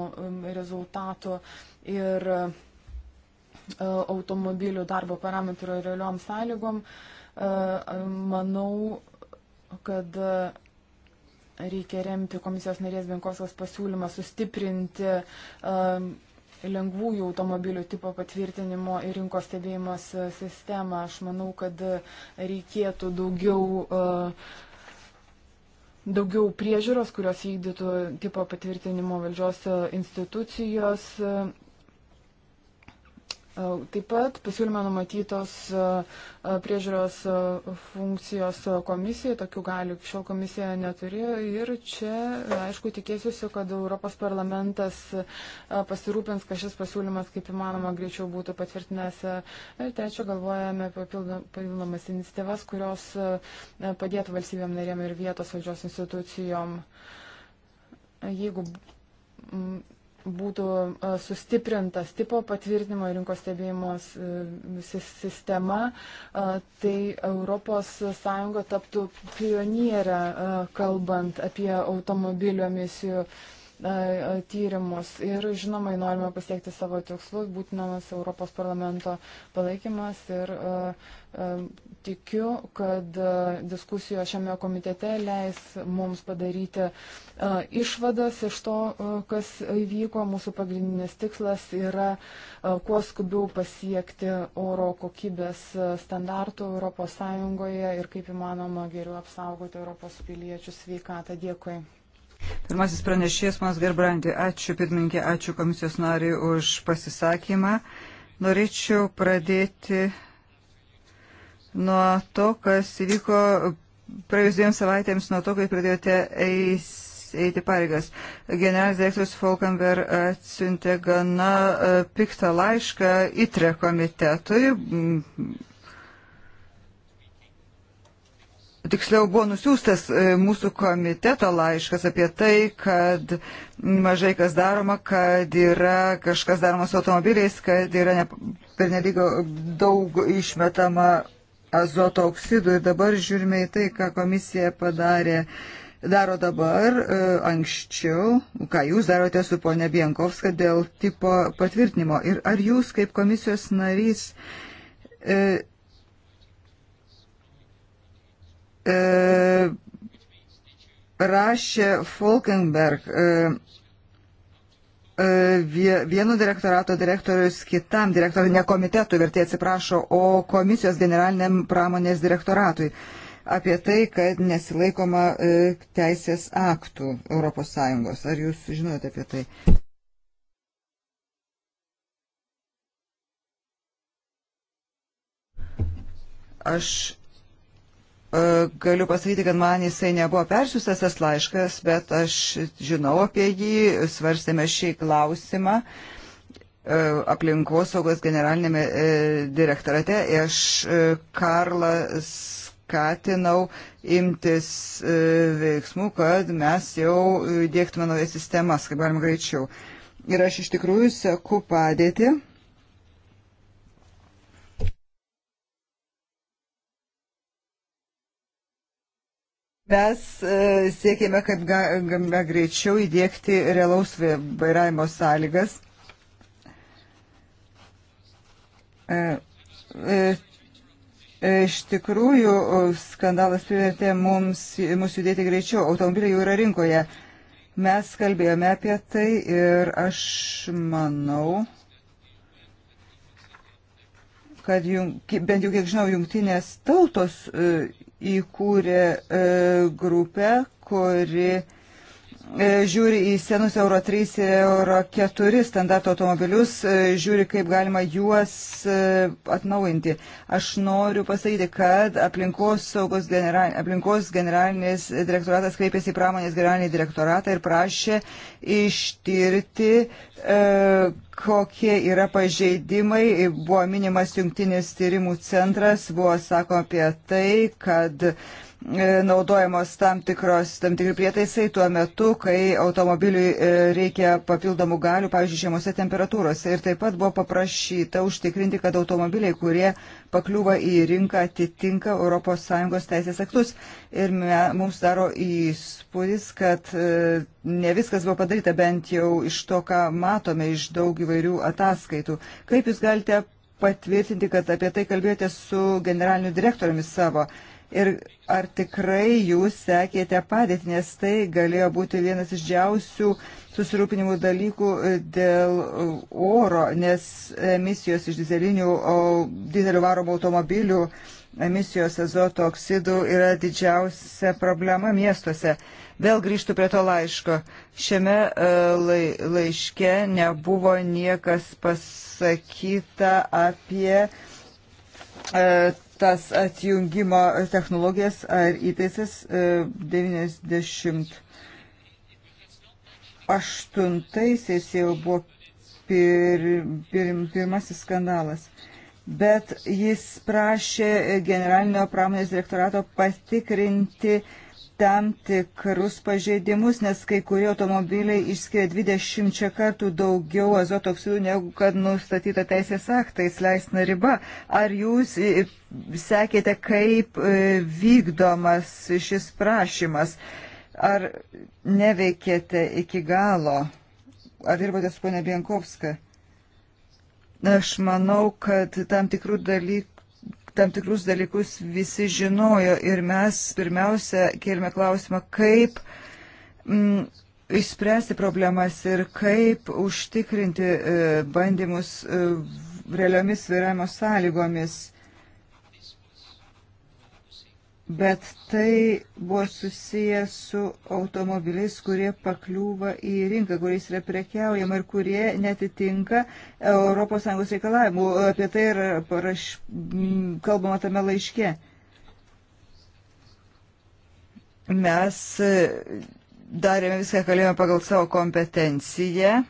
rezultatų ir automobilių darbo parametrų realiom sąlygom, manau, kad reikia remti komisijos narės Benkosos pasiūlymą sustiprinti lengvųjų automobilių tipo patvirtinimo ir rinkos stebėjimos e, sistemą. Aš manau, kad e, reikėtų daugiau, e, daugiau priežiūros, kurios vykdytų tipo patvirtinimo valdžios institucijos E, taip pat pasiūlyme numatytos e, e, priežiūros funkcijos komisijai, tokių galių šiol komisija neturėjo ir čia, aišku, tikėsiuosi, kad Europos parlamentas pasirūpins, kad šis pasiūlymas kaip įmanoma greičiau būtų patvirtinęs. Ir trečia, galvojame papildomas iniciatyvas, kurios padėtų valstybėm narėm ir vietos valdžios institucijom. Jeigu būtų e, sustiprintas tipo patvirtinimo rinkos stebėjimo e, sistema, e, tai ES taptų pionierę, kalbant apie automobilių emisijų tyrimus. Ir žinoma, norime pasiekti savo tikslus, būtinamas Europos parlamento palaikymas. Ir tikiu, kad diskusijos šiame komitete leis mums padaryti išvadas iš to, kas įvyko. Mūsų pagrindinis tikslas yra kuo skubiau pasiekti oro kokybės standartų Europos Sąjungoje ir kaip įmanoma geriau apsaugoti Europos piliečių sveikatą. Dėkui. Pirmasis pranešėjas, mas Gerbrandi, ačiū pirmininkė, ačiū komisijos nariai už pasisakymą. Norėčiau pradėti nuo to, kas įvyko praėjus dviem savaitėms, nuo to, kai pradėjote eis, eiti pareigas. Generalinis direktorius Folkenberg atsiuntė gana e, piktą laišką ITRE komitetui tiksliau buvo nusiųstas e, mūsų komiteto laiškas apie tai, kad mažai kas daroma, kad yra kažkas daroma su automobiliais, kad yra ne, per nelyg daug išmetama azoto oksidų ir dabar žiūrime į tai, ką komisija padarė. Daro dabar, e, anksčiau, ką jūs darote su ponia Bienkovska dėl tipo patvirtinimo. Ir ar jūs kaip komisijos narys e, e, rašė Folkenberg e, e vieno direktorato direktorius kitam direktoriui, ne komitetų vertė atsiprašo, o komisijos generaliniam pramonės direktoratui apie tai, kad nesilaikoma e, teisės aktų ES. Ar jūs žinote apie tai? Aš E, galiu pasakyti, kad man jisai nebuvo persiustas tas laiškas, bet aš žinau apie jį, svarstėme šį klausimą e, aplinkosaugos generalinėme e, direktorate. Aš Karlą skatinau imtis veiksmų, kad mes jau dėktume naujas sistemas, kaip galima greičiau. Ir aš iš tikrųjų seku padėti Mes e, siekėme kaip galime greičiau įdėkti realaus vairavimo sąlygas. E, e, iš tikrųjų, skandalas privertė mums, mums judėti greičiau. Automobiliai jau yra rinkoje. Mes kalbėjome apie tai ir aš manau, kad jung, bent jau kiek žinau, jungtinės tautos įkūrė e, grupę, kuri E, žiūri į senus Euro 3 ir Euro 4 standarto automobilius, e, žiūri, kaip galima juos e, atnaujinti. Aš noriu pasakyti, kad aplinkos, saugos general, aplinkos generalinis direktoratas kreipėsi į pramonės generalinį direktoratą ir prašė ištirti, kokie yra pažeidimai. Buvo minimas jungtinis tyrimų centras, buvo sakoma apie tai, kad E, naudojamos tam, tikros, tam tikri prietaisai tuo metu, kai automobiliui e, reikia papildomų galių, pavyzdžiui, žiemose temperatūrose. Ir taip pat buvo paprašyta užtikrinti, kad automobiliai, kurie pakliūva į rinką, atitinka ES teisės aktus. Ir me, mums daro įspūdis, kad e, ne viskas buvo padaryta, bent jau iš to, ką matome iš daug įvairių ataskaitų. Kaip Jūs galite patvirtinti, kad apie tai kalbėjote su generaliniu direktoriumi savo? ir ar tikrai jūs sekėte padėtį, nes tai galėjo būti vienas iš džiausių susirūpinimų dalykų e, dėl oro, nes emisijos iš dizelinių, dizelių varomų automobilių, emisijos azoto oksidų yra didžiausia problema miestuose. Vėl grįžtų prie to laiško. Šiame e, lai, laiške nebuvo niekas pasakyta apie e, tas atjungimo technologijas ar įtaisas e, 98-aisiais jau buvo pir, pir, pirmasis skandalas. Bet jis prašė generalinio pramonės direktorato patikrinti uh, tam tikrus pažeidimus, nes kai kurie automobiliai išskiria 20 kartų daugiau azoto oksidų negu kad nustatyta teisės aktais leisna riba. Ar jūs e, sekėte, kaip e, vykdomas šis prašymas? Ar neveikėte iki galo? Ar dirbote su ponia Bienkovska? Aš manau, kad tam tikrų dalykų tam tikrus dalykus visi žinojo ir mes pirmiausia kėlėme klausimą, kaip mm, išspręsti problemas ir kaip užtikrinti e, bandymus e, realiomis vairavimo sąlygomis. Bet tai buvo susijęs su automobiliais, kurie pakliūva į rinką, kuriais yra prekiaujama ir kurie netitinka ES reikalavimų. Apie tai yra paraš... kalbama tame laiške. Mes e, darėme viską, kalėjome pagal savo kompetenciją.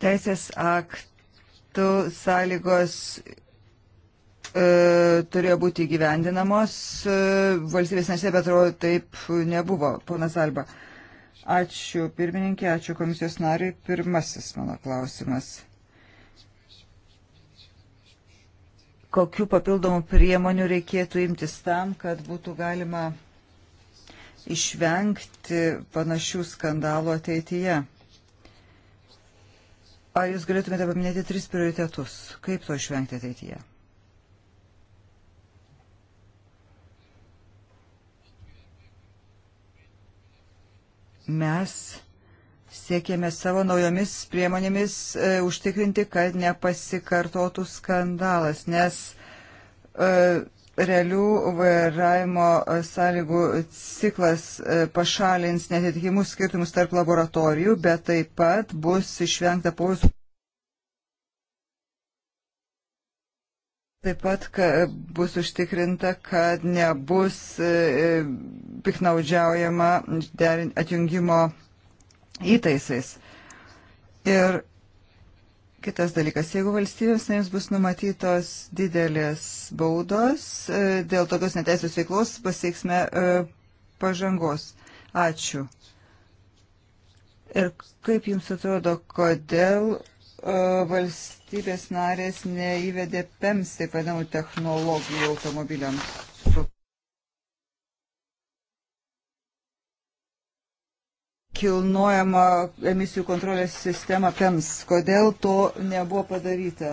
Teisės aktų sąlygos E, turėjo būti įgyvendinamos e, valstybės nesė, bet atrodo taip nebuvo, ponas Alba. Ačiū pirmininkė, ačiū komisijos nariui. Pirmasis mano klausimas. Kokių papildomų priemonių reikėtų imtis tam, kad būtų galima išvengti panašių skandalų ateityje? Ar jūs galėtumėte paminėti tris prioritetus? Kaip to išvengti ateityje? mes siekėme savo naujomis priemonėmis e, užtikrinti, kad nepasikartotų skandalas, nes e, realių vairavimo sąlygų ciklas e, pašalins netitikimus skirtumus tarp laboratorijų, bet taip pat bus išvengta pavojus Taip pat bus užtikrinta, kad nebus e, piknaudžiaujama atjungimo įtaisais. Ir kitas dalykas, jeigu valstybėms naims bus numatytos didelės baudos, e, dėl tokios neteisės veiklos pasieksime e, pažangos. Ačiū. Ir kaip jums atrodo, kodėl valstybės valstybės narės neįvedė PEMS, taip vadinamų technologijų automobiliams. Kilnojama emisijų kontrolės sistema PEMS. Kodėl to nebuvo padaryta?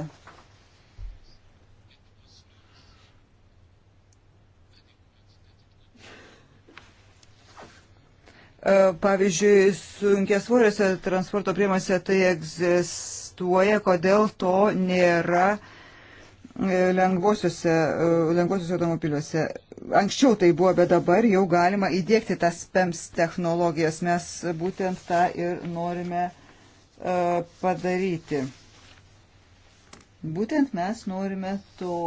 E, pavyzdžiui, sunkiasvoriuose transporto priemonėse tai egzistuoja egzistuoja, kodėl to nėra e, lengvosiuose, e, lengvosiuose automobiliuose. Anksčiau tai buvo, bet dabar jau galima įdėkti tas PEMS technologijas. Mes būtent tą ir norime e, padaryti. Būtent mes norime to.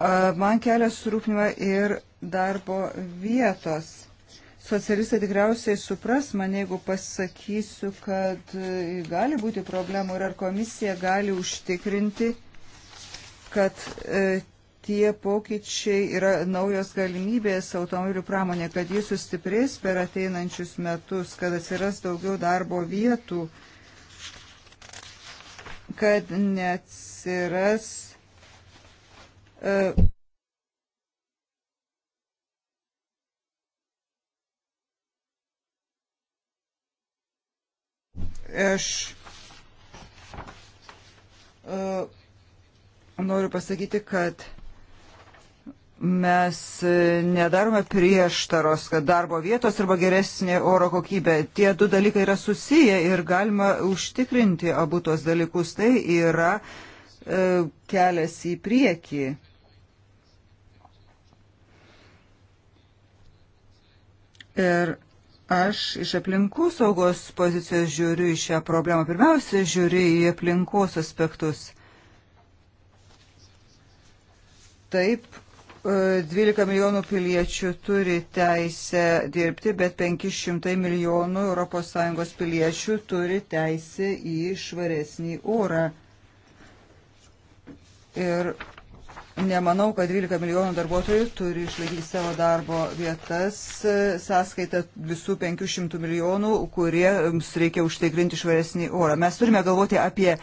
Man kelia surūpnimą ir darbo vietos. Socialistai tikriausiai supras mane, jeigu pasakysiu, kad e, gali būti problemų ir ar komisija gali užtikrinti, kad e, tie pokyčiai yra naujos galimybės automobilių pramonė, kad jis sustiprės per ateinančius metus, kad atsiras daugiau darbo vietų, kad neatsiras. Uh, e, Aš e, noriu pasakyti, kad mes nedarome prieštaros, kad darbo vietos arba geresnė oro kokybė. Tie du dalykai yra susiję ir galima užtikrinti abu tos dalykus. Tai yra e, kelias į priekį. Ir Aš iš aplinkos saugos pozicijos žiūriu į šią problemą. Pirmiausia, žiūriu į aplinkos aspektus. Taip, 12 e, milijonų piliečių turi teisę dirbti, bet 500 milijonų ES piliečių turi teisę į švaresnį orą. Ir Nemanau, kad 12 milijonų darbuotojų turi išlaikyti savo darbo vietas sąskaitą visų 500 milijonų, kuriems reikia užtikrinti švaresnį orą. Mes turime galvoti apie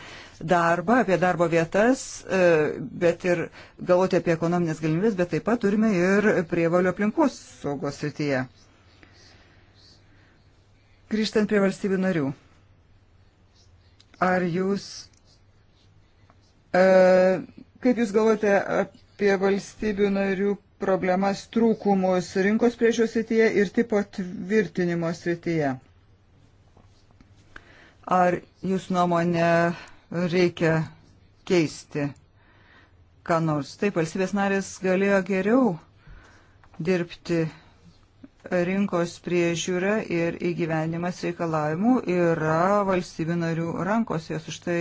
darbą, apie darbo vietas, e, bet ir galvoti apie ekonominės galimybės, bet taip pat turime ir prievalio aplinkos saugos srityje. Grįžtant prie valstybių narių. Ar jūs. E, Kaip Jūs galvojate apie valstybių narių problemas trūkumus rinkos priežiūros srityje ir tipo tvirtinimo srityje? Ar Jūs nuomonė reikia keisti, ką nors? Taip, valstybės narės galėjo geriau dirbti rinkos priežiūra ir įgyvenimas reikalavimų yra valstybių narių rankos. Jos už tai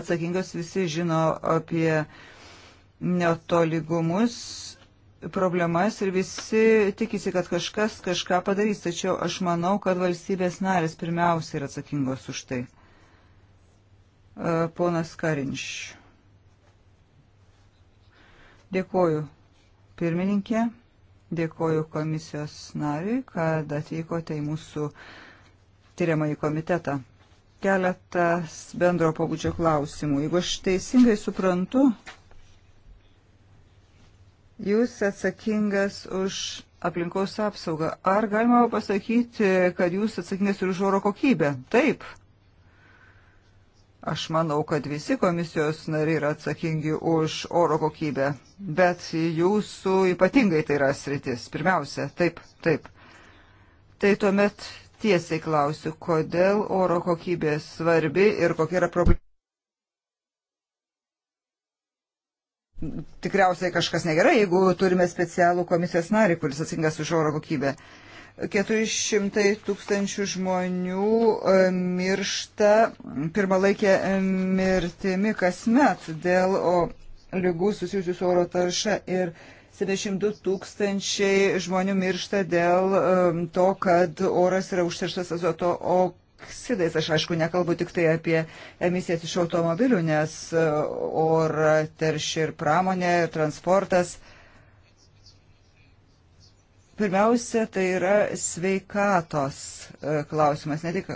atsakingas visi žino apie uh, netoligumus, problemas ir visi tikisi, kad kažkas kažką padarys, tačiau aš manau, kad valstybės narės pirmiausiai yra atsakingos už tai. E, ponas Karinš. Dėkoju pirmininkė, dėkoju komisijos nariui, kad atvykote į mūsų tyriamąjį komitetą. Keletas bendro pabudžio klausimų. Jeigu aš teisingai suprantu, Jūs atsakingas už aplinkos apsaugą. Ar galima pasakyti, kad jūs atsakingas ir už oro kokybę? Taip. Aš manau, kad visi komisijos nariai yra atsakingi už oro kokybę, bet jūsų ypatingai tai yra sritis. Pirmiausia, taip, taip. Tai tuomet tiesiai klausiu, kodėl oro kokybė svarbi ir kokia yra problema. tikriausiai kažkas negerai, jeigu turime specialų komisijos narį, kuris atsingas už oro kokybę. 400 tūkstančių žmonių e, miršta pirmalaikė mirtimi kasmet dėl lygų susijusių su oro tarša ir 72 tūkstančiai žmonių miršta dėl e, to, kad oras yra užterštas azoto, o oksidais. Aš aišku nekalbu tik tai apie emisijas iš automobilių, nes e, oro teršia ir pramonė, ir transportas. Pirmiausia, tai yra sveikatos e, klausimas, ne tik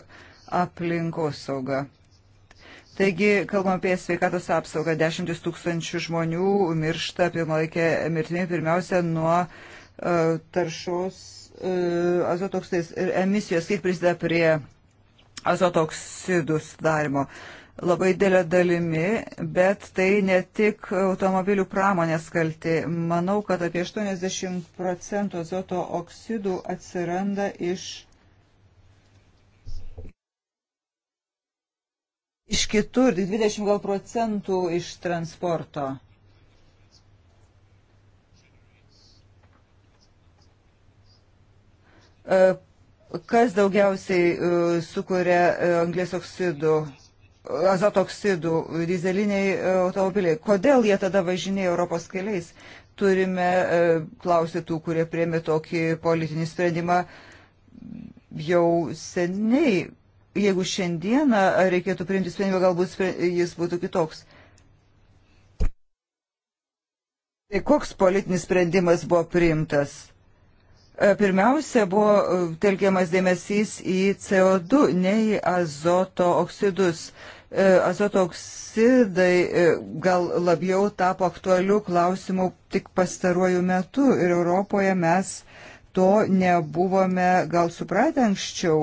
aplinkos sauga. Taigi, kalbam apie sveikatos apsaugą, dešimtis tūkstančių žmonių miršta pirmalaikę mirtimį pirmiausia nuo uh, taršos uh, azotokstais ir emisijos, kaip prisideda prie azoto oksidų sudarimo labai dėlio dalimi, bet tai ne tik automobilių pramonės kalti. Manau, kad apie 80 procentų azoto oksidų atsiranda iš, iš kitur, 20 gal procentų iš transporto. Kas daugiausiai e, sukuria e, anglės oksidų, azotoksidų, dizeliniai e, automobiliai? Kodėl jie tada važinėja Europos keliais? Turime klausyti tų, kurie priemė tokį politinį sprendimą jau seniai. Jeigu šiandieną reikėtų priimti sprendimą, galbūt jis būtų kitoks. Tai koks politinis sprendimas buvo priimtas? E, pirmiausia, buvo e, telkiamas dėmesys į CO2, ne į azoto oksidus. E, azoto oksidai gal labiau tapo aktualių klausimų tik pastaruoju metu ir Europoje mes to nebuvome gal supratę anksčiau.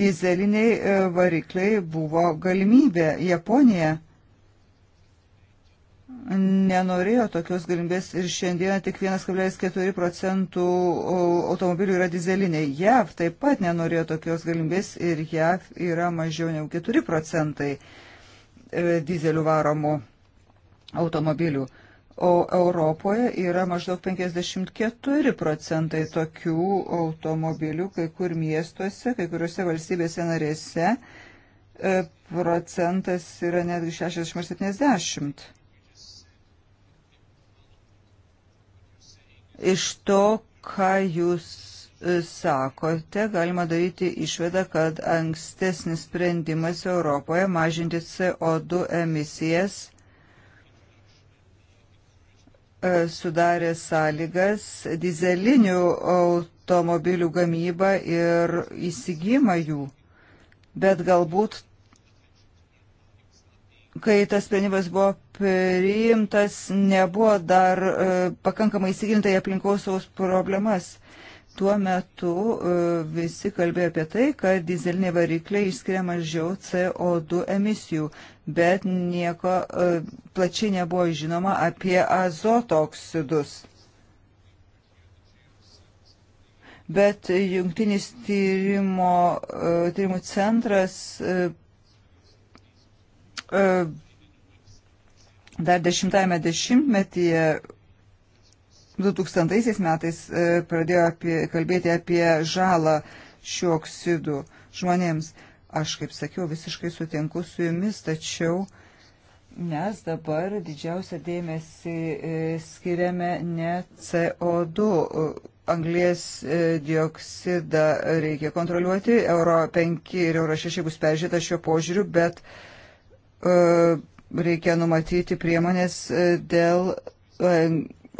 Dizeliniai varikliai buvo galimybė Japonija nenorėjo tokios galimybės ir šiandieną tik 1,4 procentų automobilių yra dizeliniai. JAV taip pat nenorėjo tokios galimybės ir JAV yra mažiau negu 4 procentai e, dizelių varomų automobilių. O Europoje yra maždaug 54 procentai tokių automobilių, kai kur miestuose, kai kuriuose valstybėse narėse e, procentas yra netgi 60 ar 70 Iš to, ką jūs e, sakote, galima daryti išvedą, kad ankstesnis sprendimas Europoje mažinti CO2 emisijas e, sudarė sąlygas dizelinių automobilių gamybą ir įsigymą jų. Bet galbūt kai tas sprendimas buvo priimtas, nebuvo dar e, pakankamai įsigilinta į aplinkosaus problemas. Tuo metu e, visi kalbėjo apie tai, kad dizeliniai varikliai išskiria mažiau CO2 emisijų, bet nieko e, plačiai nebuvo žinoma apie azoto oksidus. Bet jungtinis tyrimo, e, tyrimų centras e, E, dar dešimtajame dešimtmetyje 2000 metais e, pradėjo apie, kalbėti apie žalą šių oksidų žmonėms. Aš, kaip sakiau, visiškai sutinku su jumis, tačiau mes dabar didžiausią dėmesį e, skiriame ne CO2. Anglės dioksidą reikia kontroliuoti. Euro 5 ir Euro 6 bus peržiūrėta šiuo požiūriu, bet uh, E, reikia numatyti priemonės e, dėl e,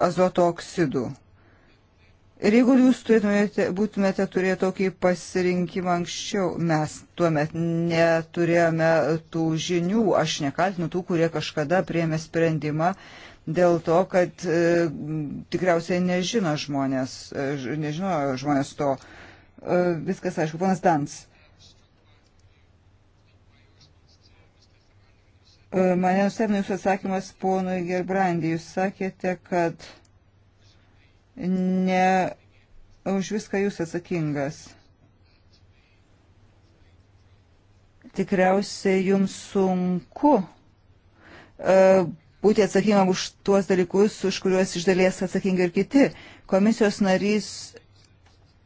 azoto oksidų. Ir jeigu jūs turėtumėte, būtumėte turėję tokį pasirinkimą anksčiau, mes tuomet neturėjome tų žinių, aš nekaltinu tų, kurie kažkada priemė sprendimą dėl to, kad e, tikriausiai nežino žmonės, e, nežino žmonės to. E, viskas aišku, ponas Dans. E, E, mane nustebino jūsų atsakymas ponui Gerbrandį. Jūs sakėte, kad ne už viską jūs atsakingas. Tikriausiai jums sunku e, būti atsakingam už tuos dalykus, už kuriuos iš dalies atsakingi ir kiti. Komisijos narys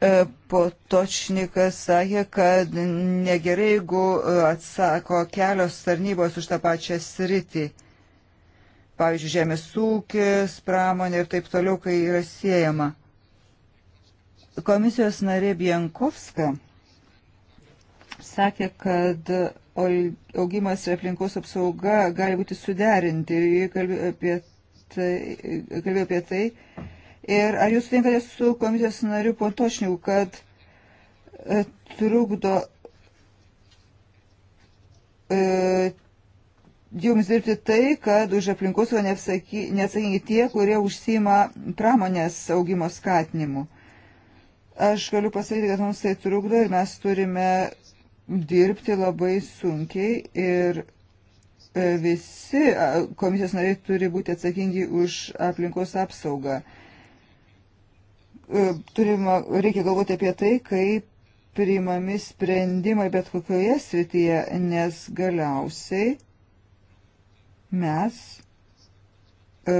E, Potočnikas sakė, kad negerai, jeigu e, atsako kelios tarnybos už tą pačią sritį. Pavyzdžiui, žemės ūkis, pramonė ir taip toliau, kai yra siejama. Komisijos narė Bienkovska sakė, kad augimas ir aplinkos apsauga gali būti suderinti ir kalbėjo apie tai, kalbėjo apie tai Ir ar jūs sutinkate su komisijos nariu Pontošniu, kad e, trukdo e, jums dirbti tai, kad už aplinkosaugą neatsakingi tie, kurie užsima pramonės augimo skatinimu? Aš galiu pasakyti, kad mums tai trukdo ir mes turime dirbti labai sunkiai ir e, visi komisijos nariai turi būti atsakingi už aplinkos apsaugą. E, turima, reikia galvoti apie tai, kaip priimami sprendimai bet kokioje srityje, nes galiausiai mes e,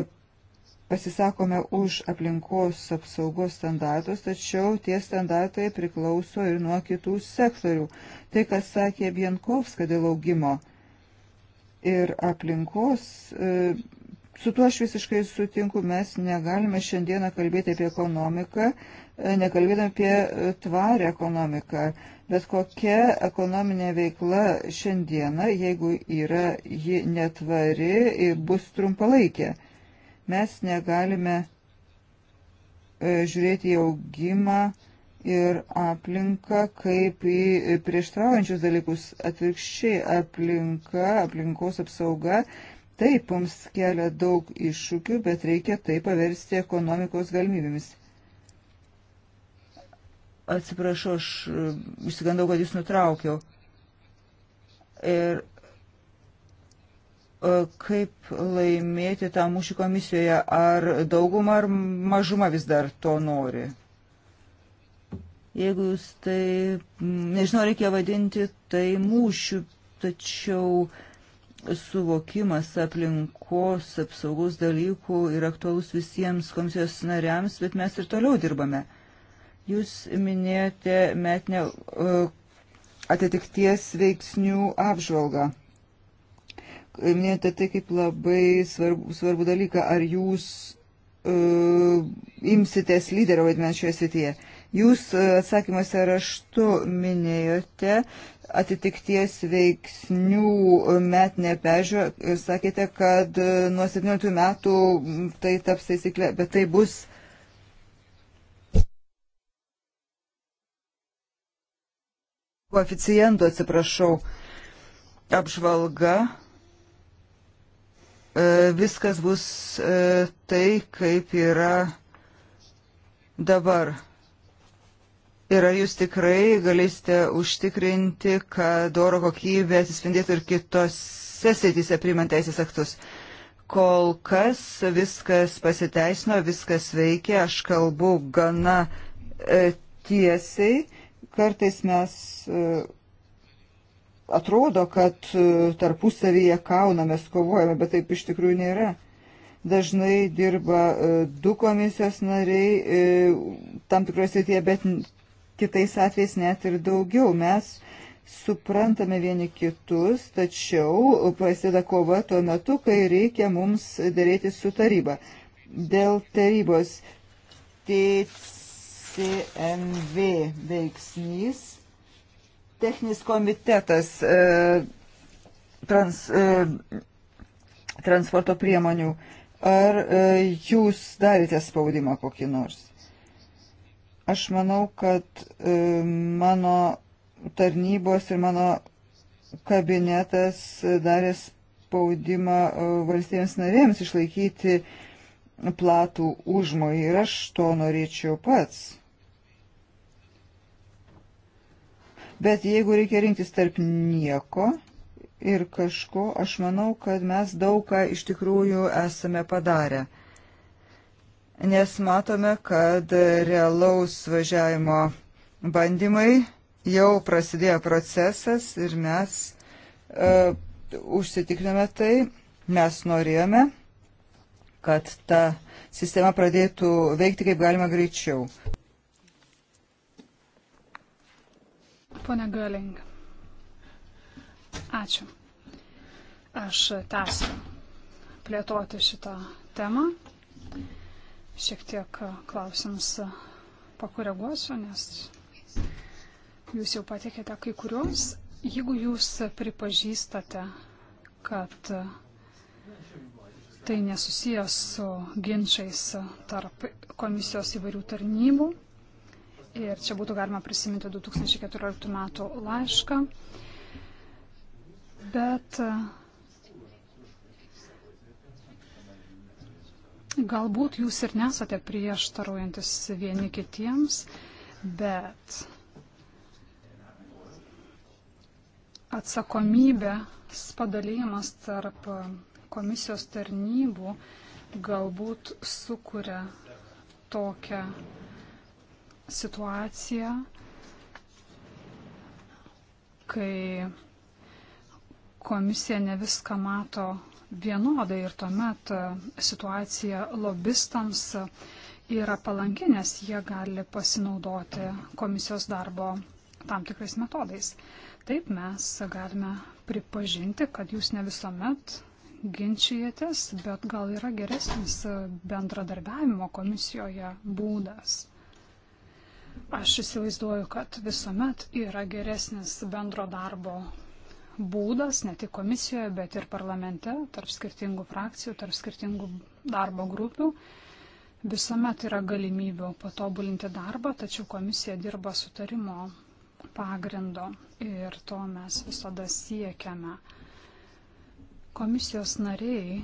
pasisakome už aplinkos apsaugos standartus, tačiau tie standartai priklauso ir nuo kitų sektorių. Tai, kas sakė Bienkovska dėl augimo ir aplinkos e, Su tuo aš visiškai sutinku, mes negalime šiandieną kalbėti apie ekonomiką, e, nekalbėdami apie e, tvarę ekonomiką, bet kokia ekonominė veikla šiandieną, jeigu yra ji netvari, e, bus trumpalaikė. Mes negalime žiūrėti į augimą ir aplinką kaip į prieštraujančius dalykus. Atvirkščiai aplinka, aplinkos apsauga Taip, mums kelia daug iššūkių, bet reikia tai paversti ekonomikos galimybėmis. Atsiprašau, aš e, išsigandau, kad jūs nutraukiau. Ir e, kaip laimėti tą mūšį komisijoje, ar dauguma ar mažuma vis dar to nori. Jeigu jūs tai, nežinau, reikia vadinti tai mūšių, tačiau uh, suvokimas aplinkos apsaugos dalykų yra aktualus visiems komisijos nariams, bet mes ir toliau dirbame. Jūs minėjote metinę e, atitikties veiksnių apžvalgą. Minėjote tai kaip labai svarbu, svarbu dalyką, ar jūs uh, imsitės lyderio vaidmens šioje srityje. Uh, Jūs e, atsakymuose raštu minėjote atitikties veiksnių metinę pežiūrą ir sakėte, kad e, nuo 17 metų tai taps taisyklė, bet tai bus. Koeficientų, atsiprašau, apžvalga e, viskas bus tai, kaip yra dabar. Ir ar jūs tikrai galėsite užtikrinti, kad oro kokybė atsispindėtų ir kitose sėtyse priimant teisės aktus? Kol kas viskas pasiteisino, viskas veikia, aš kalbu gana e, tiesiai. Kartais mes. E, atrodo, kad e, tarpusavyje kaunamės, kovojame, bet taip iš tikrųjų nėra. Dažnai dirba e, du komisijos nariai e, tam tikroje srityje, bet kitais atvejais net ir daugiau. Mes suprantame vieni kitus, tačiau prasideda kova tuo metu, kai reikia mums dėrėti su taryba. Dėl tarybos TCMV veiksnys, techninis komitetas e, trans, e, transporto priemonių, ar e, jūs darėte spaudimą kokį nors? Aš manau, kad e, mano tarnybos ir mano kabinetas darė spaudimą e, valstybėms narėms išlaikyti platų užmojį ir aš to norėčiau pats. Bet jeigu reikia rinktis tarp nieko ir kažko, aš manau, kad mes daug ką iš tikrųjų esame padarę nes matome, kad realaus važiavimo bandymai jau prasidėjo procesas ir mes uh, e, užsitikriname tai, mes norėjome, kad ta sistema pradėtų veikti kaip galima greičiau. Pone Galing. Ačiū. Aš tęsiu plėtoti šitą temą šiek tiek e, klausimus e, pakoreguosiu, nes jūs jau patikėte kai kuriuos. Jeigu jūs pripažįstate, kad e, tai nesusijęs su ginčiais tarp komisijos įvairių tarnybų, ir čia būtų galima prisiminti 2014 metų laišką, bet Galbūt jūs ir nesate prieštaraujantis vieni kitiems, bet atsakomybės padalymas tarp komisijos tarnybų galbūt sukuria tokią situaciją, kai komisija ne viską mato vienodai ir tuomet e, situacija lobistams e, yra palanki, nes jie gali pasinaudoti komisijos darbo tam tikrais metodais. Taip mes galime pripažinti, kad jūs ne visuomet ginčijatės, bet gal yra geresnis e, bendradarbiavimo komisijoje būdas. Aš įsivaizduoju, kad visuomet yra geresnis bendro darbo būdas ne tik komisijoje, bet ir parlamente, tarp skirtingų frakcijų, tarp skirtingų darbo grupių. Visuomet yra galimybių patobulinti darbą, tačiau komisija dirba sutarimo pagrindo ir to mes visada siekiame. Komisijos nariai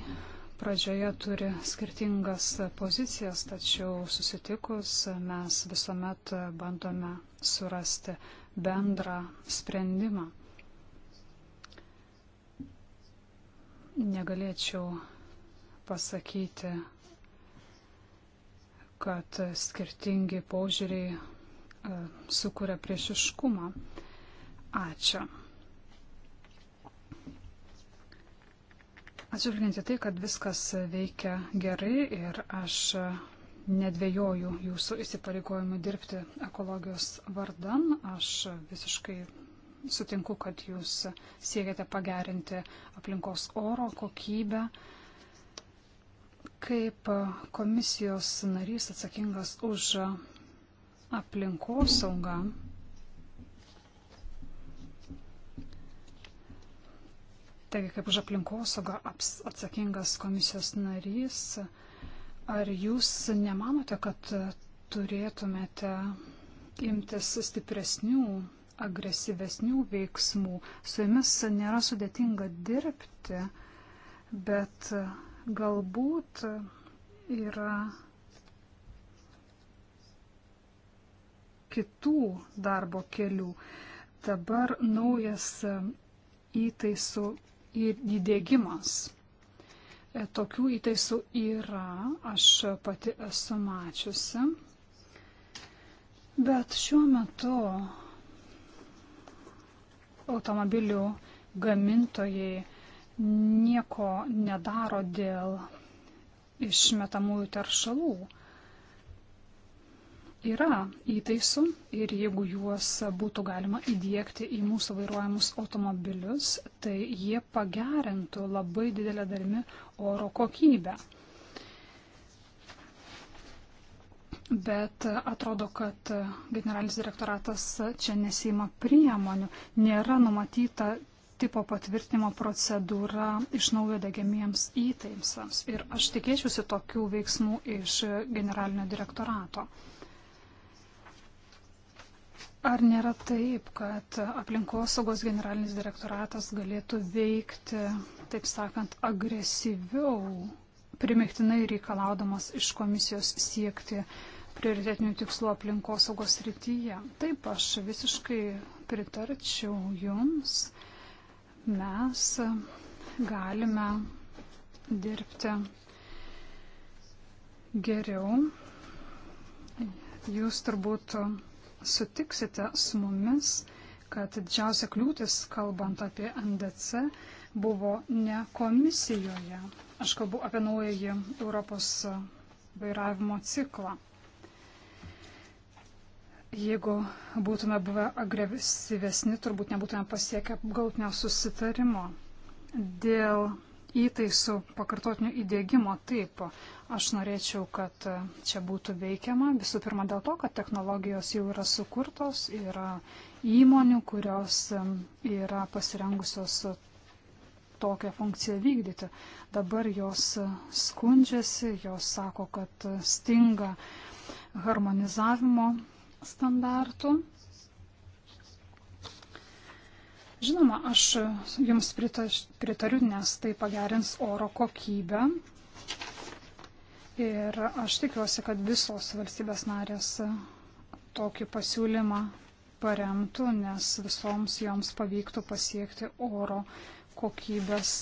pradžioje turi skirtingas pozicijas, tačiau susitikus mes visuomet bandome surasti bendrą sprendimą. Negalėčiau pasakyti, kad skirtingi požiūriai e, sukuria priešiškumą. Ačiū. Atsižvelgiant į tai, kad viskas veikia gerai ir aš nedvėjoju jūsų įsipareigojimu dirbti ekologijos vardan, aš visiškai sutinku, kad jūs siekiate pagerinti aplinkos oro kokybę. Kaip komisijos narys atsakingas už aplinkos saugą, taigi kaip už aplinkos saugą atsakingas komisijos narys, ar jūs nemanote, kad turėtumėte imtis stipresnių agresyvesnių veiksmų. Su jumis nėra sudėtinga dirbti, bet galbūt yra kitų darbo kelių. Dabar naujas įtaisų įdėgymas. E, tokių įtaisų yra, aš pati esu mačiusi. Bet šiuo metu automobilių gamintojai nieko nedaro dėl išmetamųjų teršalų. Yra įtaisų ir jeigu juos būtų galima įdėkti į mūsų vairuojamus automobilius, tai jie pagerintų labai didelę dalimi oro kokybę. Bet atrodo, kad generalinis direktoratas čia nesima priemonių. Nėra numatyta tipo patvirtinimo procedūra iš naujo degiamiems įtaimsams. Ir aš tikėčiausi tokių veiksmų iš generalinio direktorato. Ar nėra taip, kad aplinkosaugos generalinis direktoratas galėtų veikti, taip sakant, agresyviau, primiktinai reikalaudamas iš komisijos siekti uh, prioritetinių tikslų aplinkosaugos rytyje. Taip, aš visiškai pritarčiau jums. Mes galime dirbti geriau. Jūs turbūt sutiksite su mumis, kad didžiausia kliūtis, kalbant apie NDC, buvo ne komisijoje. Aš kalbu apie naująjį Europos vairavimo ciklą. Jeigu būtume buvę agresyvesni, turbūt nebūtume pasiekę gautinio susitarimo. Dėl įtaisų pakartotinio įdėgymo taip, aš norėčiau, kad čia būtų veikiama. Visų pirma, dėl to, kad technologijos jau yra sukurtos, yra įmonių, kurios yra pasirengusios tokią funkciją vykdyti. Dabar jos skundžiasi, jos sako, kad stinga harmonizavimo standartų. Žinoma, aš jums pritariu, nes tai pagerins oro kokybę. Ir aš tikiuosi, kad visos valstybės narės tokį pasiūlymą paremtų, nes visoms joms pavyktų pasiekti oro kokybės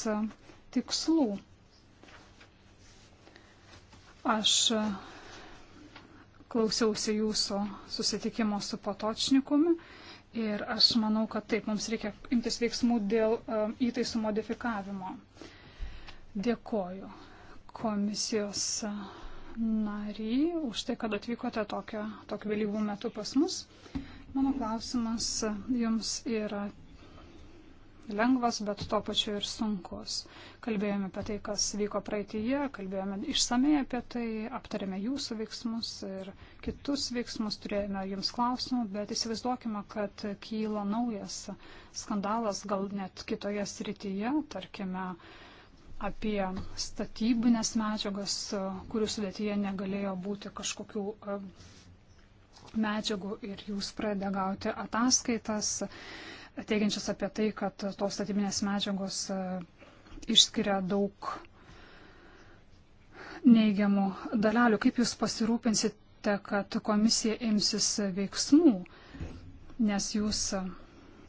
tikslų. Aš klausiausi jūsų susitikimo su Patočnikumi ir aš manau, kad taip, mums reikia imtis veiksmų dėl įtaisų modifikavimo. Dėkoju komisijos nary už tai, kad atvykote tokio, tokio vėlyvų metų pas mus. Mano klausimas jums yra lengvas, bet tuo pačiu ir sunkus. Kalbėjome apie tai, kas vyko praeitįje, kalbėjome išsamei apie tai, aptarėme jūsų veiksmus ir kitus veiksmus, turėjome jums klausimų, bet įsivaizduokime, kad kyla naujas skandalas, gal net kitoje srityje, tarkime, apie statybinės medžiagas, kurių sudėtyje negalėjo būti kažkokių e, medžiagų ir jūs pradeda gauti ataskaitas teigiančias apie tai, kad tos statybinės medžiagos e, išskiria daug neigiamų dalelių. Kaip Jūs pasirūpinsite, kad komisija imsis veiksmų? Nes Jūs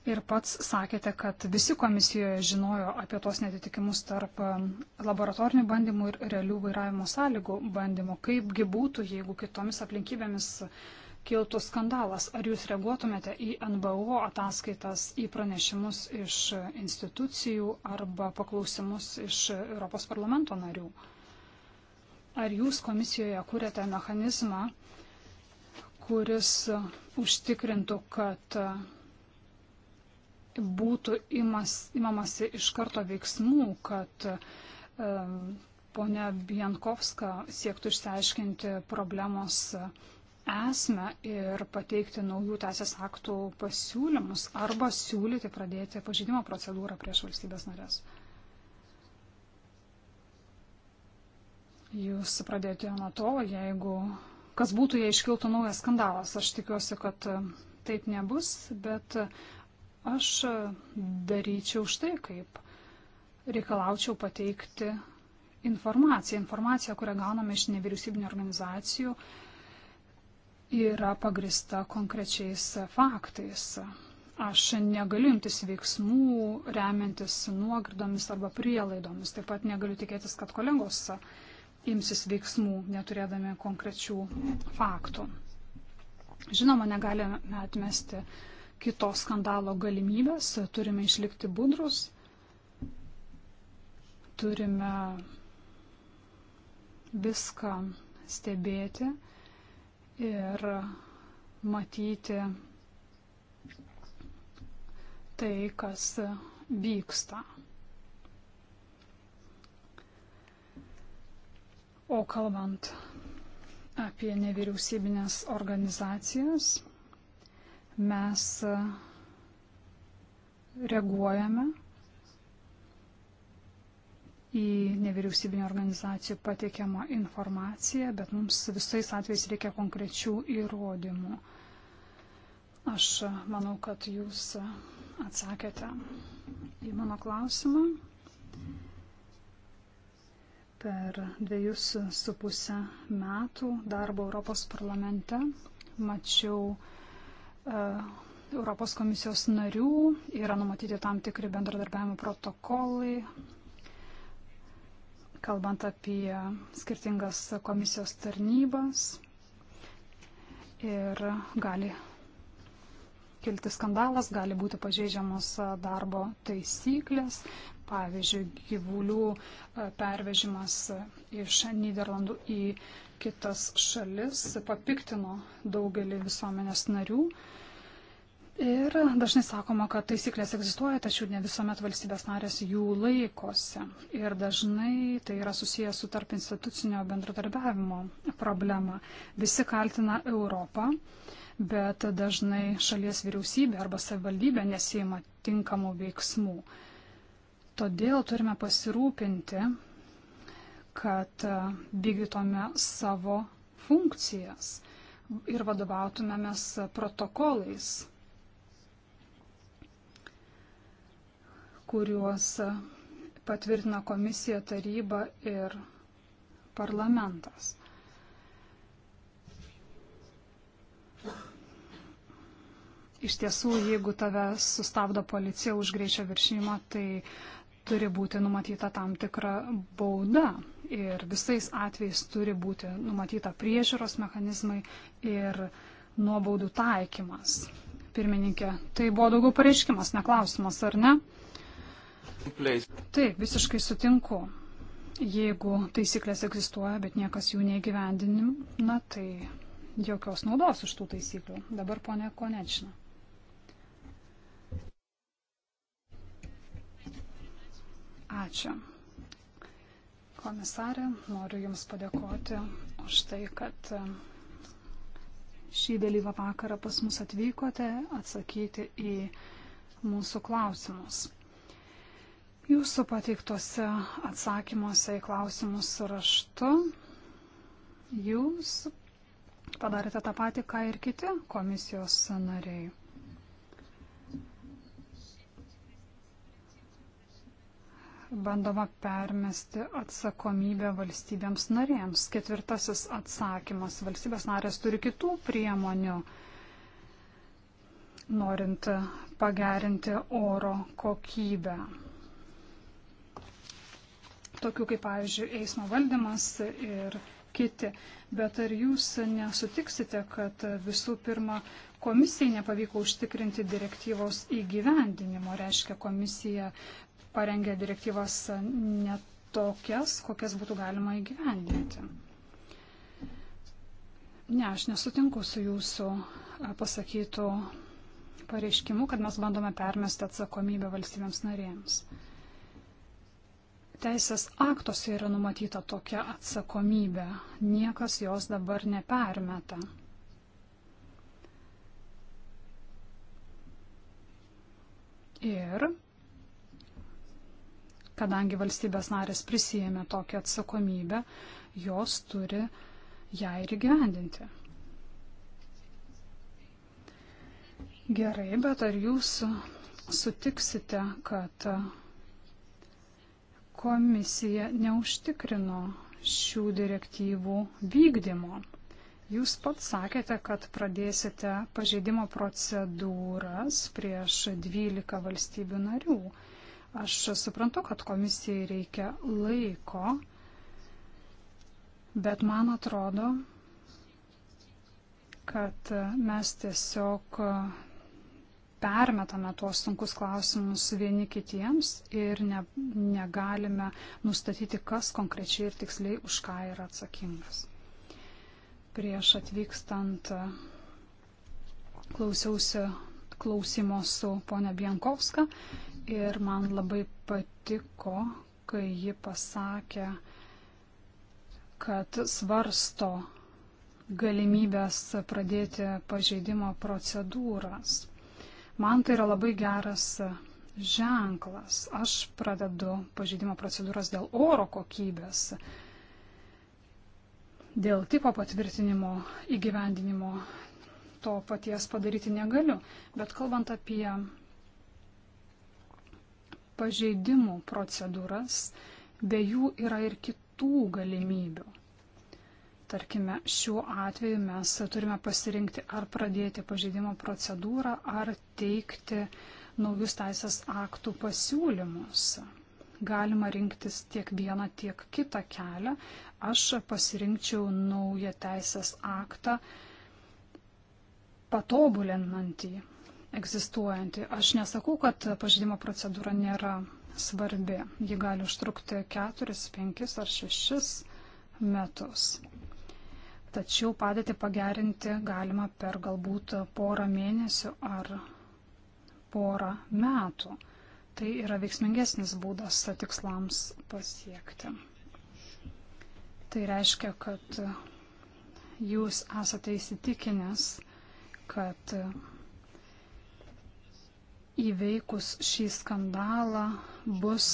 ir pats sakėte, kad visi komisijoje žinojo apie tos netitikimus tarp e, laboratorinių bandymų ir realių vairavimo sąlygų bandymų. Kaipgi būtų, jeigu kitomis aplinkybėmis kiltų skandalas. Ar jūs reaguotumėte į NBO ataskaitas, į pranešimus iš institucijų arba paklausimus iš Europos parlamento narių? Ar jūs komisijoje kūrėte mechanizmą, kuris užtikrintų, kad būtų imas, imamasi iš karto veiksmų, kad um, ponia Bienkovska siektų išsiaiškinti problemos uh, esmę ir pateikti naujų teisės aktų pasiūlymus arba siūlyti pradėti pažydimo procedūrą prieš valstybės narės. Jūs pradėjote nuo to, jeigu kas būtų, jei iškiltų naujas skandalas. Aš tikiuosi, kad taip nebus, bet aš daryčiau štai kaip. Reikalaučiau pateikti informaciją, informaciją, kurią gauname iš nevyriausybinio organizacijų, uh, yra pagrista konkrečiais faktais. Aš negaliu imtis veiksmų remiantis nuogridomis arba prielaidomis. Taip pat negaliu tikėtis, kad kolegos imsis veiksmų neturėdami konkrečių faktų. Žinoma, negalime atmesti kito skandalo galimybės, turime išlikti budrus, turime viską stebėti ir matyti tai, kas vyksta. O kalbant apie nevyriausybinės organizacijas, mes reaguojame į nevyriausybinio organizacijų pateikiamą informaciją, bet mums visais atvejais reikia konkrečių įrodymų. Aš manau, kad jūs atsakėte į mano klausimą. Per dviejus su pusę metų darbo Europos parlamente mačiau uh, Europos komisijos narių, yra numatyti tam tikri bendradarbiavimo protokolai, kalbant apie skirtingas komisijos tarnybas ir gali kilti skandalas, gali būti pažeidžiamos darbo taisyklės, pavyzdžiui, gyvulių pervežimas iš Niderlandų į kitas šalis papiktino daugelį visuomenės narių. Ir dažnai sakoma, kad taisyklės egzistuoja, tačiau ne visuomet valstybės narės jų laikosi. Ir dažnai tai yra susijęs su tarp institucinio bendradarbiavimo problema. Visi kaltina Europą, bet dažnai šalies vyriausybė arba savivaldybė nesima tinkamų veiksmų. Todėl turime pasirūpinti, kad vykdytume savo funkcijas ir vadovautumėmės protokolais kuriuos patvirtina komisija, taryba ir parlamentas. Iš tiesų, jeigu tave sustabdo policija už greičio viršymą, tai turi būti numatyta tam tikra bauda. Ir visais atvejais turi būti numatyta priežiūros mechanizmai ir nuobaudų taikymas. Pirmininkė, tai buvo daugiau pareiškimas, neklausimas, ar ne? Taip, visiškai sutinku. Jeigu taisyklės egzistuoja, bet niekas jų neįgyvendinina, tai jokios naudos iš tų taisyklių. Dabar ponė Konečina. Ačiū. Komisarė, noriu Jums padėkoti už tai, kad šį vėlyvą vakarą pas mus atvykote atsakyti į mūsų klausimus. Jūsų pateiktose atsakymuose į klausimus raštu jūs padarėte tą patį, ką ir kiti komisijos nariai. Bandoma permesti atsakomybę valstybėms narėms. Ketvirtasis atsakymas. Valstybės narės turi kitų priemonių, norint pagerinti oro kokybę tokių kaip, pavyzdžiui, eismo valdymas ir kiti. Bet ar jūs nesutiksite, kad visų pirma komisijai nepavyko užtikrinti direktyvos įgyvendinimo, reiškia komisija parengė direktyvas ne tokias, kokias būtų galima įgyvendinti? Ne, aš nesutinku su jūsų pasakytų pareiškimu, kad mes bandome permesti atsakomybę valstybėms narėms teisės aktuose yra numatyta tokia atsakomybė. Niekas jos dabar nepermeta. Ir kadangi valstybės narės prisijėmė tokią atsakomybę, jos turi ją ir įgyvendinti. Gerai, bet ar jūs sutiksite, kad komisija neužtikrino šių direktyvų vykdymo. Jūs pats sakėte, kad pradėsite pažeidimo procedūras prieš 12 valstybių narių. Aš suprantu, kad komisijai reikia laiko, bet man atrodo, kad mes tiesiog permetame tuos sunkus klausimus vieni kitiems ir ne, negalime nustatyti, kas konkrečiai ir tiksliai už ką yra atsakingas. Prieš atvykstant klausiausi klausimo su ponia Bienkovska ir man labai patiko, kai ji pasakė, kad svarsto galimybės pradėti pažeidimo procedūras. Man tai yra labai geras ženklas. Aš pradedu pažydimo procedūras dėl oro kokybės, dėl tipo patvirtinimo įgyvendinimo. To paties padaryti negaliu. Bet kalbant apie pažeidimų procedūras, be jų yra ir kitų galimybių. Tarkime, šiuo atveju mes turime pasirinkti ar pradėti pažeidimo procedūrą, ar teikti naujus teisės aktų pasiūlymus. Galima rinktis tiek vieną, tiek kitą kelią. Aš pasirinkčiau naują teisės aktą patobulinantį egzistuojantį. Aš nesakau, kad pažeidimo procedūra nėra svarbi. Ji gali užtrukti 4, 5 ar 6 metus tačiau padėti pagerinti galima per galbūt porą mėnesių ar porą metų. Tai yra veiksmingesnis būdas tikslams pasiekti. Tai reiškia, kad jūs esate įsitikinęs, kad įveikus šį skandalą bus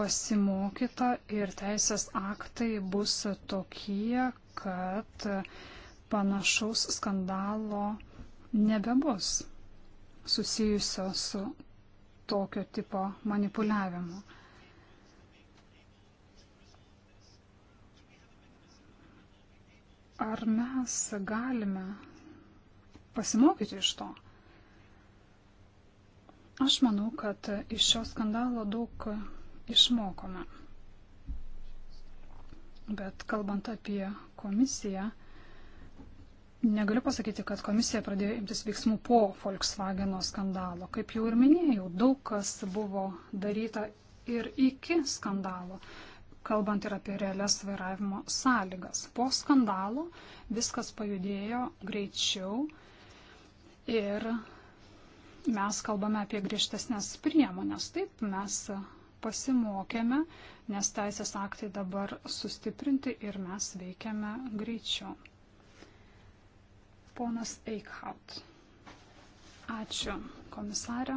pasimokyta ir teisės aktai bus tokie, kad panašaus skandalo nebebus susijusio su tokio tipo manipuliavimu. Ar mes galime pasimokyti iš to? Aš manau, kad iš šio skandalo daug išmokome. Bet kalbant apie komisiją, negaliu pasakyti, kad komisija pradėjo imtis veiksmų po Volkswageno skandalo. Kaip jau ir minėjau, daug kas buvo daryta ir iki skandalo, kalbant ir apie realias vairavimo sąlygas. Po skandalo viskas pajudėjo greičiau ir mes kalbame apie griežtesnės priemonės. Taip, mes pasimokėme, nes teisės aktai dabar sustiprinti ir mes veikiame greičiau. Ponas Eichhaut. Ačiū, komisarė.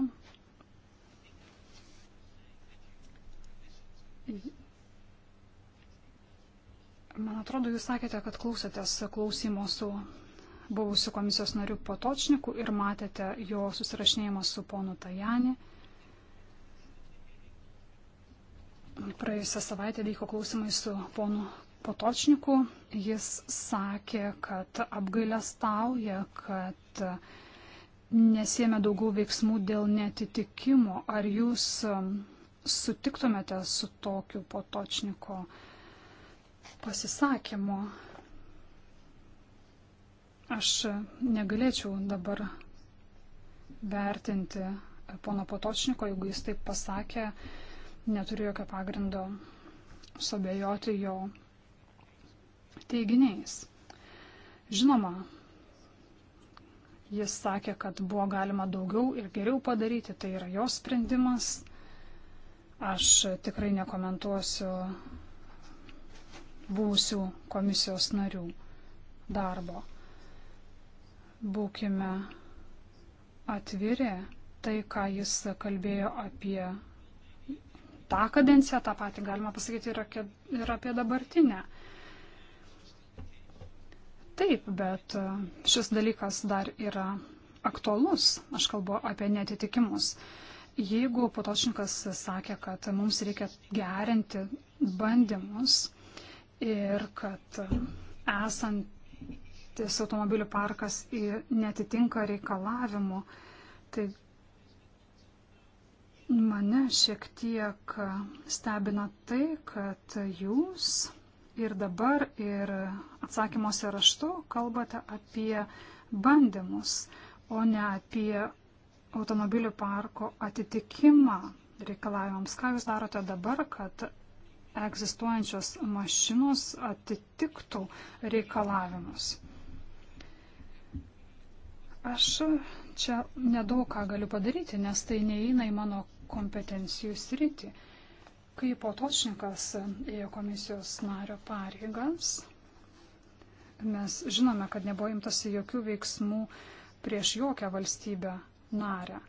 Man atrodo, jūs sakėte, kad klausėtės klausimo su buvusiu komisijos nariu Potočniku ir matėte jo susirašinėjimą su ponu Tajani. Praėjusią savaitę vyko klausimai su ponu Potočniku. Jis sakė, kad apgailę stauja, kad nesėmė daugiau veiksmų dėl netitikimo. Ar jūs um, sutiktumėte su tokiu Potočniko pasisakymu? Aš negalėčiau dabar vertinti pono Potočniko, jeigu jis taip pasakė, neturi jokio pagrindo sobejoti jo teiginiais. Žinoma, jis sakė, kad buvo galima daugiau ir geriau padaryti, tai yra jo sprendimas. Aš tikrai nekomentuosiu būsių komisijos narių darbo. Būkime atviri, tai ką jis kalbėjo apie tą kadenciją, tą patį galima pasakyti ir apie, ir apie dabartinę. Taip, bet e, šis dalykas dar yra aktualus. Aš kalbu apie netitikimus. Jeigu Potočnikas sakė, kad mums reikia gerinti bandymus ir kad esantis automobilių parkas netitinka reikalavimu, tai Mane šiek tiek stebina tai, kad jūs ir dabar ir atsakymuose raštu kalbate apie bandymus, o ne apie automobilių parko atitikimą reikalavimams. Ką jūs darote dabar, kad egzistuojančios mašinos atitiktų reikalavimus? Aš čia nedaug ką galiu padaryti, nes tai neįeina į mano kompetencijų sritį. Kai Potočnikas ėjo komisijos nario pareigas, mes žinome, kad nebuvo imtasi jokių veiksmų prieš jokią valstybę narę.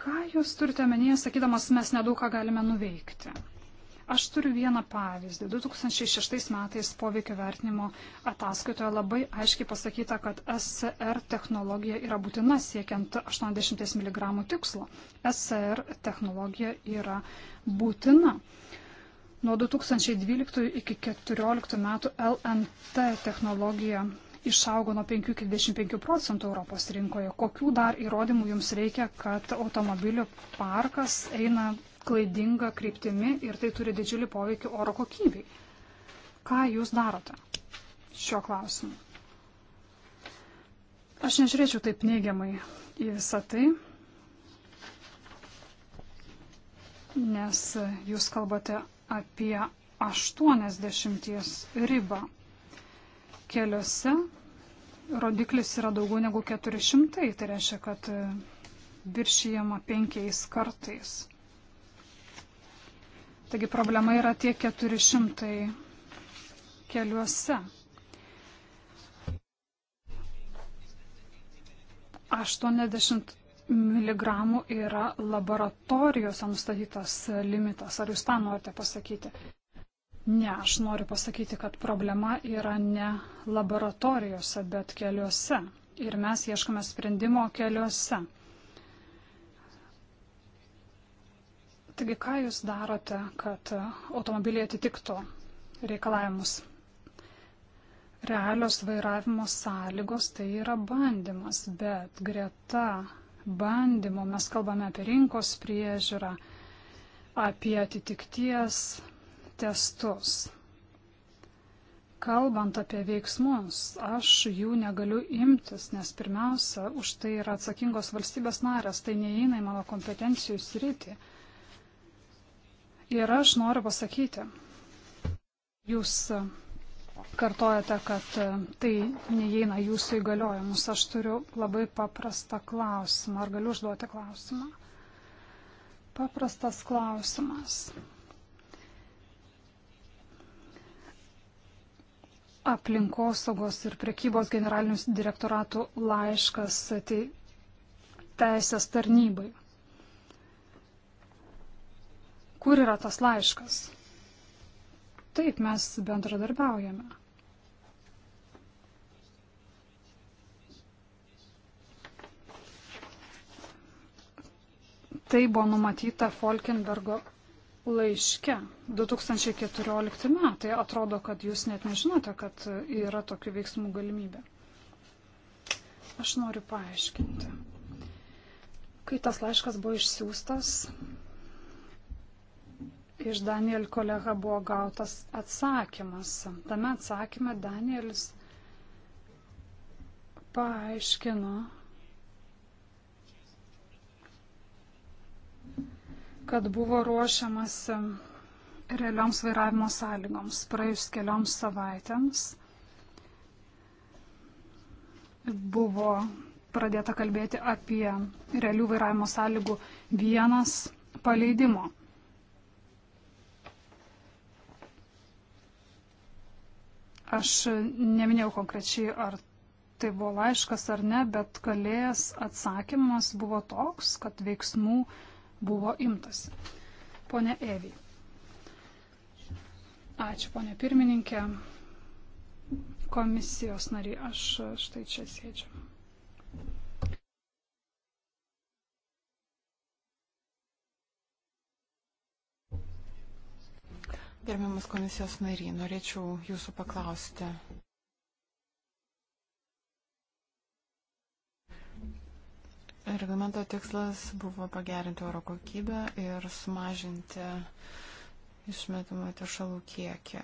Ką jūs turite menyje, sakydamas, mes nedaug ką galime nuveikti? Aš turiu vieną pavyzdį. 2006 metais poveikio vertinimo ataskaitoje labai aiškiai pasakyta, kad SCR technologija yra būtina siekiant 80 mg tikslo. SCR technologija yra būtina. Nuo 2012 iki 2014 metų LNT technologija išaugo nuo 5 iki 25 procentų Europos rinkoje. Kokių dar įrodymų jums reikia, kad automobilių parkas eina klaidinga kryptimi ir tai turi didžiulį poveikį oro kokybei. Ką jūs darote šiuo klausimu? Aš nežiūrėčiau taip neigiamai į visą tai, nes jūs kalbate apie 80 ribą. Keliuose rodiklis yra daugiau negu 400, tai reiškia, kad viršijama penkiais kartais. Taigi problema yra tie 400 keliuose. Aštuoniasdešimt miligramų yra laboratorijose nustatytas limitas. Ar jūs tą norite pasakyti? Ne, aš noriu pasakyti, kad problema yra ne laboratorijose, bet keliuose. Ir mes ieškome sprendimo keliuose. Taigi, ką Jūs darote, kad automobiliai atitiktų reikalavimus? Realios vairavimo sąlygos tai yra bandymas, bet greta bandymo mes kalbame apie rinkos priežiūrą, apie atitikties testus. Kalbant apie veiksmus, aš jų negaliu imtis, nes pirmiausia, už tai yra atsakingos valstybės narės, tai neįeina į mano kompetencijų sritį. Ir aš noriu pasakyti, jūs kartojate, kad tai neįeina jūsų įgaliojimus. Aš turiu labai paprastą klausimą. Ar galiu užduoti klausimą? Paprastas klausimas. Aplinkosaugos ir priekybos generalinius direktoratų laiškas tai teisės tarnybai. Kur yra tas laiškas? Taip, mes bendradarbiaujame. Tai buvo numatyta Folkenbergo laiške 2014 metai. Atrodo, kad jūs net nežinote, kad yra tokių veiksmų galimybė. Aš noriu paaiškinti. Kai tas laiškas buvo išsiųstas, iš Daniel kolega buvo gautas atsakymas. Tame atsakyme Danielis paaiškino, kad buvo ruošiamasi realioms vairavimo sąlygoms praėjus kelioms savaitėms. Buvo pradėta kalbėti apie realių vairavimo sąlygų vienas paleidimo Aš neminėjau konkrečiai, ar tai buvo laiškas ar ne, bet kalėjas atsakymas buvo toks, kad veiksmų buvo imtasi. Pone Evi. Ačiū, ponė pirmininkė. Komisijos nariai, aš štai čia sėdžiu. Gerbiamas komisijos nariai, norėčiau jūsų paklausti. Reglamento tikslas buvo pagerinti oro kokybę ir sumažinti išmetamą teršalų kiekį.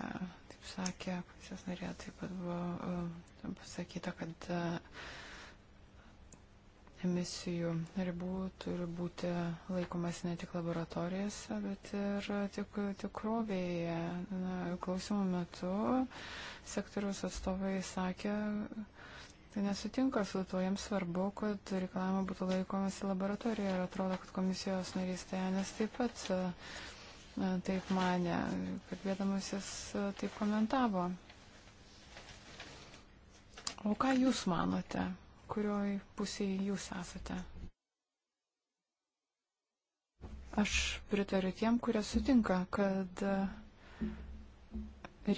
Taip sakė komisijos narė, taip pat buvo uh, pasakyta, kad uh, emisijų ribų turi būti laikomas ne tik laboratorijose, bet ir tik, tikrovėje. Na, klausimų metu sektoriaus atstovai sakė, Tai nesutinka su tuo, jiems svarbu, kad reikalavimo būtų laikomasi laboratorijoje ir atrodo, kad komisijos narys Tejanis taip pat taip mane, kalbėdamas jis taip komentavo. O ką jūs manote? kurioj pusėje jūs esate. Aš pritariu tiem, kurie sutinka, kad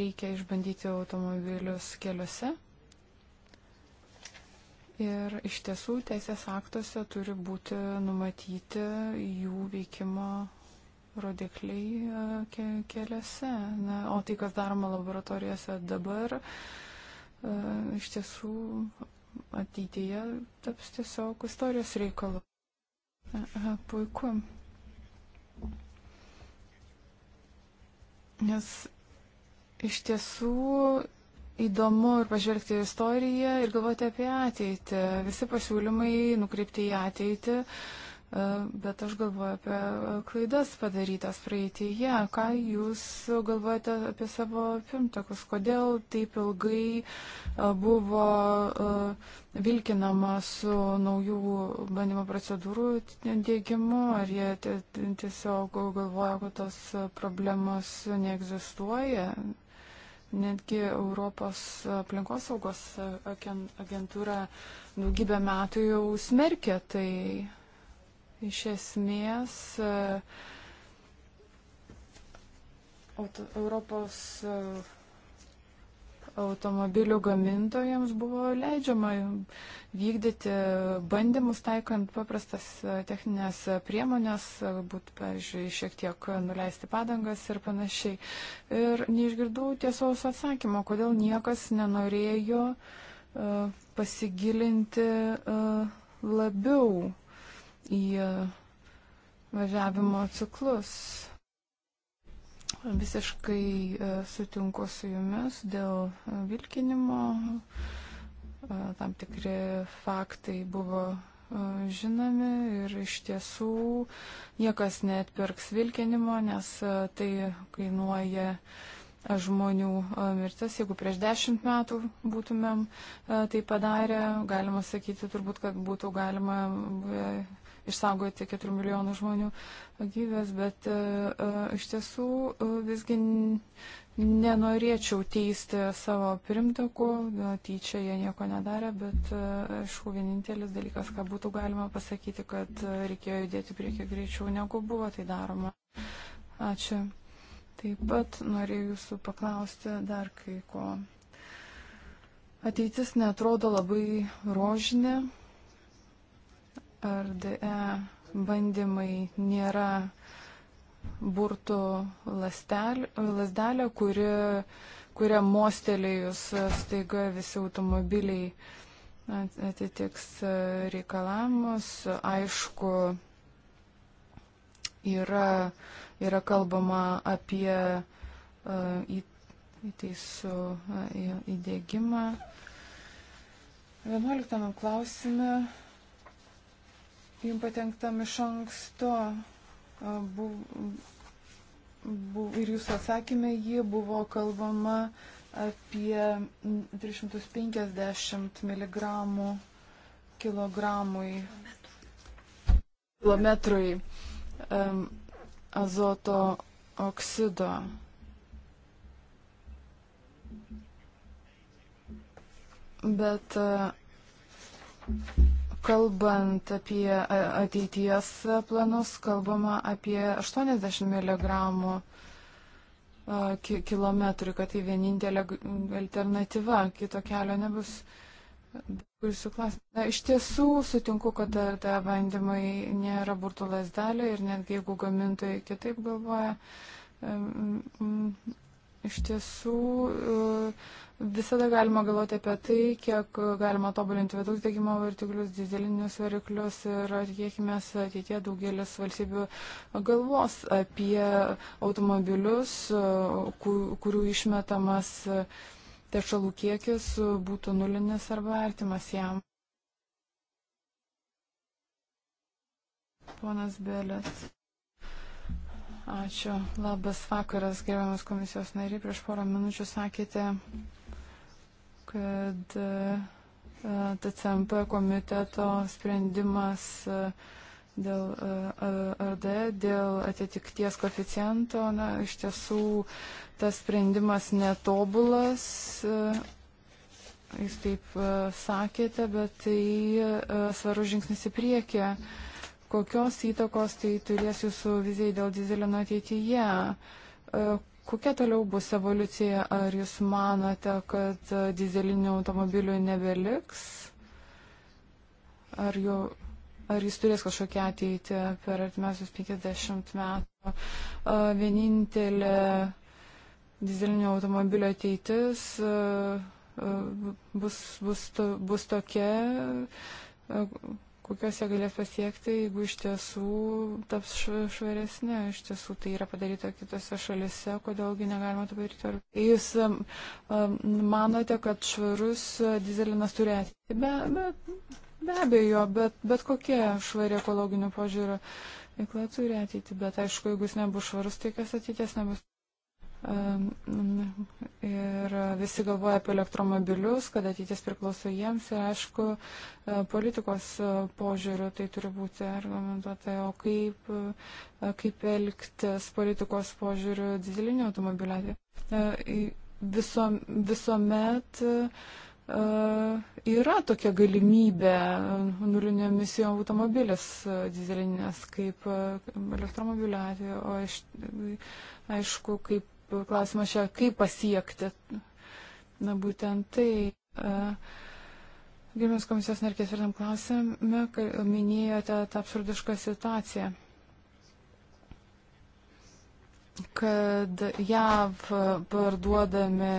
reikia išbandyti automobilius keliuose. Ir iš tiesų teisės aktuose turi būti numatyti jų veikimo rodikliai e, keliuose. Na, o tai, kas daroma laboratorijose dabar, e, iš tiesų ateityje taps tiesiog istorijos reikalu. Aha, puiku. Nes iš tiesų įdomu ir pažvelgti į istoriją ir galvoti apie ateitį. Visi pasiūlymai nukreipti į ateitį. Uh, E, bet aš galvoju apie e, klaidas padarytas praeitėje. Ką Jūs galvojate apie savo pirmtakus? Kodėl taip ilgai e, buvo vilkinama su naujų bandymo procedūrų dėgymu? Ar jie tiesiog galvoja, kad tos problemos neegzistuoja? Netgi Europos aplinkosaugos agentūra daugybę metų jau smerkia tai. Iš esmės, e, auto, Europos e, automobilių gamintojams buvo leidžiama vykdyti bandymus taikant paprastas e, techninės priemonės, galbūt, pavyzdžiui, šiek tiek nuleisti padangas ir panašiai. Ir neišgirdau tiesos atsakymo, kodėl niekas nenorėjo pasigilinti labiau į e, važiavimo ciklus. Visiškai e, sutinku su jumis dėl vilkinimo. E, tam tikri faktai buvo žinomi ir iš tiesų niekas net pirks vilkinimo, nes tai kainuoja žmonių mirtis. Jeigu prieš dešimt metų būtumėm tai padarę, galima sakyti turbūt, kad būtų galima išsaugoti 4 milijonų žmonių gyvės, bet e, e, iš tiesų e, visgi nenorėčiau teisti savo pirmtakų, tyčia jie nieko nedarė, bet aišku, vienintelis dalykas, ką būtų galima pasakyti, kad reikėjo judėti priekį greičiau, negu buvo tai daroma. Ačiū. Taip pat norėjau jūsų paklausti dar kai ko. Ateitis netrodo labai rožinė, RDE bandymai nėra burtų lasdelė, kuri, kuria mostelėjus staiga visi automobiliai atitiks reikalavimus. Aišku, yra, yra kalbama apie uh, įteisų uh, įdėgymą. 11 klausime jums patenktam iš anksto bu, bu, ir jūsų atsakymė jį buvo kalbama apie 350 mg kilogramui kilometrui um, azoto oksido. Bet uh, Kalbant apie ateities planus, kalbama apie 80 mg kilometrų, kad tai vienintelė alternatyva, kito kelio nebus. Na, iš tiesų sutinku, kad ta bandymai nėra burtų lasdelė ir netgi jeigu gamintojai kitaip galvoja, Iš tiesų, e, visada galima galvoti apie tai, kiek galima tobulinti vidaus degimo variklius, dizelinius variklius ir kiekime ateitie daugelis valstybių galvos apie automobilius, e, kurių išmetamas teršalų kiekis būtų nulinis arba artimas jam. Ponas Belės. Ačiū. Labas vakaras, gerbiamas komisijos nariai. Prieš porą minučių sakėte, kad e, e, TCMP komiteto sprendimas e, dėl RD, dėl atitikties koficijento, na, iš tiesų tas sprendimas netobulas. Jūs taip sakėte, bet tai svarus žingsnis į priekį kokios įtakos tai turės jūsų vizijai dėl dizelino ateityje. E, kokia toliau bus evoliucija? Ar jūs manote, kad e, dizelinių automobilių nebeliks? Ar, jau, ar jis turės kažkokią ateitį per artimiausius 50 metų? E, vienintelė dizelinio automobilio ateitis bus, bus, bus tokia kokios jie galės pasiekti, jeigu iš tiesų taps švaresnė, iš tiesų tai yra padaryta kitose šalise, kodėlgi negalima to daryti. Ar jūs um, um, manote, kad švarus uh, dizelinas turi ateitį? Be, be, be abejo, bet, bet kokia švari ekologinių požiūrių veikla turi ateitį, bet aišku, jeigu jis nebus švarus, tai kas ateities nebus. Ehm, ir visi galvoja apie elektromobilius, kad ateitis priklauso jiems ir aišku, e, politikos e, požiūriu tai turi būti argumentuota, o kaip, e, kaip elgtis politikos požiūriu dizelinio automobilio atveju. Viso, visuomet yra tokia galimybė nulinio emisijų automobilis dizelinės kaip elektromobilio atveju, o iš, aišku, kaip klausimas čia, kaip pasiekti. Na būtent tai. Uh, e, Vilnius komisijos narkės ir tam klausime, kai minėjote tą absurdišką situaciją, kad JAV parduodami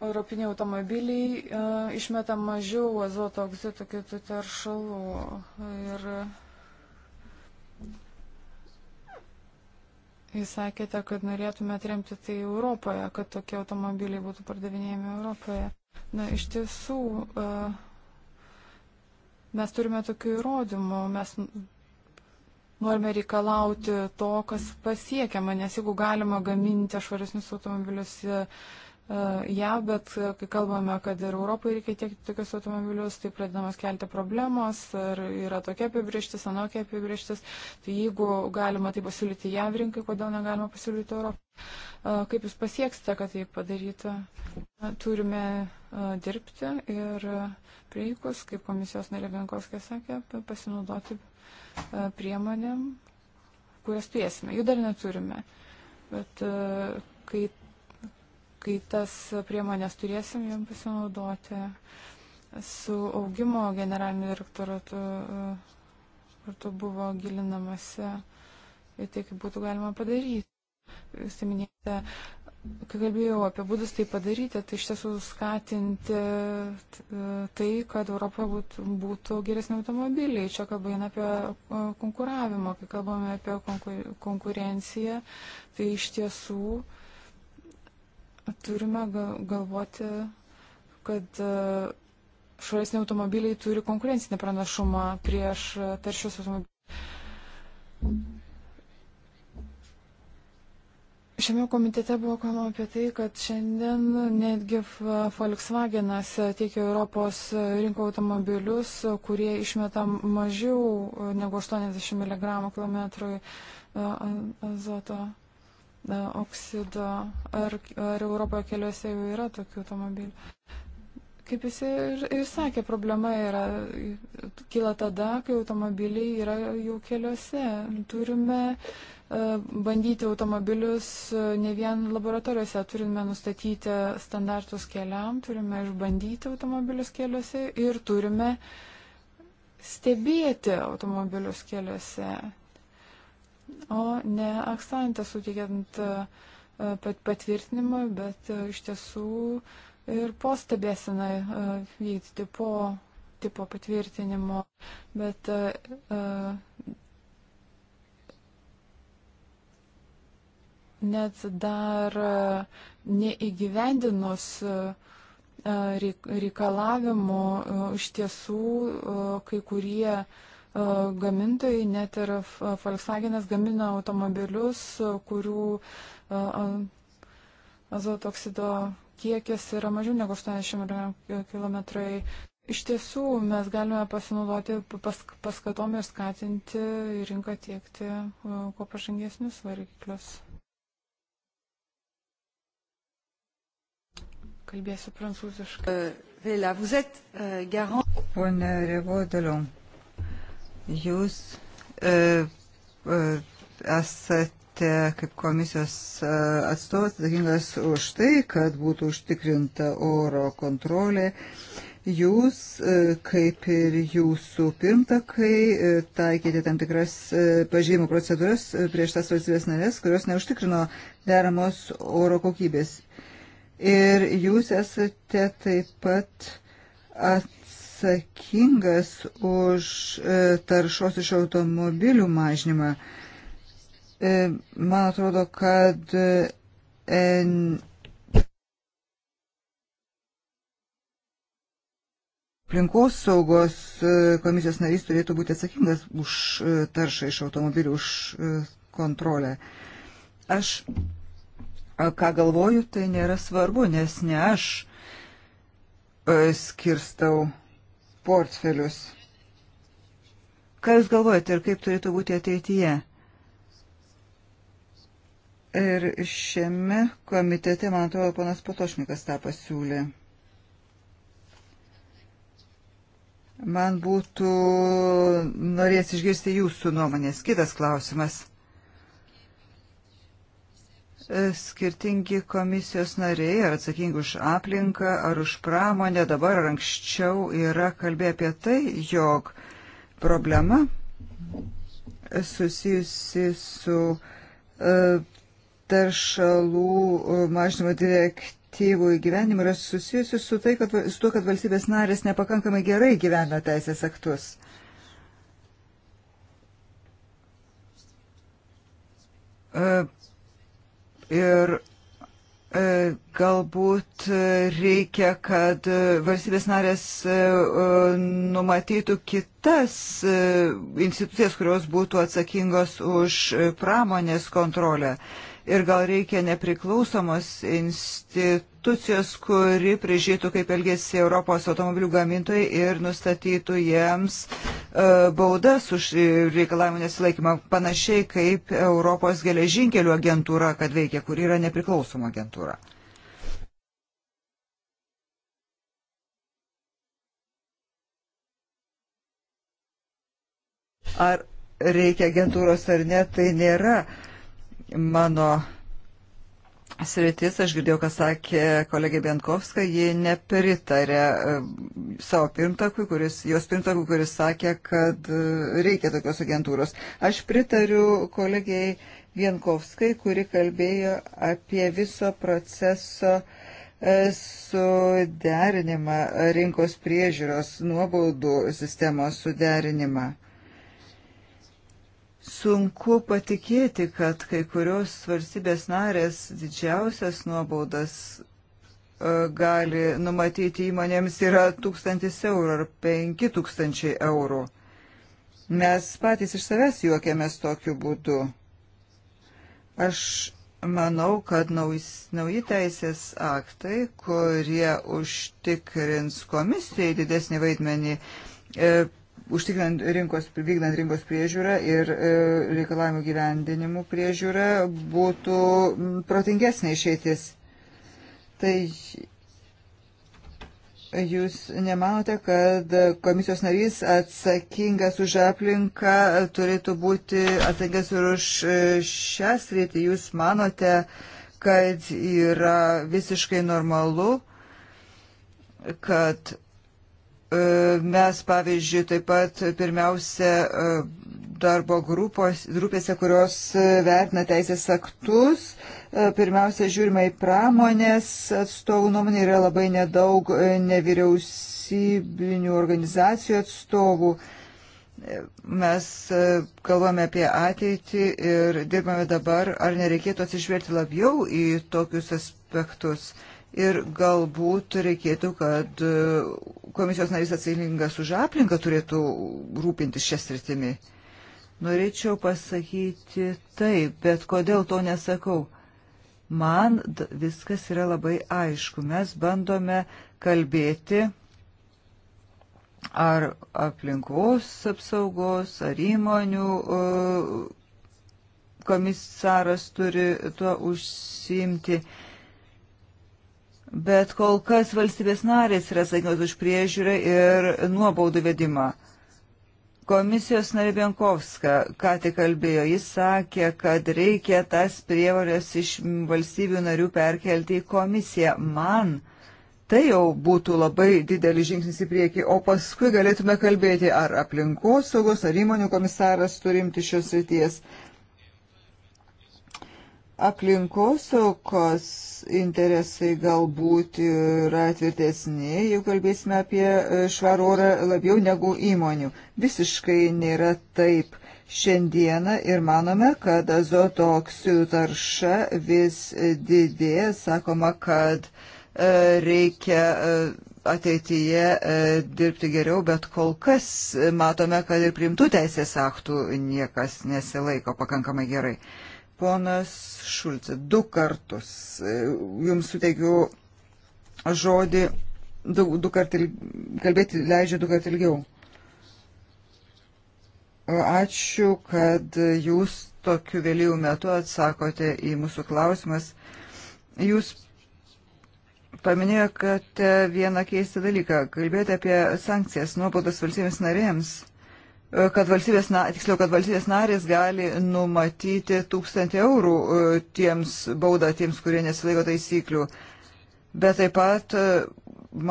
europiniai automobiliai e, išmeta mažiau azoto oksido kitų teršalų. Ir uh, Jūs sakėte, kad norėtumėte remti tai Europoje, kad tokie automobiliai būtų pardavinėjami Europoje. Na, iš tiesų, e, mes turime tokių įrodymų, mes norime reikalauti to, kas pasiekiama, nes jeigu galima gaminti švaresnius automobilius e, ją, e, ja, bet e, kai kalbame, kad ir Europai reikia tiekti tokius automobilius, tai pradedamos kelti problemos, ar yra tokia apibrieštis, anokia apibrieštis, tai jeigu galima tai pasiūlyti JAV rinkai, kodėl negalima pasiūlyti Europą? E, kaip jūs pasieksite, kad tai padarytų? Turime dirbti ir prieikus, kaip komisijos narė Venkovskė sakė, pasinaudoti priemonėm, kurias turėsime. Jų dar neturime. Bet kai kai tas priemonės turėsim jam pasinaudoti su augimo generaliniu direktoratu e, kartu buvo gilinamasi į tai, kaip būtų galima padaryti. Jūs tai minėjote, kai kalbėjau apie būdus tai padaryti, tai iš tiesų skatinti e, tai, kad Europoje būtų, būtų geresni automobiliai. Čia kalba eina apie e, konkuravimą, kai kalbame apie konkurenciją, tai iš tiesų uh, turime galvoti, kad e, švaresni automobiliai turi konkurencinį pranašumą prieš e, taršius automobilius. Šiame komitete buvo kalbama apie tai, kad šiandien netgi Volkswagenas teikia Europos rinko automobilius, kurie išmeta mažiau negu 80 mg km azoto oksido, ar, ar Europoje keliuose jau yra tokių automobilių. Kaip jis ir, ir sakė, problema yra, kyla tada, kai automobiliai yra jau keliuose. Turime e, bandyti automobilius e, ne vien laboratorijose, turime nustatyti standartus keliam, turime išbandyti automobilius keliuose ir turime stebėti automobilius keliuose o ne aksantą suteikiant e, e, patvirtinimą, bet e, iš tiesų ir po stebėsiną vykdyti po tipo patvirtinimo. Bet net dar neįgyvendinus reikalavimų iš tiesų kai kurie gamintojai, net ir Volkswagenas gamina automobilius, kurių azoto oksido kiekis yra mažiau negu 80 km. Iš tiesų mes galime pasinaudoti pask paskatom ir skatinti rinką tiekti kuo pažangesnius variklius. Kalbėsiu prancūziškai. Euh, euh, Pone Revodeliu, Jūs e, e, esate kaip komisijos e, atstovas atsakingas už tai, kad būtų užtikrinta oro kontrolė. Jūs, e, kaip ir jūsų pirmtakai, e, taikėte tam tikras pažymimo procedūras prieš tas valstybės narės, kurios neužtikrino deramos oro kokybės. Ir jūs esate taip pat at atsakingas už e, taršos iš automobilių mažinimą. E, man atrodo, kad e, aplinkos saugos komisijos narys turėtų būti atsakingas už taršą iš automobilių, už kontrolę. Aš, ką galvoju, tai nėra svarbu, nes ne aš skirstau portfelius. Ką Jūs galvojate ir kaip turėtų būti ateityje? Ir šiame komitete, man atrodo, panas Potošnikas tą pasiūlė. Man būtų norės išgirsti jūsų nuomonės. Kitas klausimas. E, skirtingi komisijos nariai, ar atsakingi už aplinką, ar už pramonę, dabar ar anksčiau yra kalbė apie tai, jog problema susijusi su e, taršalų e, mažinimo direktyvų įgyvenimu yra susijusi su, tai, kad, su to, kad valstybės narės nepakankamai gerai gyvena teisės aktus. Uh, Ir e, galbūt reikia, kad valstybės narės e, e, numatytų kitas institucijas, kurios būtų atsakingos už pramonės kontrolę ir gal reikia nepriklausomos institucijos, kuri prižiūrėtų, kaip elgesi Europos automobilių gamintojai ir nustatytų jiems e, baudas už reikalavimų nesilaikymą, panašiai kaip Europos geležinkelių agentūra, kad veikia, kuri yra nepriklausoma agentūra. Ar reikia agentūros ar ne, tai nėra mano sritis, aš girdėjau, ką sakė kolegė Bienkovska, ji nepritarė e, savo pirmtakui, kuris, jos pirmtakui, kuris sakė, kad e, reikia tokios agentūros. Aš pritariu kolegijai Bienkovskai, kuri kalbėjo apie viso proceso e, suderinimą rinkos priežiūros nuobaudų sistemos suderinimą. Sunku patikėti, kad kai kurios valstybės narės didžiausias nuobaudas e, gali numatyti įmonėms yra 1000 eurų ar 5000 eurų. Mes patys iš savęs juokiamės tokiu būdu. Aš manau, kad naujs, nauji teisės aktai, kurie užtikrins komisijai didesnį vaidmenį, e, užtikrinant rinkos, vykdant rinkos priežiūrą ir e, reikalavimų gyvendinimų priežiūrą būtų protingesnė išeitis. Tai jūs nemanote, kad komisijos narys atsakingas už aplinką turėtų būti atsakingas ir už e, šią sritį? Jūs manote, kad yra visiškai normalu, kad E, mes, pavyzdžiui, taip pat pirmiausia e, darbo grupos, grupėse, kurios e, vertina teisės aktus, pirmiausia žiūrima į pramonės atstovų nuomonę, yra labai nedaug nevyriausybinių organizacijų atstovų. Mes kalbame apie ateitį ir dirbame dabar, ar nereikėtų atsižvelgti labiau į tokius aspektus ir galbūt reikėtų, kad e, komisijos narys atsakingas už aplinką turėtų rūpintis šią sritimi. Norėčiau pasakyti taip, bet kodėl to nesakau? Man viskas yra labai aišku. Mes bandome kalbėti ar aplinkos apsaugos, ar įmonių e, komisaras turi tuo užsiimti bet kol kas valstybės narės yra atsakingos už priežiūrą ir nuobaudų vedimą. Komisijos narė Bienkovska, ką tik kalbėjo, jis sakė, kad reikia tas prievarės iš valstybių narių perkelti į komisiją. Man tai jau būtų labai didelis žingsnis į priekį, o paskui galėtume kalbėti, ar aplinkos saugos, ar įmonių komisaras turimti šios ryties aplinkosaukos interesai galbūt yra tvirtesni, jeigu kalbėsime apie e, švarų orą labiau negu įmonių. Visiškai nėra taip šiandieną ir manome, kad azoto oksidų tarša vis didėja. Sakoma, kad e, reikia e, ateityje dirbti geriau, bet kol kas matome, kad ir primtų teisės aktų niekas nesilaiko pakankamai gerai. Ponas Šulce, du kartus e, jums suteikiu žodį, du, du kart il, kalbėti leidžia du kart ilgiau. Ačiū, kad jūs tokiu vėliau metu atsakote į mūsų klausimas. Jūs paminėjote vieną keistą dalyką, kalbėjote apie sankcijas nuobodas valstybės narėms kad valstybės, na, tiksliau, kad valstybės narės gali numatyti tūkstantį eurų e, tiems baudą tiems, kurie nesilaiko taisyklių. Bet taip pat e,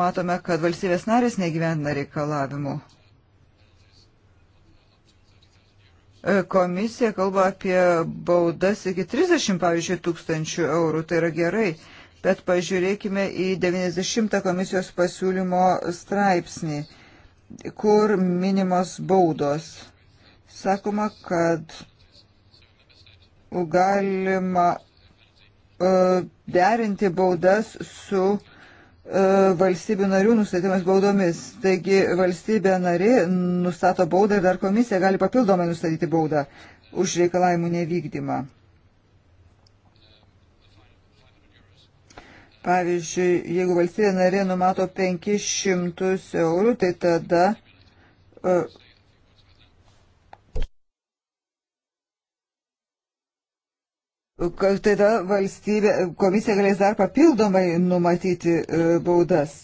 matome, kad valstybės narės negyvena reikalavimų. E, komisija kalba apie baudas iki 30, pavyzdžiui, tūkstančių eurų. Tai yra gerai. Bet pažiūrėkime į 90 komisijos pasiūlymo straipsnį kur minimos baudos. Sakoma, kad galima e, derinti baudas su e, valstybių narių nustatymas baudomis. Taigi valstybė narė nustato baudą ir dar komisija gali papildomai nustatyti baudą už reikalavimų nevykdymą. Pavyzdžiui, jeigu valstybė narė numato 500 eurų, tai tada uh, e, kad tai tada valstybė, komisija galės dar papildomai numatyti e, baudas.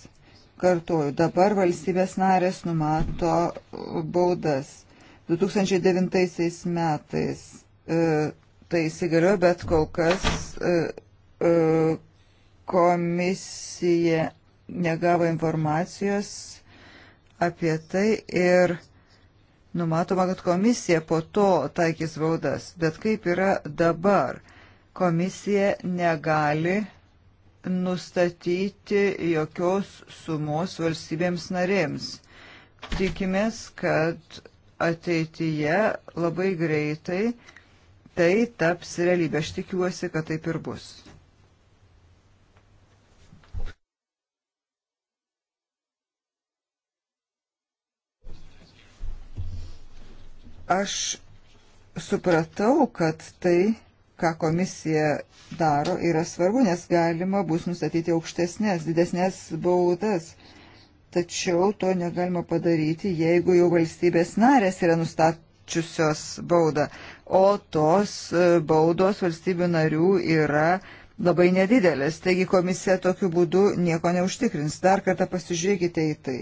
Kartuoju, dabar valstybės narės numato baudas. 2009 metais e, tai įsigaliojo, bet kol kas Komisija negavo informacijos apie tai ir numatoma, kad komisija po to taikys baudas. Bet kaip yra dabar? Komisija negali nustatyti jokios sumos valstybėms narėms. Tikimės, kad ateityje labai greitai tai taps realybė. Aš tikiuosi, kad taip ir bus. Aš supratau, kad tai, ką komisija daro, yra svarbu, nes galima bus nustatyti aukštesnės, didesnės baudas. Tačiau to negalima padaryti, jeigu jau valstybės narės yra nustačiusios baudą, o tos e, baudos valstybių narių yra labai nedidelės. Taigi komisija tokiu būdu nieko neužtikrins. Dar kartą pasižiūrėkite į tai.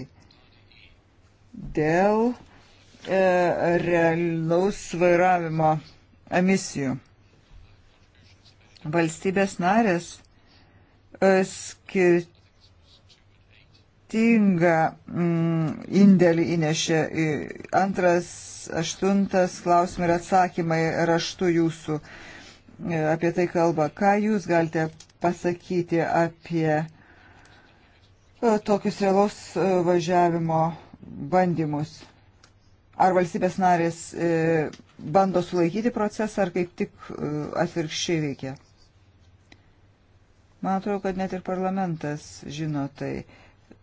Dėl uh, E, realaus vairavimo emisijų. Valstybės narės e, skirtingą mm, indėlį įnešė antras, aštuntas klausimai ir atsakymai raštu jūsų e, apie tai kalba. Ką jūs galite pasakyti apie tokius realaus važiavimo bandymus? Ar valstybės narės e, bando sulaikyti procesą, ar kaip tik e, atvirkščiai veikia? Man atrodo, kad net ir parlamentas žino tai,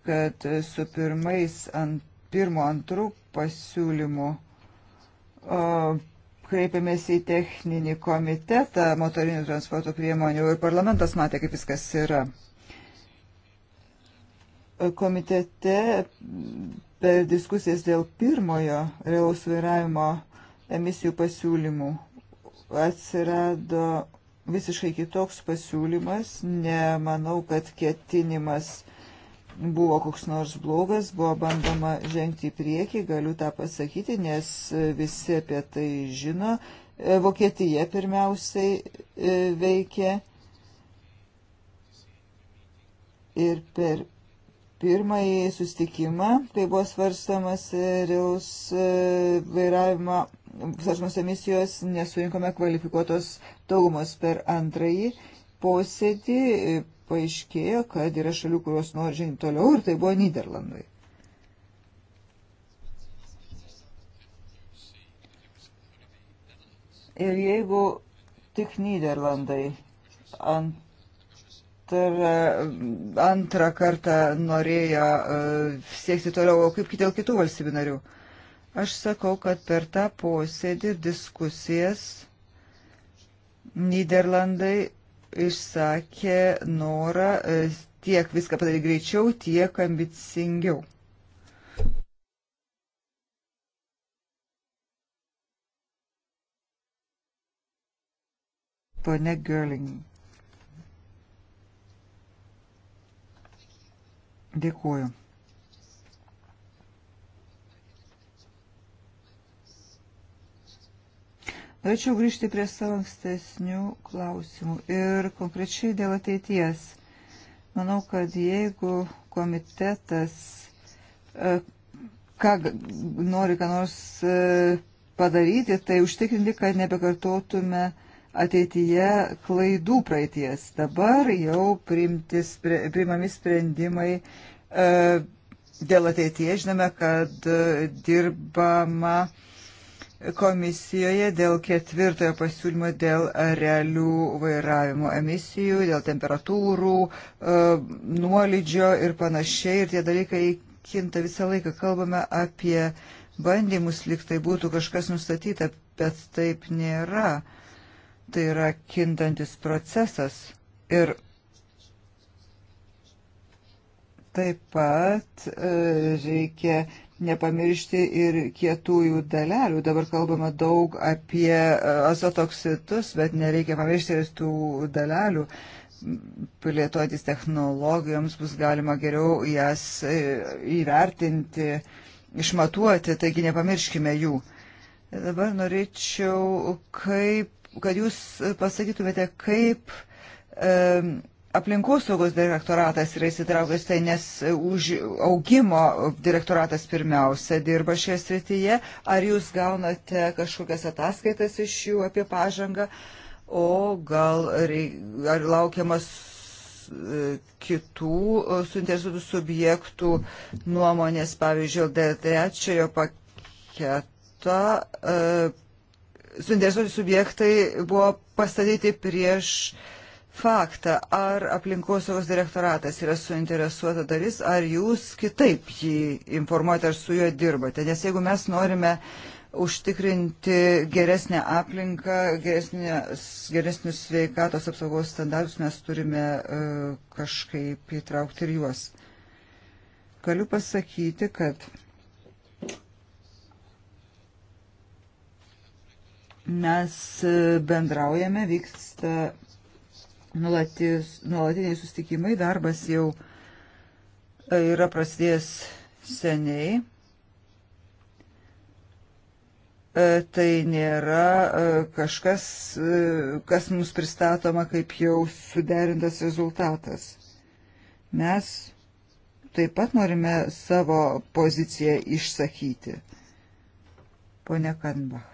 kad su pirmais, ant, pirmo, antrų pasiūlymų o, kreipėmės į techninį komitetą motorinių transporto priemonių ir parlamentas matė, kaip viskas yra. Komitete per diskusijas dėl pirmojo realaus vairavimo emisijų pasiūlymų atsirado visiškai kitoks pasiūlymas. Nemanau, kad ketinimas buvo koks nors blogas, buvo bandoma žengti į priekį, galiu tą pasakyti, nes visi apie tai žino. E, Vokietija pirmiausiai e, veikia ir per pirmąjį sustikimą, kai buvo svarstamas reus e, vairavimo svarstamos emisijos, nesurinkome kvalifikuotos daugumos per antrąjį posėdį, e, paaiškėjo, kad yra šalių, kurios nori žengti toliau ir tai buvo Niderlandai. Ir jeigu tik Niderlandai ant E, antrą kartą norėjo e, siekti toliau, o kaip dėl kitų valstybių narių. Aš sakau, kad per tą posėdį diskusijas Niderlandai išsakė norą e, tiek viską padaryti greičiau, tiek ambicingiau. Pone Görling. Dėkuoju. Norėčiau grįžti prie savo ankstesnių klausimų ir konkrečiai dėl ateities. Manau, kad jeigu komitetas e, ką nori, ką nors e, padaryti, tai užtikrinti, kad nebekartotume ateityje klaidų praeities. Dabar jau spre, priimami sprendimai e, dėl ateityje. Žinome, kad e, dirbama komisijoje dėl ketvirtojo pasiūlymo dėl realių vairavimo emisijų, dėl temperatūrų, e, nuolydžio ir panašiai. Ir tie dalykai kinta visą laiką. Kalbame apie bandymus, lyg tai būtų kažkas nustatyta, bet taip nėra. E, tai yra kintantis procesas. Ir taip pat e, reikia nepamiršti ir kietųjų dalelių. Dabar kalbama daug apie e, azotoksitus, bet nereikia pamiršti ir tų dalelių. Plėtotis technologijoms bus galima geriau jas e, įvertinti, išmatuoti, taigi nepamirškime jų. Dabar norėčiau, kaip kad jūs e, pasakytumėte, kaip e, aplinkosaugos direktoratas yra įsitraukęs tai, nes e, už augimo direktoratas pirmiausia dirba šioje srityje, ar jūs gaunate kažkokias ataskaitas iš jų apie pažangą, o gal ar laukiamas e, kitų suinteresuotų subjektų nuomonės, pavyzdžiui, dėl trečiojo paketo suinteresuoti subjektai buvo pastatyti prieš faktą, ar aplinkosaugos direktoratas yra suinteresuota dalis, ar jūs kitaip jį informuojate, ar su juo dirbate. Nes jeigu mes norime užtikrinti geresnę aplinką, geresnės, geresnius sveikatos apsaugos standartus, mes turime uh, kažkaip įtraukti ir juos. Galiu pasakyti, kad Mes e, bendraujame, vyksta nuolatis, nuolatiniai sustikimai, darbas jau e, yra prasidėjęs seniai. E, tai nėra kažkas, kas mums pristatoma kaip jau suderintas rezultatas. Mes taip pat norime savo poziciją išsakyti. Pone Kanbach.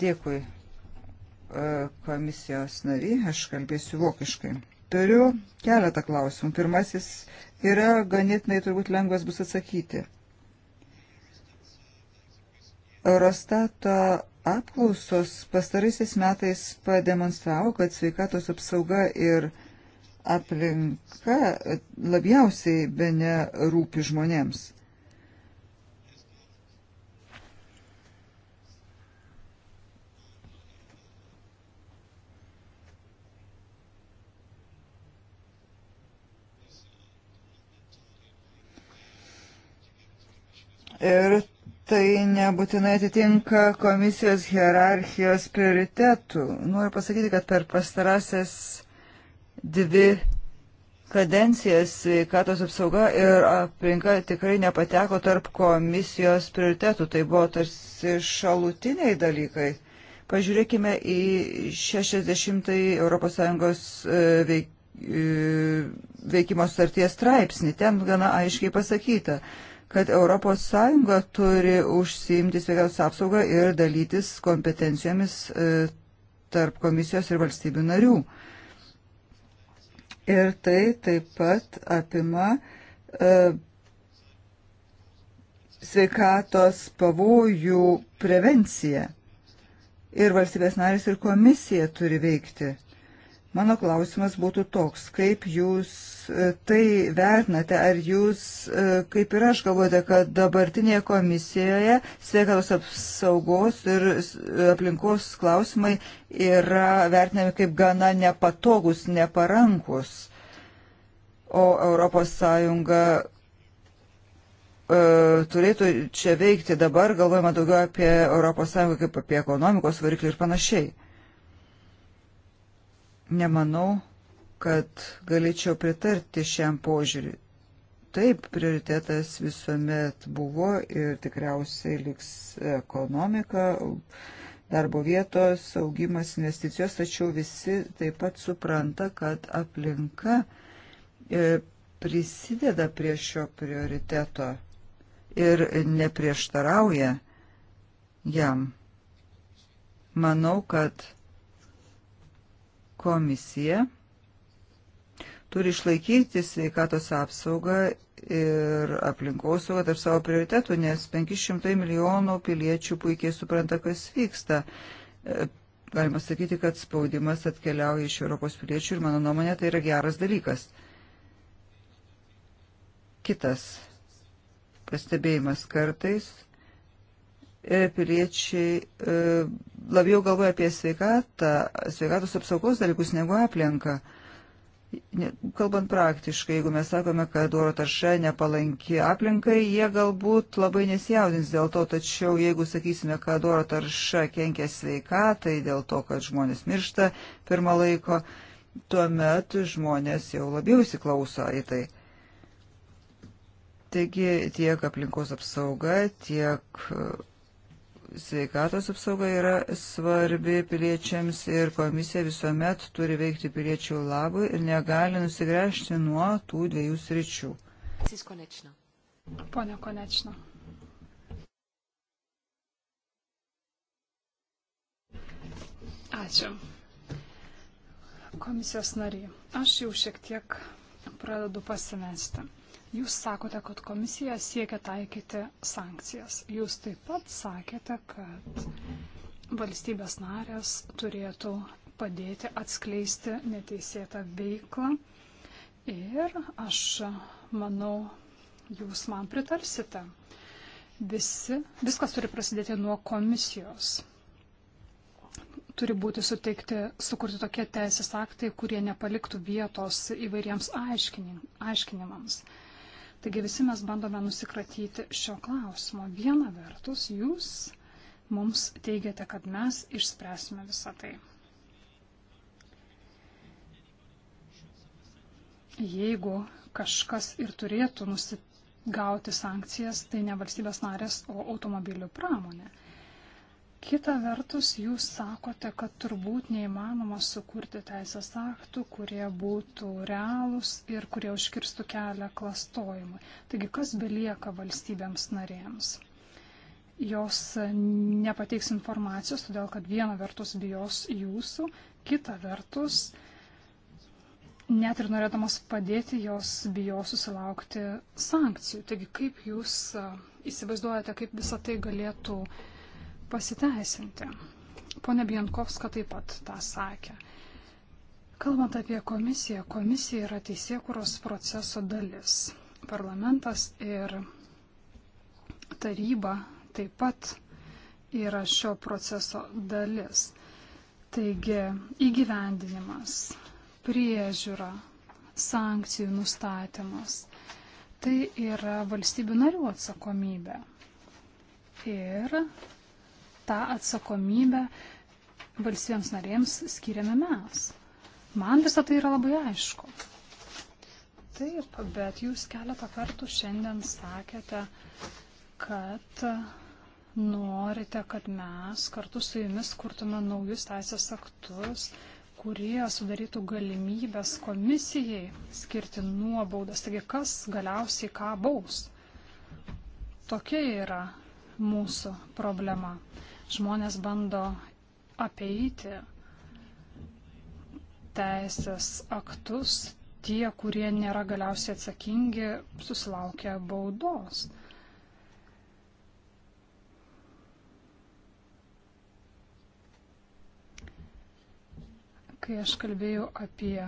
Dėkui e, komisijos nary, aš kalbėsiu vokiškai. Turiu keletą klausimų. Pirmasis yra ganėtinai turbūt lengvas bus atsakyti. Eurostato apklausos pastaraisiais metais pademonstravo, kad sveikatos apsauga ir aplinka labiausiai bene rūpi žmonėms. ir tai nebūtinai atitinka komisijos hierarchijos prioritetų. Noriu pasakyti, kad per pastarasias dvi kadencijas sveikatos apsauga ir aplinka tikrai nepateko tarp komisijos prioritetų. Tai buvo tarsi šalutiniai dalykai. Pažiūrėkime į 60-ąjį ES veikimą veikimo starties straipsnį. Ten gana aiškiai pasakyta, kad ES turi užsiimti sveikatos apsaugą ir dalytis kompetencijomis e, tarp komisijos ir valstybių narių. Ir tai taip pat apima e, sveikatos pavojų prevenciją. Ir valstybės narės ir komisija turi veikti Mano klausimas būtų toks, kaip jūs e, tai vertinate, ar jūs, e, kaip ir aš galvojate, kad dabartinėje komisijoje sveikatos apsaugos ir e, aplinkos klausimai yra vertinami kaip gana nepatogus, neparankus, o ES turėtų čia veikti dabar, galvojama daugiau apie ES kaip apie ekonomikos variklį ir panašiai. Nemanau, kad galėčiau pritarti šiam požiūriui. Taip, prioritetas visuomet buvo ir tikriausiai liks ekonomika, darbo vietos, augimas, investicijos, tačiau visi taip pat supranta, kad aplinka e, prisideda prie šio prioriteto ir neprieštarauja jam. Manau, kad Komisija turi išlaikyti sveikatos apsaugą ir aplinkosaugą tarp savo prioritetų, nes 500 milijonų piliečių puikiai supranta, kas vyksta. E, galima sakyti, kad spaudimas atkeliauja iš Europos piliečių ir mano nuomonė tai yra geras dalykas. Kitas pastebėjimas kartais E, piliečiai e, labiau galvoja apie sveikatą, sveikatos apsaugos dalykus negu aplinką. Kalbant praktiškai, jeigu mes sakome, kad oro tarša nepalanki aplinkai, jie galbūt labai nesijaudins dėl to, tačiau jeigu sakysime, kad oro tarša kenkia sveikatai dėl to, kad žmonės miršta pirmą laiko, tuomet žmonės jau labiau įsiklauso į tai. Taigi tiek aplinkos apsauga, tiek sveikatos apsauga yra svarbi piliečiams ir komisija visuomet turi veikti piliečių labui ir negali nusigręžti nuo tų dviejų sričių. Pone Konečna. Ačiū. Komisijos nariai, aš jau šiek tiek pradedu pasimesti. Jūs sakote, kad komisija siekia taikyti sankcijas. Jūs taip pat sakėte, kad valstybės narės turėtų padėti atskleisti neteisėtą veiklą. Ir aš manau, jūs man pritarsite. Visi, viskas turi prasidėti nuo komisijos turi būti suteikti, sukurti tokie teisės aktai, kurie nepaliktų vietos įvairiems aiškinim, aiškinimams. Taigi visi mes bandome nusikratyti šio klausimo. Viena vertus, jūs mums teigiate, kad mes išspręsime visą tai. Jeigu kažkas ir turėtų nusigauti sankcijas, tai ne valstybės narės, o automobilių pramonė. Kita vertus, jūs sakote, kad turbūt neįmanoma sukurti teisės aktų, kurie būtų realūs ir kurie užkirstų kelią klastojimui. Taigi, kas belieka valstybėms narėms? Jos nepateiks informacijos, todėl kad viena vertus bijos jūsų, kita vertus, net ir norėdamas padėti, jos bijo susilaukti sankcijų. Taigi, kaip jūs e, įsivaizduojate, kaip visą tai galėtų uh, pasiteisinti. Pone Bienkovska taip pat tą sakė. Kalbant apie komisiją, komisija yra teisėkuros proceso dalis. Parlamentas ir taryba taip pat yra šio proceso dalis. Taigi įgyvendinimas, priežiūra, sankcijų nustatymas - tai yra valstybių narių atsakomybė. Ir tą atsakomybę valstybėms narėms skiriame mes. Man visą tai yra labai aišku. Taip, bet jūs keletą kartų šiandien sakėte, kad norite, kad mes kartu su jumis kurtume naujus teisės aktus, kurie sudarytų galimybės komisijai skirti nuobaudas. Taigi, kas galiausiai ką baus? Tokia yra mūsų problema žmonės bando apeiti teisės aktus, tie, kurie nėra galiausiai atsakingi, susilaukia baudos. Kai aš kalbėjau apie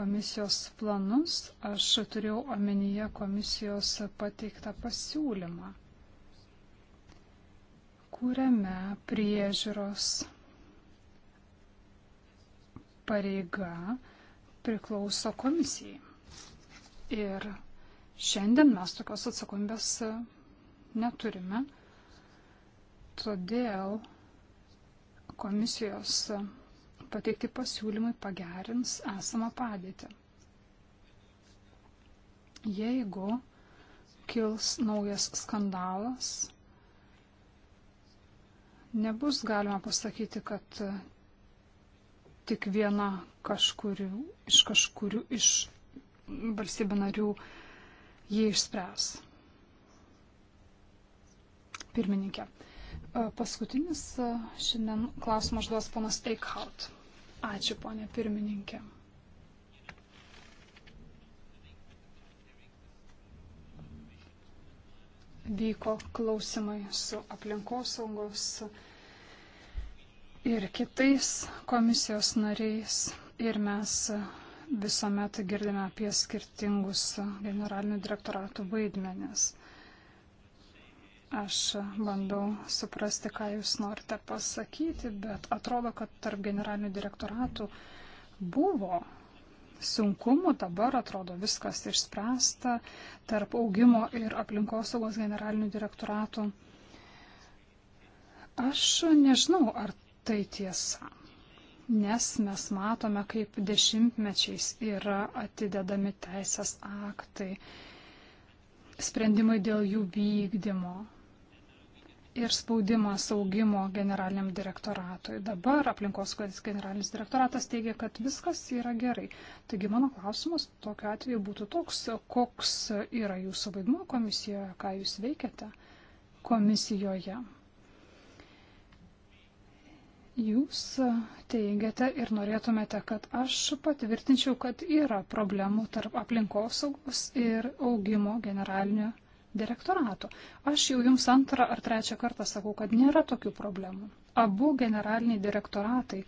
komisijos planus, aš turėjau omenyje komisijos pateiktą pasiūlymą kuriame priežiūros pareiga priklauso komisijai. Ir šiandien mes tokios atsakomybės neturime, todėl komisijos pateikti pasiūlymai pagerins esamą padėtį. Jeigu kils naujas skandalas, Nebus galima pasakyti, kad e, tik viena kažkurių, iš kažkurių iš valstybių narių jį išspręs. Pirmininkė. E, paskutinis e, šiandien klausimą užduos ponas Eichhaut. Ačiū, ponė pirmininkė. vyko klausimai su aplinkosaugos ir kitais komisijos nariais ir mes visuomet girdime apie skirtingus generalinių direktoratų vaidmenis. Aš bandau suprasti, ką jūs norite pasakyti, bet atrodo, kad tarp generalinių direktoratų buvo sunkumų, dabar atrodo viskas išspręsta tarp augimo ir aplinkosaugos generalinių direktoratų. Aš nežinau, ar tai tiesa, nes mes matome, kaip dešimtmečiais yra atidedami teisės aktai, sprendimai dėl jų vykdymo ir spaudimas augimo generaliniam direktoratui. Dabar aplinkos generalinis direktoratas teigia, kad viskas yra gerai. Taigi mano klausimas tokiu atveju būtų toks, koks yra jūsų vaidmuo komisijoje, ką jūs veikiate komisijoje. Jūs teigiate ir norėtumėte, kad aš patvirtinčiau, kad yra problemų tarp aplinkosaugos ir augimo generalinio direktorato direktorato. Aš jau jums antrą ar trečią kartą sakau, kad nėra tokių problemų. Abu generaliniai direktoratai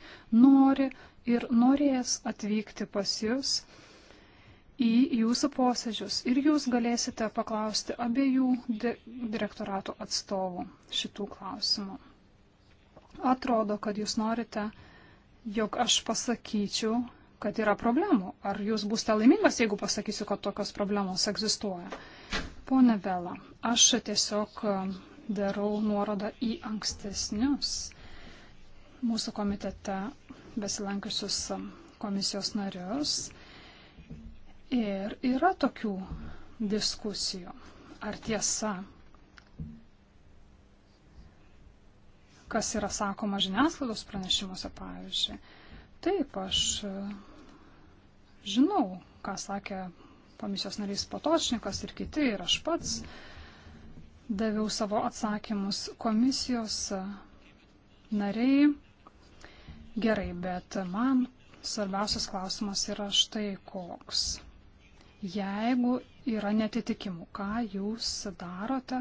nori ir norės atvykti pas jūs į jūsų posėdžius ir jūs galėsite paklausti abiejų di direktorato atstovų šitų klausimų. Atrodo, kad jūs norite, jog aš pasakyčiau, kad yra problemų. Ar jūs būsite laimingas, jeigu pasakysiu, kad tokios problemos egzistuoja? Pone Vela, aš tiesiog e, darau nuorodą į ankstesnius mūsų komitete besilankiusius komisijos narius. Ir yra tokių diskusijų. Ar tiesa, kas yra sakoma žiniasklaidos pranešimuose, pavyzdžiui. Taip, aš e, žinau, ką sakė komisijos narys Potočnikas ir kiti, ir aš pats daviau savo atsakymus komisijos nariai. Gerai, bet man svarbiausias klausimas yra štai koks. Jeigu yra netitikimų, ką jūs darote,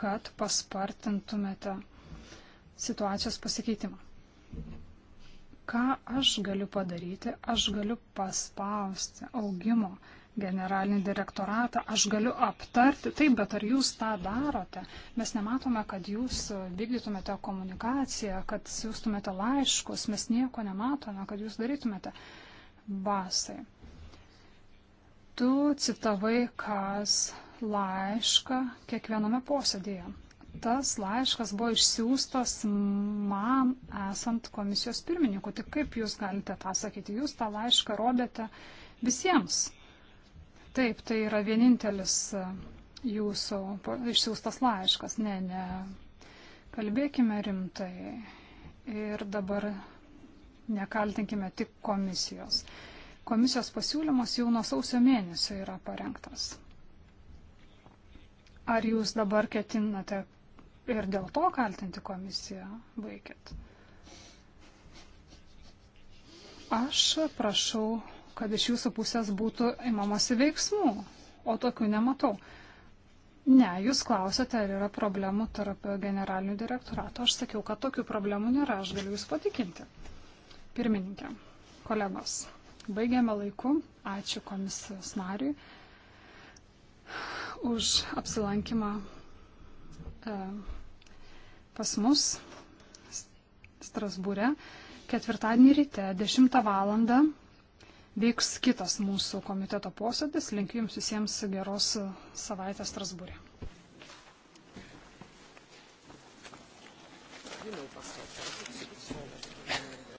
kad paspartintumėte situacijos pasikeitimą? Ką aš galiu padaryti? Aš galiu paspausti augimo generalinį direktoratą, aš galiu aptarti, taip, bet ar jūs tą darote? Mes nematome, kad jūs vykdytumėte komunikaciją, kad siūstumėte laiškus, mes nieko nematome, kad jūs darytumėte. Basai. Tu citavai, kas laišką kiekviename posėdėje. Tas laiškas buvo išsiųstas man esant komisijos pirmininku. Tik kaip jūs galite tą sakyti? Jūs tą laišką rodėte visiems Taip, tai yra vienintelis e, jūsų išsiųstas laiškas. Ne, ne. Kalbėkime rimtai. Ir dabar nekaltinkime tik komisijos. Komisijos pasiūlymas jau nuo sausio mėnesio yra parengtas. Ar jūs dabar ketinate ir dėl to kaltinti komisiją? Baikit. Aš prašau kad iš jūsų pusės būtų įmamosi veiksmų, o tokių nematau. Ne, jūs klausėte, ar yra problemų tarp generalinių direktorato. Aš sakiau, kad tokių problemų nėra, aš galiu jūs patikinti. Pirmininkė, kolegos, baigėme laiku. Ačiū komisijos nariui už apsilankimą e, pas mus Strasbūre. Ketvirtadienį ryte 10 val vyks kitas mūsų komiteto posėdis. Linkiu Jums visiems geros savaitės Strasbūrė. Vilniau pasau.